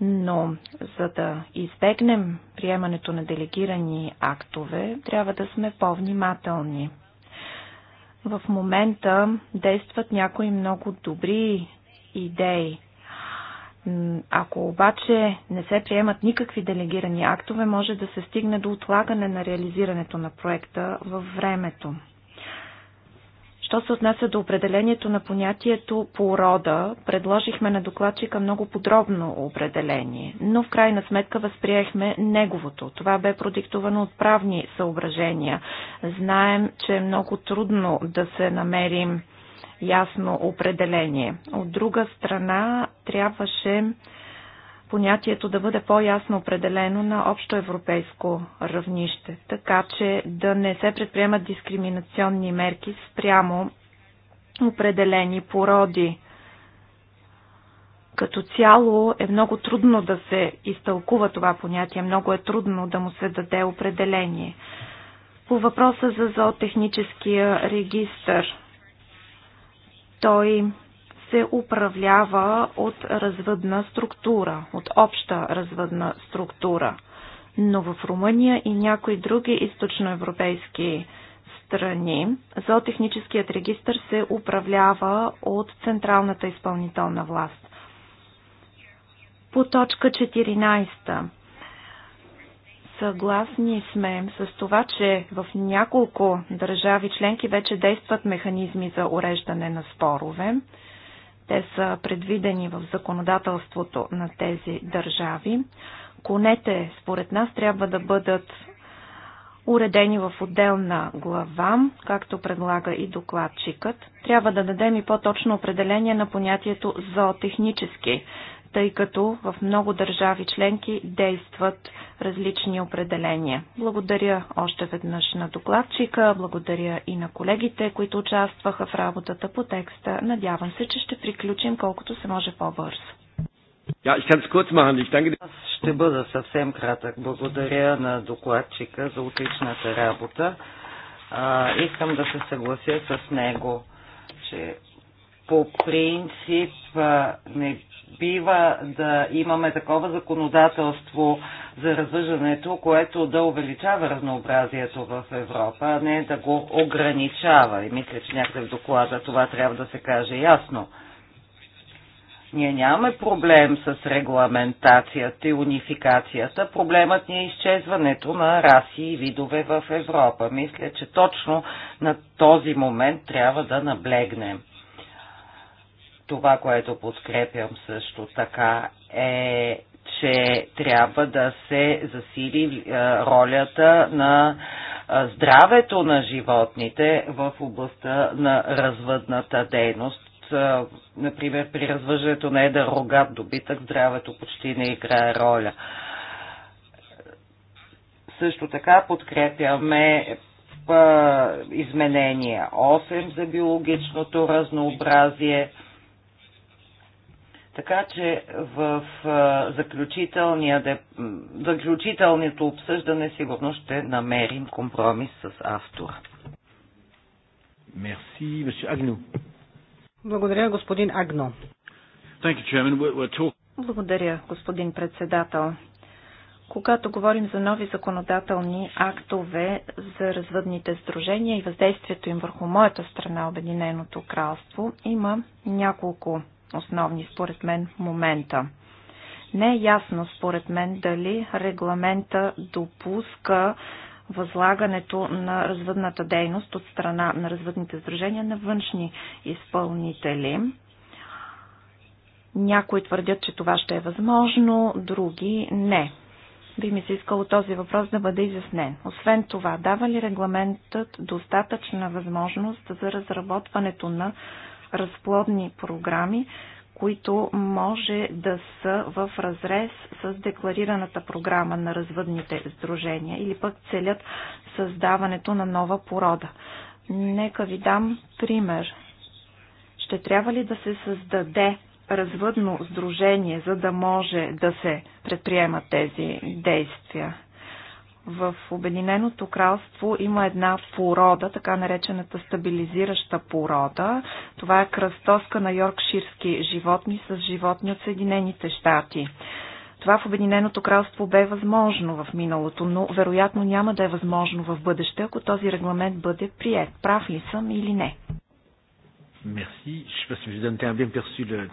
Но за да избегнем приемането на делегирани актове, трябва да сме по-внимателни. В момента действат някои много добри идеи. Ако обаче не се приемат никакви делегирани актове, може да се стигне до отлагане на реализирането на проекта във времето. Що се отнася до определението на понятието порода, предложихме на докладчика много подробно определение, но в крайна сметка възприехме неговото. Това бе продиктовано от правни съображения. Знаем, че е много трудно да се намерим ясно определение. От друга страна, трябваше понятието да бъде по-ясно определено на общо европейско равнище, така че да не се предприемат дискриминационни мерки спрямо определени породи. Като цяло е много трудно да се изтълкува това понятие, много е трудно да му се даде определение. По въпроса за зоотехническия регистър, той се управлява от развъдна структура, от обща развъдна структура. Но в Румъния и някои други източноевропейски страни зоотехническият регистр се управлява от Централната изпълнителна власт. По точка 14 Съгласни сме с това, че в няколко държави членки вече действат механизми за уреждане на спорове. Те са предвидени в законодателството на тези държави. Конете, според нас, трябва да бъдат уредени в отделна глава, както предлага и докладчикът. Трябва да дадем и по-точно определение на понятието зоотехнически, тъй като в много държави членки действат различни определения. Благодаря още веднъж на докладчика, благодаря и на колегите, които участваха в работата по текста. Надявам се, че ще приключим колкото се може по-бързо. Ja, ich kann es kurz machen. Ich danke Аз ще бъда съвсем кратък. Благодаря на докладчика за отличната работа. А, искам да се съглася с него, че по принцип не бива да имаме такова законодателство за развъждането, което да увеличава разнообразието в Европа, а не да го ограничава. И мисля, че някъде в доклада това трябва да се каже ясно. Ние нямаме проблем с регламентацията и унификацията. Проблемът ни е изчезването на раси и видове в Европа. Мисля, че точно на този момент трябва да наблегнем. Това, което подкрепям също така е, че трябва да се засили е, ролята на е, здравето на животните в областта на развъдната дейност. Е, например, при развъждането на едър рогат добитък здравето почти не играе роля. Също така подкрепяме изменения 8 за биологичното разнообразие – така че в заключителното обсъждане сигурно ще намерим компромис с автора. Мерси, Агно. Благодаря, господин Агно. Благодаря, господин председател. Когато говорим за нови законодателни актове за развъдните сдружения и въздействието им върху моята страна, Обединеното кралство, има няколко основни според мен момента. Не е ясно според мен дали регламента допуска възлагането на развъдната дейност от страна на развъдните сдружения на външни изпълнители. Някои твърдят, че това ще е възможно, други не. Би ми се искало този въпрос да бъде изяснен. Освен това, дава ли регламентът достатъчна възможност за разработването на разплодни програми, които може да са в разрез с декларираната програма на развъдните сдружения или пък целят създаването на нова порода. Нека ви дам пример. Ще трябва ли да се създаде развъдно сдружение, за да може да се предприемат тези действия? в Обединеното кралство има една порода, така наречената стабилизираща порода. Това е кръстоска на йоркширски животни с животни от Съединените щати. Това в Обединеното кралство бе възможно в миналото, но вероятно няма да е възможно в бъдеще, ако този регламент бъде прият. Прав ли съм или не? Merci. Je ne sais pas si vous avez bien perçu le...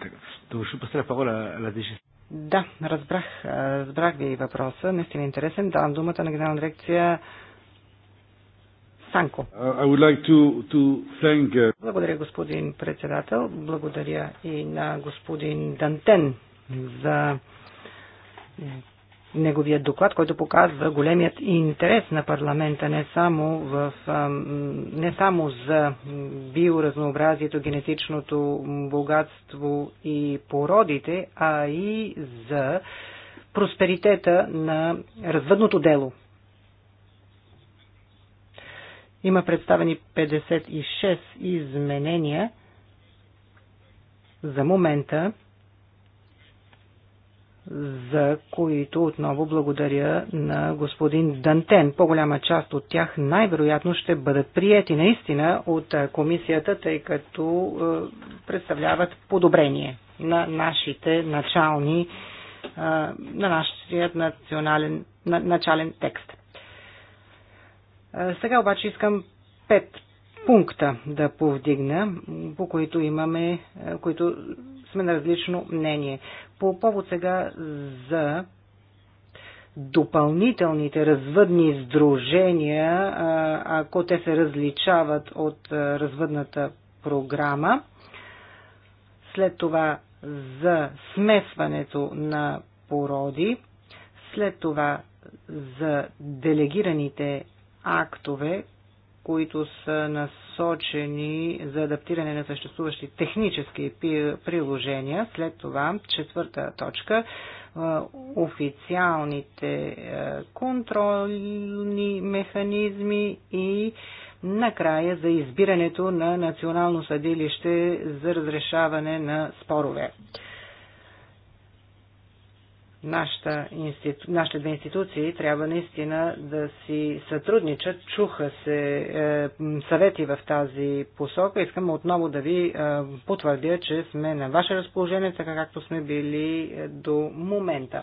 Donc, je la parole à la DGC. Да, разбрах, разбрах ви въпроса. Наистина интересен. Давам думата на генерална дирекция Санко. Uh, like to, to thank... Uh, Благодаря, господин председател. Благодаря и на господин Дантен за неговият доклад, който показва големият интерес на парламента не само, в, не само за биоразнообразието, генетичното богатство и породите, а и за просперитета на развъдното дело. Има представени 56 изменения за момента за които отново благодаря на господин Дантен. По-голяма част от тях най-вероятно ще бъдат приети наистина от комисията, тъй като представляват подобрение на нашите начални, на нашия национален, на, начален текст. Сега обаче искам пет пункта да повдигна, по които имаме, които сме на различно мнение. По повод сега за допълнителните развъдни сдружения, ако те се различават от развъдната програма, след това за смесването на породи, след това за делегираните актове, които са насочени за адаптиране на съществуващи технически приложения. След това, четвърта точка, е, официалните е, контролни механизми и накрая за избирането на национално съдилище за разрешаване на спорове нашата институ... нашите две институции трябва наистина да си сътрудничат. Чуха се е, съвети в тази посока. Искам отново да ви е, потвърдя, че сме на ваше разположение, така както сме били е, до момента.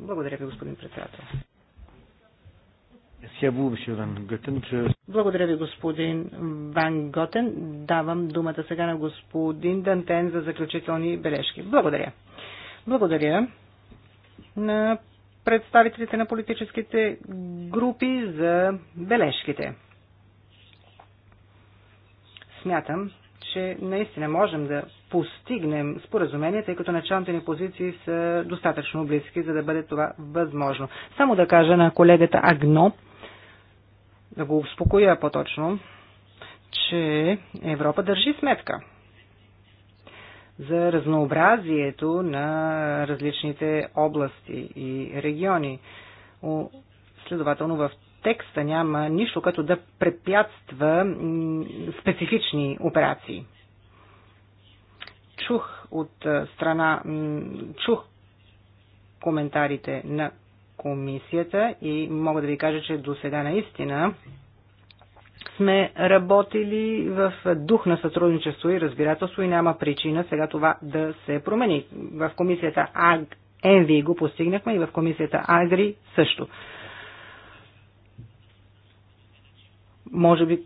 Благодаря ви, господин председател. Благодаря ви, господин Ван Готен. Давам думата сега на господин Дантен за заключителни бележки. Благодаря. Благодаря на представителите на политическите групи за бележките. Смятам, че наистина можем да постигнем споразумение, тъй като началните ни позиции са достатъчно близки, за да бъде това възможно. Само да кажа на колегата Агно, да го успокоя по-точно, че Европа държи сметка за разнообразието на различните области и региони. Следователно в текста няма нищо, като да препятства специфични операции. Чух от страна, чух коментарите на комисията и мога да ви кажа, че до сега наистина сме работили в дух на сътрудничество и разбирателство и няма причина сега това да се промени. В комисията АГ, ЕНВИ го постигнахме и в комисията АГРИ също. Може би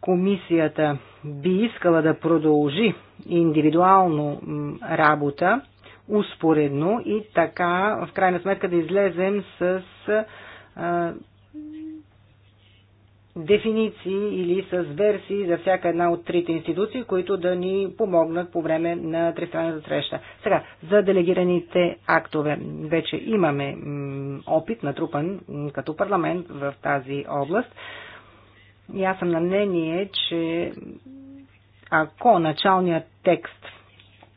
комисията би искала да продължи индивидуално работа, успоредно и така в крайна сметка да излезем с дефиниции или с версии за всяка една от трите институции, които да ни помогнат по време на тристранната среща. Сега, за делегираните актове. Вече имаме опит натрупан като парламент в тази област. И аз съм на мнение, че ако началният текст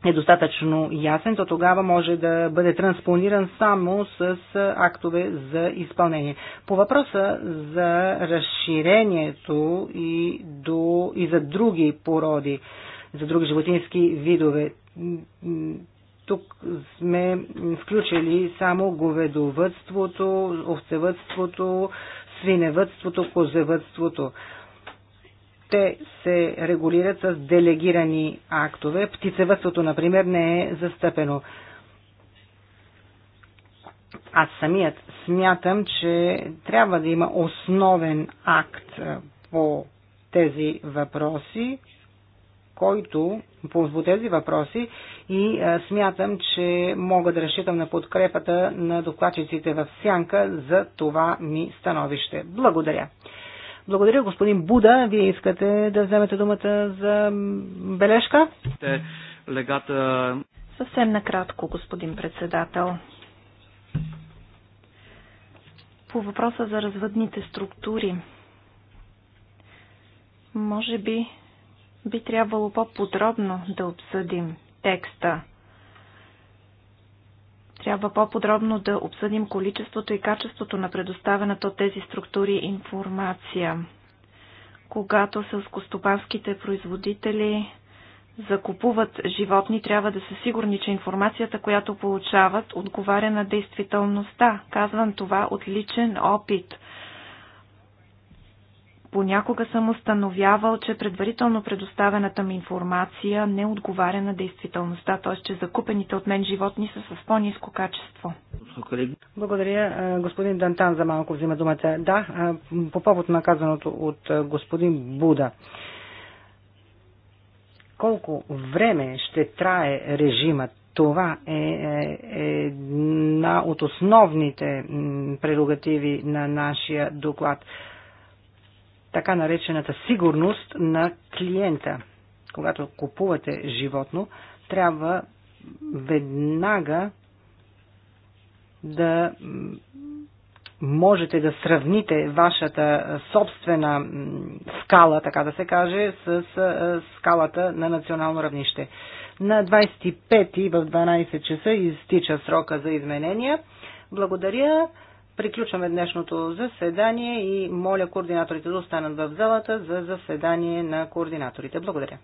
е достатъчно ясен, то тогава може да бъде транспониран само с актове за изпълнение. По въпроса за разширението и, до, и за други породи, за други животински видове, тук сме включили само говедовътството, овцевътството, свиневътството, козевътството. Те се регулират с делегирани актове. Птицевътството, например, не е застъпено. Аз самият смятам, че трябва да има основен акт по тези въпроси, който по тези въпроси и а, смятам, че мога да разчитам на подкрепата на докладчиците в Сянка за това ми становище. Благодаря. Благодаря, господин Буда. Вие искате да вземете думата за бележка? легата... Съвсем накратко, господин председател. По въпроса за развъдните структури, може би би трябвало по-подробно да обсъдим текста трябва по-подробно да обсъдим количеството и качеството на предоставената от тези структури информация. Когато селскостопанските производители закупуват животни, трябва да са сигурни, че информацията, която получават, отговаря на действителността. Казвам това от личен опит – Понякога съм установявал, че предварително предоставената ми информация не отговаря на действителността, т.е. че закупените от мен животни са с по-низко качество. Благодаря. Господин Дантан за малко взима думата. Да, по повод на казаното от господин Буда. Колко време ще трае режимът това е, е, е една от основните прерогативи на нашия доклад така наречената сигурност на клиента. Когато купувате животно, трябва веднага да можете да сравните вашата собствена скала, така да се каже, с скалата на национално равнище. На 25 в 12 часа изтича срока за изменения. Благодаря. Приключваме днешното заседание и моля координаторите да останат в залата за заседание на координаторите. Благодаря.